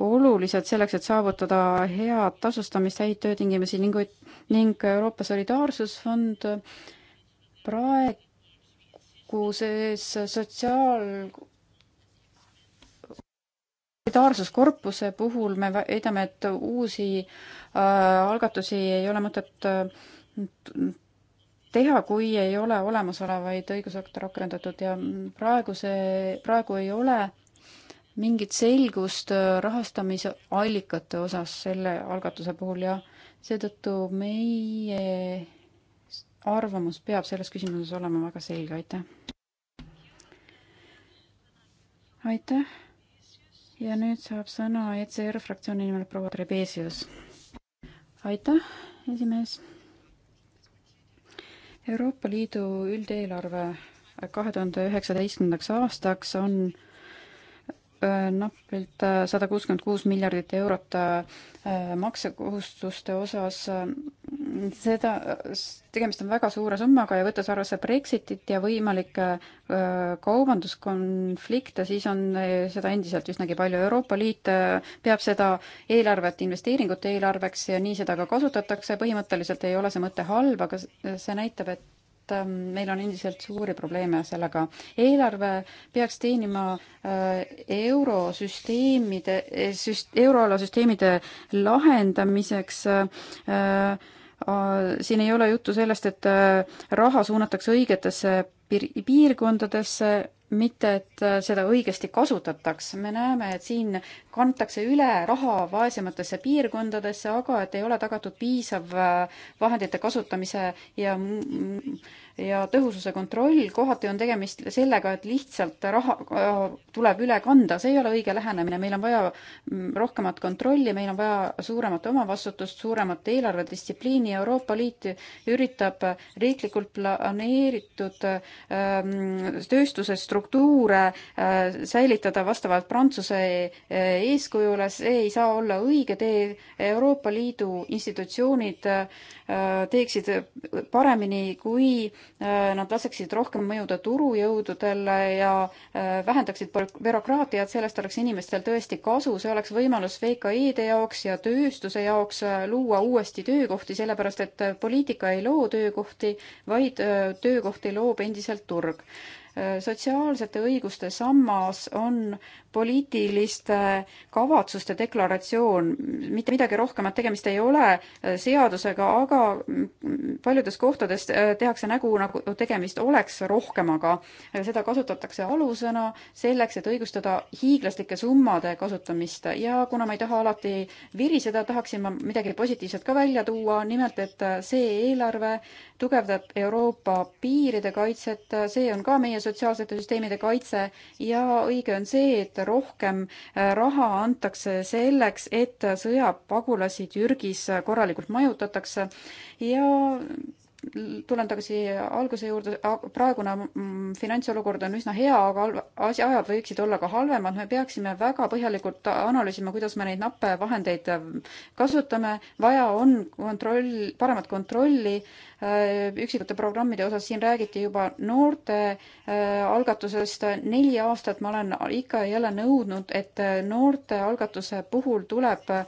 olulised selleks, et saavutada head tasustamist, häid töötingimusi ning, ning Euroopa Solidaarsusfond praeguses sotsiaal- solidaarsuskorpuse puhul me väidame, et uusi äh, algatusi ei ole mõtet äh, teha, kui ei ole olemasolevaid õigusakte rakendatud ja praeguse, praegu ei ole mingit selgust äh, rahastamise allikate osas selle algatuse puhul ja seetõttu meie arvamus peab selles küsimuses olema väga selge, aitäh. aitäh ja nüüd saab sõna ECR fraktsiooni nimel proua Trebesius. aitäh, esimees. Euroopa Liidu üldeelarve kahe tuhande üheksateistkümnendaks aastaks on äh, napilt äh, sada kuuskümmend kuus miljardit eurot äh, maksekohustuste osas seda, tegemist on väga suure summaga ja võttes arvesse Brexitit ja võimalikke äh, kaubanduskonflikte, siis on äh, seda endiselt üsnagi palju. Euroopa Liit äh, peab seda eelarvet investeeringute eelarveks ja nii seda ka kasutatakse. põhimõtteliselt ei ole see mõte halb, aga see näitab, et ähm, meil on endiselt suuri probleeme sellega. eelarve peaks teenima eurosüsteemide, süst-, euroala süsteemide lahendamiseks äh, Äh, siin ei ole juttu sellest, et äh, raha suunatakse õigetesse piir piirkondadesse mitte et äh, seda õigesti kasutataks, me näeme, et siin kantakse üle raha vaesematesse piirkondadesse, aga et ei ole tagatud piisav äh, vahendite kasutamise ja ja tõhususe kontroll, kohati on tegemist sellega, et lihtsalt raha äh, tuleb üle kanda, see ei ole õige lähenemine, meil on vaja rohkemat kontrolli, meil on vaja suuremat omavastutust, suuremat eelarvedistsipliini, Euroopa Liit üritab riiklikult planeeritud ähm, tööstuse struktuuri struktuure äh, säilitada vastavalt Prantsuse äh, eeskujule, see ei saa olla õige tee. Euroopa Liidu institutsioonid äh, teeksid paremini, kui nad laseksid rohkem mõjuda turujõududele ja vähendaksid bürokraatiat, sellest oleks inimestel tõesti kasu, see oleks võimalus VKI-de jaoks ja tööstuse jaoks luua uuesti töökohti, sellepärast et poliitika ei loo töökohti, vaid töökohti loob endiselt turg sotsiaalsete õiguste sammas on poliitiliste kavatsuste deklaratsioon, mitte midagi rohkemat tegemist ei ole äh, seadusega, aga mm, paljudes kohtades äh, tehakse nägu, nagu tegemist oleks rohkemaga. Äh, seda kasutatakse alusena selleks, et õigustada hiiglaslike summade kasutamist ja kuna ma ei taha alati viriseda, tahaksin ma midagi positiivset ka välja tuua, nimelt et see eelarve tugevdab Euroopa piiride kaitset, see on ka meie sotsiaalsete süsteemide kaitse ja õige on see, et et rohkem äh, raha antakse selleks, et sõjapagulasi Türgis äh, korralikult majutatakse ja tulen tagasi alguse juurde, praegune mm, finantsolukord on üsna hea, aga asjaajad võiksid olla ka halvemad, me peaksime väga põhjalikult analüüsima, kuidas me neid nappe vahendeid mm, kasutame, vaja on kontroll, paremat kontrolli äh, üksikute programmide osas, siin räägiti juba noorte äh, algatusest, neli aastat ma olen ikka ja jälle nõudnud, et äh, noorte algatuse puhul tuleb äh,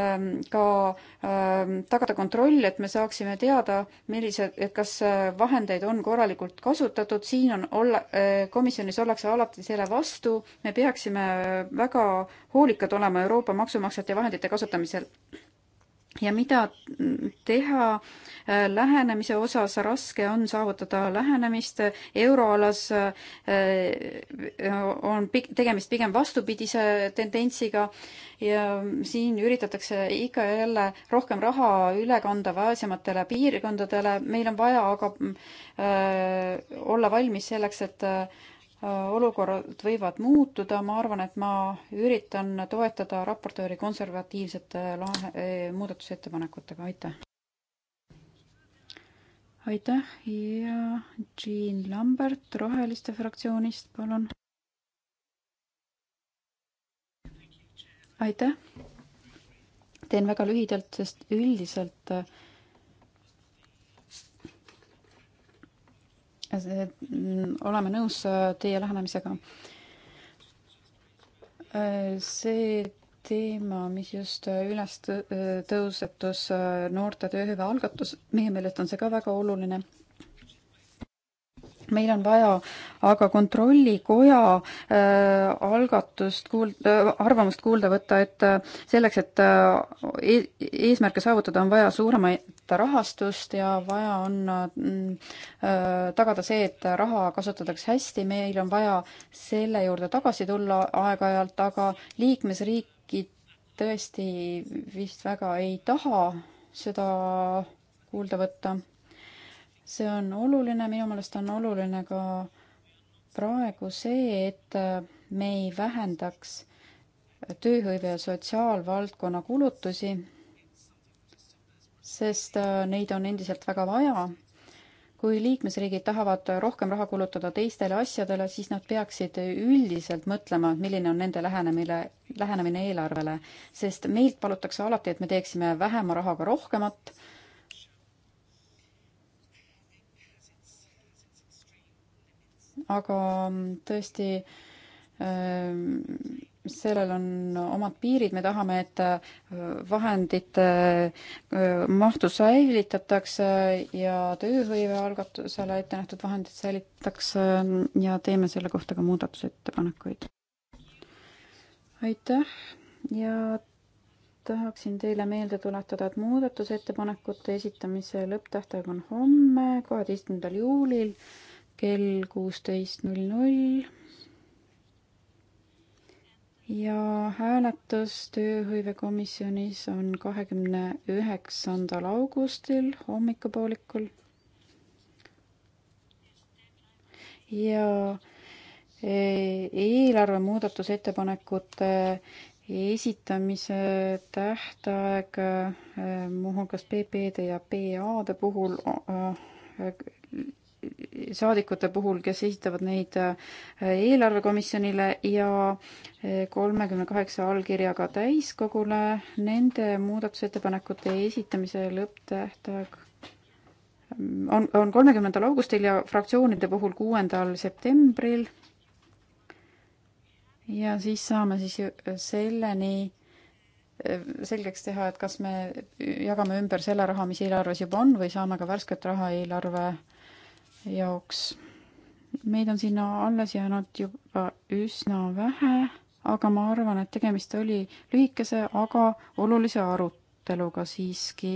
Ähm, ka ähm, tagada kontroll, et me saaksime teada, millised, et kas äh, vahendeid on korralikult kasutatud, siin on olla, äh, komisjonis ollakse alati selle vastu, me peaksime äh, väga hoolikad olema Euroopa maksumaksjate vahendite kasutamisel ja mida teha äh, lähenemise osas, raske on saavutada lähenemist, euroalas äh, on tegemist pigem vastupidise tendentsiga ja siin üritatakse ikka ja jälle rohkem raha üle kanda vaesematele piirkondadele, meil on vaja aga äh, olla valmis selleks, et Äh, olukorrad võivad muutuda, ma arvan, et ma üritan toetada raportööri konservatiivsete lahe, äh, muudatusettepanekutega, aitäh! aitäh ja Jean Lambert Roheliste fraktsioonist, palun! aitäh! teen väga lühidalt, sest üldiselt äh, Äh, mm, oleme nõus äh, teie lähenemisega. Äh, see teema, mis just üles tõusetus noorte tööhõive algatus, meie meelest on see ka väga oluline meil on vaja aga Kontrollikoja äh, algatust kuuld- äh,, arvamust kuulda võtta, et äh, selleks, et äh, e-, eesmärke saavutada, on vaja suuremat rahastust ja vaja on äh, tagada see, et raha kasutatakse hästi, meil on vaja selle juurde tagasi tulla aeg-ajalt, aga liikmesriigid tõesti vist väga ei taha seda kuulda võtta see on oluline, minu meelest on oluline ka praegu see, et äh, me ei vähendaks tööhõive ja sotsiaalvaldkonna kulutusi, sest äh, neid on endiselt väga vaja. kui liikmesriigid tahavad rohkem raha kulutada teistele asjadele, siis nad peaksid üldiselt mõtlema, milline on nende lähenemine, lähenemine eelarvele, sest meilt palutakse alati, et me teeksime vähema rahaga rohkemat aga mm, tõesti ähm, sellel on omad piirid, me tahame, et äh, vahendite äh, mahtu säilitatakse ja tööhõive algatusele ette nähtud vahendid säilitatakse mm, ja teeme selle kohta ka muudatusettepanekuid. aitäh ja tahaksin teile meelde tuletada, et muudatusettepanekute esitamise lõpptähtaeg on homme, kaheteistkümnendal juulil kell kuusteist null null. ja hääletus tööhõivekomisjonis on kahekümne üheksandal augustil hommikupoolikul. ja e, eelarve muudatusettepanekute esitamise tähtaeg e, muuhulgas PP-de ja PA-de puhul e, saadikute puhul, kes esitavad neid äh, eelarvekomisjonile ja äh, kolmekümne kaheksa allkirjaga täiskogule. Nende muudatusettepanekute esitamise lõpptähtaeg ähm, on, on kolmekümnendal augustil ja fraktsioonide puhul kuuendal septembril. ja siis saame siis äh, selleni selgeks teha, et kas me jagame ümber selle raha, mis eelarves juba on või saame ka värsket raha eelarve jaoks. meid on sinna alles jäänud juba üsna vähe, aga ma arvan, et tegemist oli lühikese, aga olulise aruteluga siiski.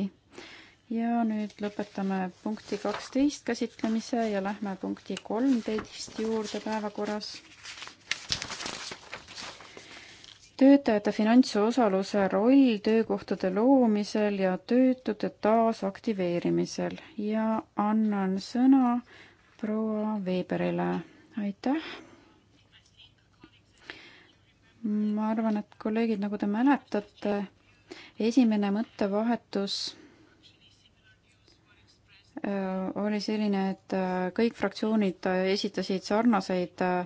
ja nüüd lõpetame punkti kaksteist käsitlemise ja lähme punkti kolmteist juurde päevakorras töötajate finantsosaluse roll töökohtade loomisel ja töötute taasaktiveerimisel ja annan sõna proua Veberile. aitäh. ma arvan, et kolleegid, nagu te mäletate, esimene mõttevahetus äh, oli selline, et äh, kõik fraktsioonid äh, esitasid sarnaseid äh,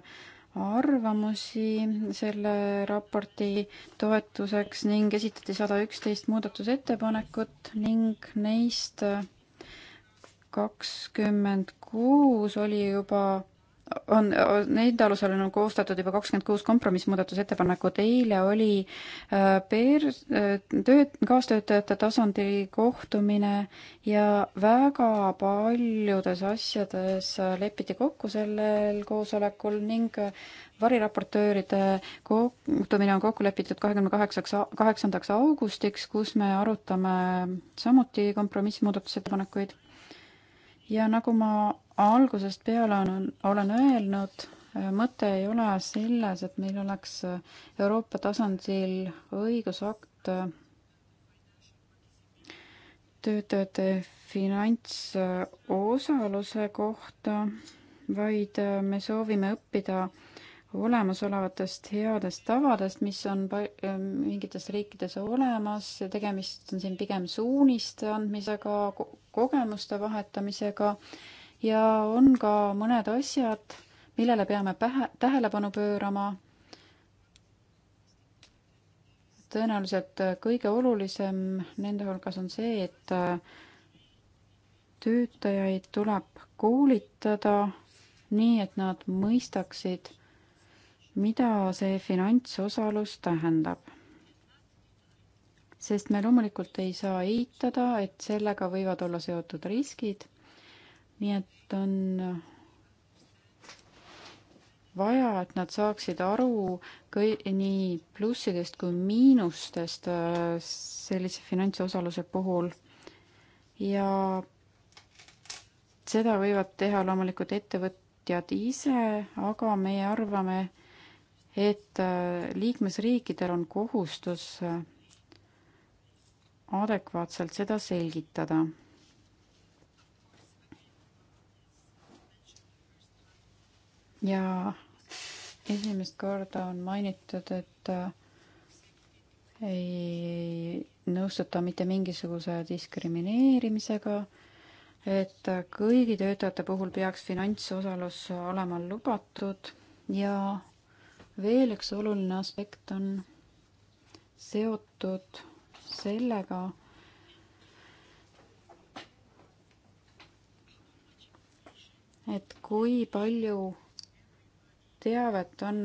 arvamusi selle raporti toetuseks ning esitati sada üksteist muudatusettepanekut ning neist kakskümmend kuus oli juba on, on, nende alusel on koostatud juba kakskümmend kuus kompromissmuudatusettepanekut, eile oli äh, per-, äh, töö, kaastöötajate tasandi kohtumine ja väga paljudes asjades äh, lepiti kokku sellel koosolekul ning variraportööride kohtumine on kokku lepitud kahekümne kaheksaks, kaheksandaks augustiks, kus me arutame samuti kompromissmuudatusettepanekuid. ja nagu ma algusest peale on, olen öelnud, äh, mõte ei ole selles, et meil oleks äh, Euroopa tasandil õigusakt äh, töötajate finantsosaluse kohta, vaid me soovime õppida olemasolevatest headest tavadest, mis on mingites riikides olemas, tegemist on siin pigem suuniste andmisega ko, kogemuste vahetamisega ja on ka mõned asjad, millele peame pähe, tähelepanu pöörama. tõenäoliselt kõige olulisem nende hulgas on see, et töötajaid tuleb koolitada nii, et nad mõistaksid, mida see finantsosalus tähendab sest me loomulikult ei saa eitada, et sellega võivad olla seotud riskid nii et on vaja, et nad saaksid aru kõi-, nii plussidest kui miinustest äh, sellise finantsosaluse puhul ja seda võivad teha loomulikult ettevõtjad ise, aga meie arvame, et äh, liikmesriikidel on kohustus äh, adekvaatselt seda selgitada ja esimest korda on mainitud, et äh, ei nõustuta mitte mingisuguse diskrimineerimisega, et kõigi töötajate puhul peaks finantsosalus olema lubatud ja veel üks oluline aspekt on seotud sellega, et kui palju teavet on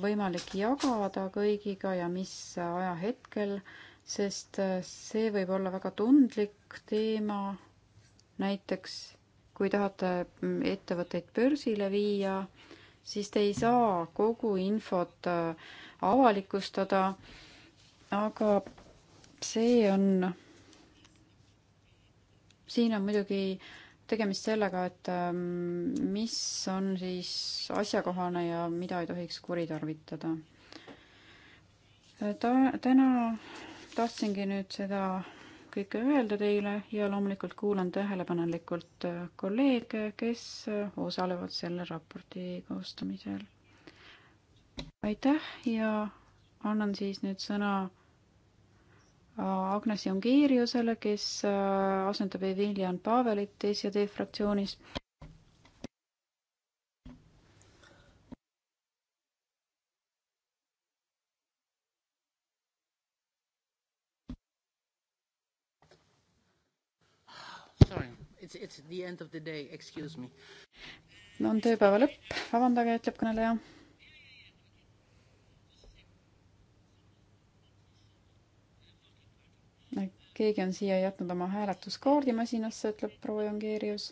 võimalik jagada kõigiga ja mis ajahetkel, sest äh, see võib olla väga tundlik teema. näiteks kui tahate mm, ettevõtteid börsile viia, siis te ei saa kogu infot äh, avalikustada. aga see on, siin on muidugi äh, tegemist sellega, et ähm, mis on siis asjakohane ja mida ei tohiks kuritarvitada. ta-, täna tahtsingi nüüd seda kõike öelda teile ja loomulikult kuulan tähelepanelikult kolleege, kes osalevad selle raporti koostamisel. aitäh ja annan siis nüüd sõna Agnes Jongeeriusele, kes äh, asendab Eveljan Pavelit SD fraktsioonis. Sorry, it's, it's the end of the day, excuse me. no on tööpäeva lõpp, vabandage, ütleb kõneleja keegi on siia jätnud oma hääletuskaardi masinasse, ütleb proua Jongeerius.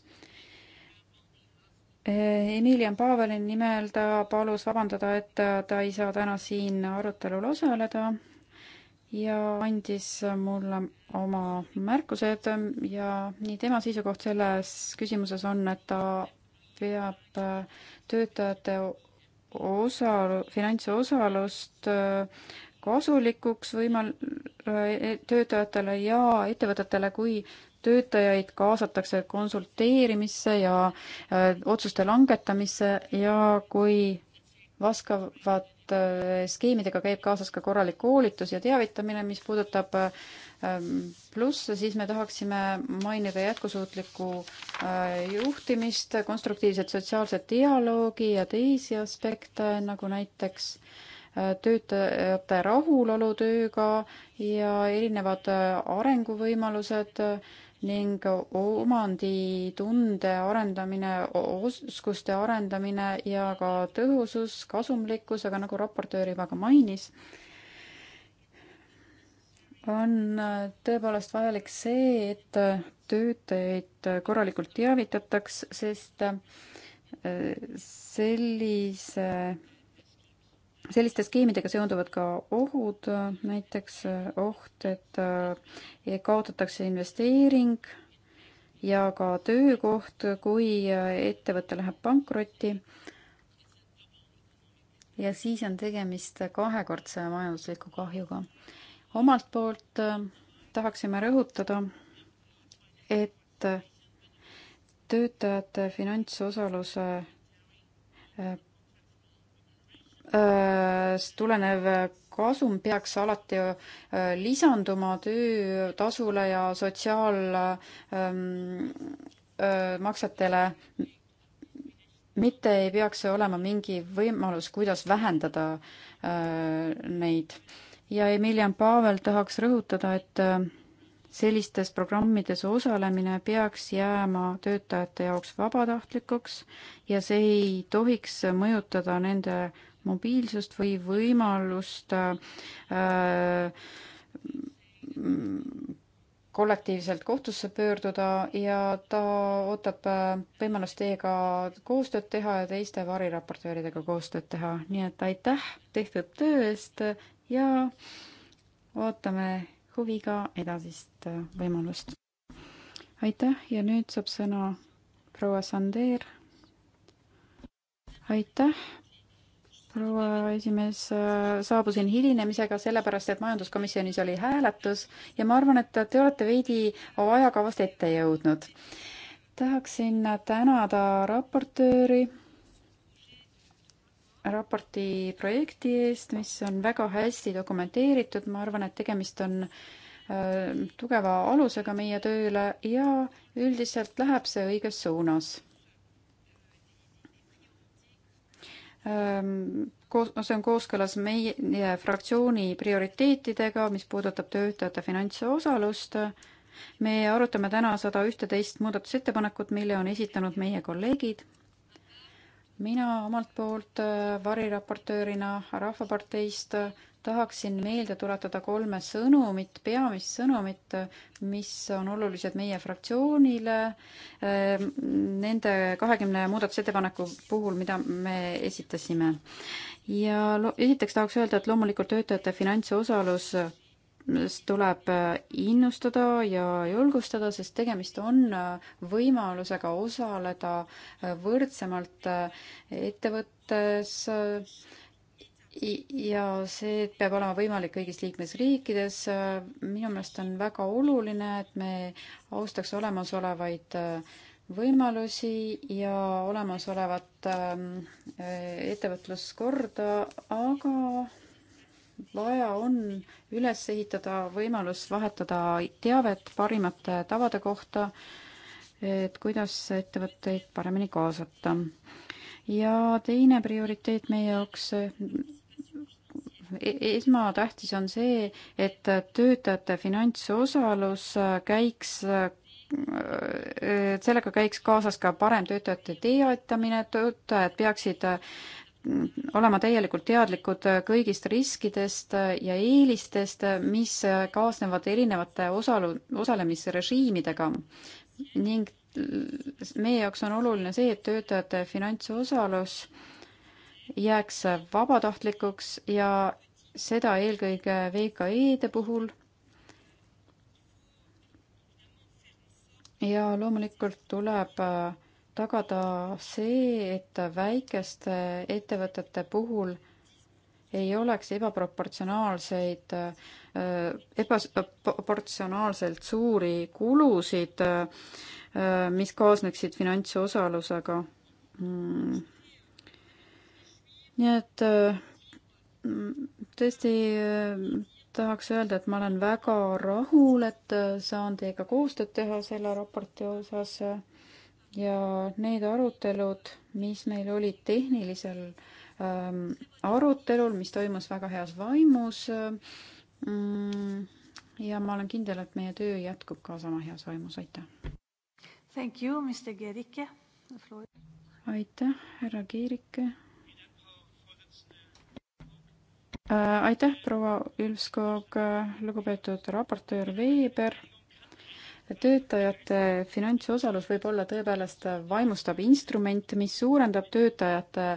E, Emilian Paveli nimel ta palus vabandada, et ta ei saa täna siin arutelul osaleda ja andis mulle oma märkused ja nii tema seisukoht selles küsimuses on, et ta peab töötajate osa, finantsosalust kasulikuks võimal-, äh, töötajatele ja ettevõtetele, kui töötajaid kaasatakse konsulteerimisse ja öö, äh, otsuste langetamisse ja kui vaskavad äh, skeemidega käib kaasas ka korralik koolitus ja teavitamine, mis puudutab ähm, plusse, siis me tahaksime mainida jätkusuutlikku juhtimist, konstruktiivset sotsiaalset dialoogi ja teisi aspekte, nagu näiteks äh, Äh, töötajate rahulolu tööga ja erinevad äh, arenguvõimalused äh, ning omanditunde arendamine, oskuste arendamine ja ka tõhusus, kasumlikkus, aga nagu raportöör juba ka mainis, on tõepoolest vajalik see, et töötajaid korralikult teavitataks, sest sellise selliste skeemidega seonduvad ka ohud, näiteks äh, oht, et äh, kaotatakse investeering ja ka töökoht, kui äh, ettevõte läheb pankrotti. ja siis on tegemist kahekordse majandusliku kahjuga. omalt poolt tahaksime rõhutada, et töötajate finantsosaluse Äh, tulenev kasum peaks alati äh, lisanduma töötasule ja sotsiaalmaksetele, ähm, äh, mitte ei peaks see olema mingi võimalus, kuidas vähendada neid. ja Emilian Pavel tahaks rõhutada, et sellistes programmides osalemine peaks jääma töötajate jaoks vabatahtlikuks ja see ei tohiks mõjutada nende mobiilsust või võimalust äh, kollektiivselt kohtusse pöörduda ja ta ootab äh, võimalust teiega koostööd teha ja teiste variraportööridega koostööd teha. nii et aitäh tehtud töö eest ja ootame huviga edasist äh, võimalust. aitäh ja nüüd saab sõna proua Sander. aitäh, proua esimees, äh, saabusin hilinemisega, sellepärast et majanduskomisjonis oli hääletus ja ma arvan, et te olete veidi ajakavast ette jõudnud. tahaksin tänada raportööri raporti projekti eest, mis on väga hästi dokumenteeritud, ma arvan, et tegemist on äh, tugeva alusega meie tööle ja üldiselt läheb see õiges suunas koos, see on kooskõlas meie fraktsiooni prioriteetidega, mis puudutab töötajate finantsosalust. me arutame täna sada ühteteist muudatusettepanekut, mille on esitanud meie kolleegid mina omalt poolt äh, variraportöörina Rahvaparteist äh, tahaksin meelde tuletada kolme sõnumit, peamist sõnumit, mis on olulised meie fraktsioonile ähm, nende kahekümne muudatusettepaneku puhul, mida me esitasime. ja esiteks tahaks öelda, et loomulikult töötajate finantsosalus tuleb äh, innustada ja julgustada, sest tegemist on äh, võimalusega osaleda äh, võrdsemalt ettevõttes ja see peab olema võimalik kõigis liikmesriikides. minu meelest on väga oluline, et me austaks olemasolevaid võimalusi ja olemasolevat ähm, ettevõtluskorda, aga vaja on üles ehitada võimalus vahetada teavet parimate tavade kohta, et kuidas ettevõtteid paremini kaasata. ja teine prioriteet meie jaoks e-, esmatähtis on see, et töötajate finantsosalus käiks, sellega käiks kaasas ka parem töötajate teavitamine, töötajad peaksid olema täielikult teadlikud kõigist riskidest ja eelistest, mis kaasnevad erinevate osalu, osalemisrežiimidega ning meie jaoks on oluline see, et töötajate finantsosalus jääks vabatahtlikuks ja seda eelkõige VKE-de puhul. ja loomulikult tuleb äh, tagada see, et väikeste ettevõtete puhul ei oleks ebaproportsionaalseid, äh, ebaproportsionaalselt suuri kulusid, äh, mis kaasneksid finantsosalusega. Mm. nii et äh, tõesti tahaks öelda, et ma olen väga rahul, et saan teiega koostööd teha selle raporti osas ja need arutelud, mis meil olid tehnilisel ähm, arutelul, mis toimus väga heas vaimus ähm,. ja ma olen kindel, et meie töö jätkub ka sama heas vaimus, aitäh. Thank you, Mr Gerike. aitäh, härra Gerike äh,. aitäh, proua Ülskog, lugupeetud raportöör Veeber töötajate finantsosalus võib olla tõepoolest vaimustav instrument, mis suurendab töötajate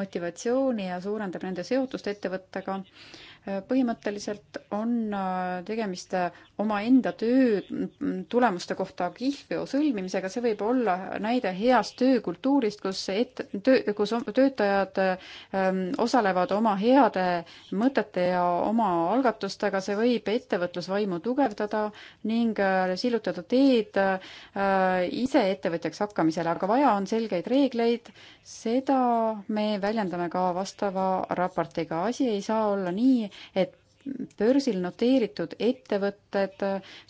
motivatsiooni ja suurendab nende seotust ettevõttega põhimõtteliselt on äh, tegemist äh, omaenda töö tulemuste kohta kihveo sõlmimisega, see võib olla näide heast töökultuurist, kus et-, töö, kus töötajad ähm, osalevad oma heade mõtete ja oma algatustega, see võib ettevõtlusvaimu tugevdada ning äh, sillutada teed ise ettevõtjaks hakkamisele, aga vaja on selgeid reegleid, seda me väljendame ka vastava raportiga. asi ei saa olla nii, et börsil noteeritud ettevõtted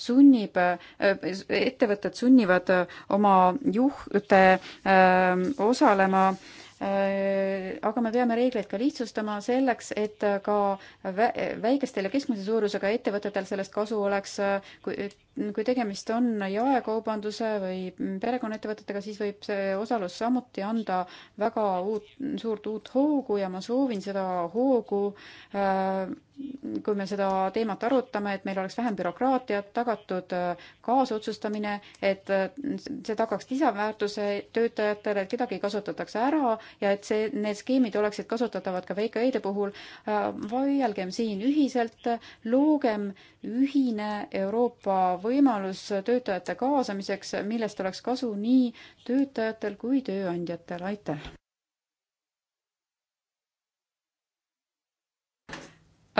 sunnib, ettevõtted sunnivad oma juhte ähm, osalema äh, aga me peame reegleid ka lihtsustama selleks, et ka väikestel ja keskmise suurusega ettevõtetel sellest kasu oleks, kui kui tegemist on jaekaubanduse või perekonnaettevõtetega, siis võib see osalus samuti anda väga uut, suurt uut hoogu ja ma soovin seda hoogu, äh, kui me seda teemat arutame, et meil oleks vähem bürokraatiat, tagatud äh, kaasotsustamine, et äh, see tagaks lisaväärtuse töötajatele, et kedagi ei kasutataks ära ja et see, need skeemid oleksid kasutatavad ka VKE-de puhul. vaielgem siin ühiselt, loogem ühine Euroopa võimalus töötajate kaasamiseks, millest oleks kasu nii töötajatel kui tööandjatel, aitäh!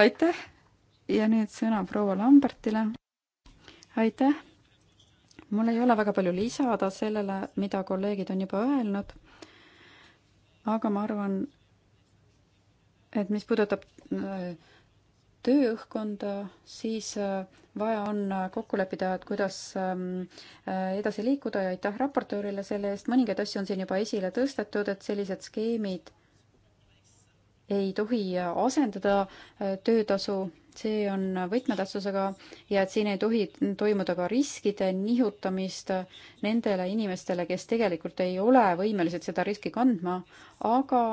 aitäh ja nüüd sõna proua Lambertile. aitäh! mul ei ole väga palju lisada sellele, mida kolleegid on juba öelnud, aga ma arvan, et mis puudutab äh, tööõhkkonda, siis äh, vaja on äh, kokku leppida, et kuidas ähm, äh, edasi liikuda ja aitäh raportöörile selle eest, mõningaid asju on siin juba esile tõstetud, et sellised skeemid ei tohi asendada töötasu, see on võtmetähtsusega ja et siin ei tohi toimuda ka riskide nihutamist nendele inimestele, kes tegelikult ei ole võimelised seda riski kandma, aga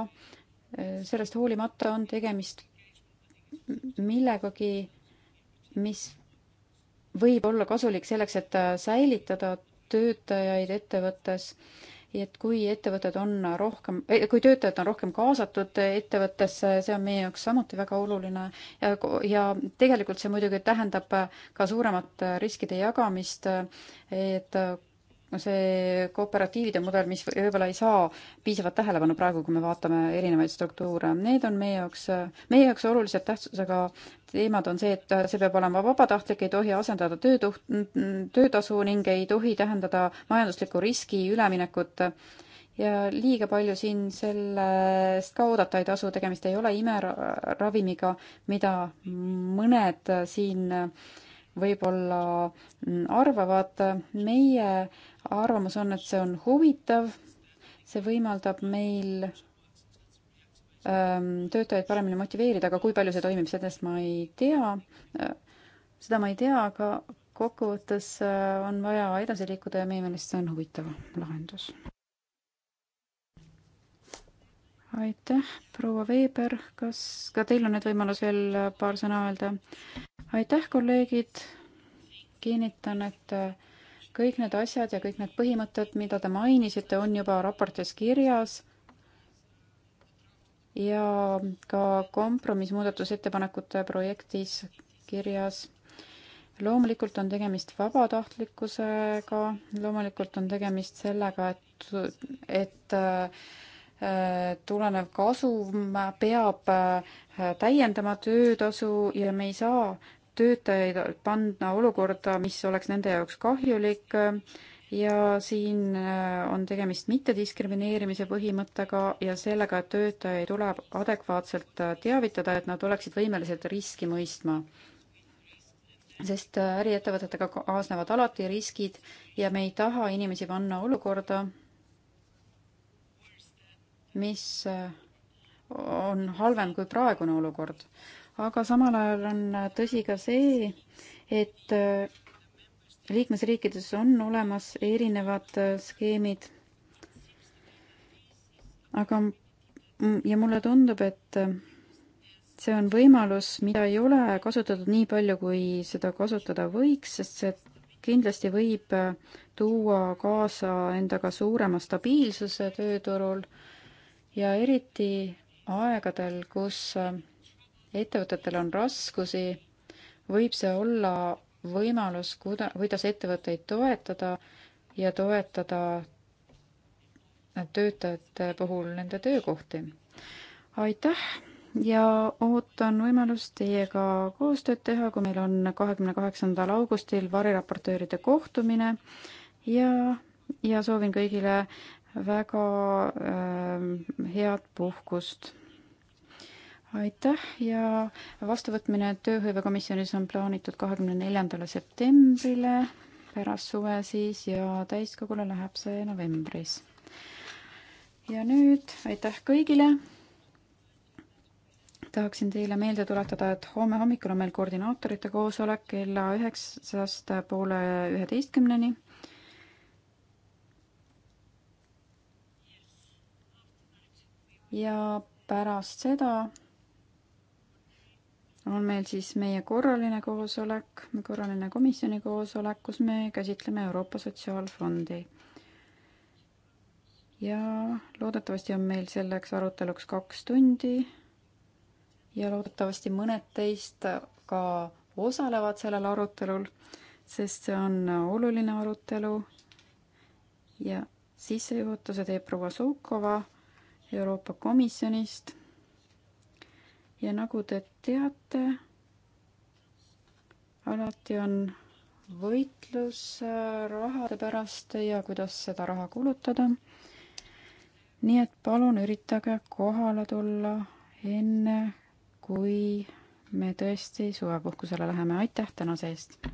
sellest hoolimata on tegemist millegagi, mis võib olla kasulik selleks, et äh, säilitada töötajaid ettevõttes, et kui ettevõtted on rohkem, eh, kui töötajad on rohkem kaasatud ettevõttesse, see on meie jaoks samuti väga oluline ja, ja tegelikult see muidugi tähendab ka suuremat äh, riskide jagamist, äh, et see kooperatiivide mudel, mis võib-olla ei saa piisavat tähelepanu praegu, kui me vaatame erinevaid struktuure, need on meie jaoks, meie jaoks oluliselt tähtsusega teemad on see, et see peab olema vabatahtlik, ei tohi asendada töötuht-, töötasu ning ei tohi tähendada majandusliku riski üleminekut ja liiga palju siin sellest ka oodata ei tasu, tegemist ei ole imeravimiga, mida mõned siin äh, võib-olla mm, arvavad. meie arvamus on, et see on huvitav, see võimaldab meil ähm, töötajaid paremini motiveerida, aga kui palju see toimib, sellest ma ei tea. Äh, seda ma ei tea, aga kokkuvõttes äh, on vaja edasi liikuda ja meie meelest see on huvitav lahendus. aitäh, proua Veeber, kas ka teil on nüüd võimalus veel paar sõna öelda? aitäh, kolleegid. kinnitan, et äh, kõik need asjad ja kõik need põhimõtted, mida te mainisite, on juba raportis kirjas. ja ka kompromissmuudatusettepanekute projektis kirjas loomulikult on tegemist vabatahtlikkusega, loomulikult on tegemist sellega, et, et äh, tulenev kasum peab äh, täiendama töötasu ja me ei saa töötajaid panna olukorda, mis oleks nende jaoks kahjulik ja siin äh, on tegemist mittediskrimineerimise põhimõttega ja sellega, et töötajaid tuleb adekvaatselt äh, teavitada, et nad oleksid võimelised riski mõistma sest äh, äriettevõtetega kaasnevad alati riskid ja me ei taha inimesi panna olukorda, mis on halvem kui praegune olukord aga samal ajal on tõsi ka see, et äh, liikmesriikides on olemas erinevad äh, skeemid. aga ja mulle tundub, et äh, see on võimalus, mida ei ole kasutatud nii palju, kui seda kasutada võiks, sest see kindlasti võib tuua kaasa endaga suurema stabiilsuse tööturul ja eriti aegadel, kus ettevõtetel on raskusi, võib see olla võimalus, kuida-, kuidas ettevõtteid toetada ja toetada töötajate puhul nende töökohti. aitäh ja ootan võimalust teiega koostööd teha, kui meil on kahekümne kaheksandal augustil variraportööride kohtumine ja, ja soovin kõigile väga äh, head puhkust aitäh ja vastuvõtmine Tööhõivekomisjonis on plaanitud kahekümne neljandale septembrile pärast suve siis ja täiskogule läheb see novembris. ja nüüd aitäh kõigile. tahaksin teile meelde tuletada, et homme hommikul on meil koordinaatorite koosolek kella üheksast poole üheteistkümneni ja pärast seda on meil siis meie korraline koosolek, korraline komisjoni koosolek, kus me käsitleme Euroopa Sotsiaalfondi. ja loodetavasti on meil selleks aruteluks kaks tundi ja loodetavasti mõned teist ka osalevad sellel arutelul, sest see on oluline arutelu ja sissejuhatuse teeb proua Sukova Euroopa Komisjonist ja nagu te teate, alati on võitlus äh, rahade pärast ja kuidas seda raha kulutada. nii et palun üritage kohale tulla enne, kui me tõesti suvepuhkusele läheme. aitäh tänase eest!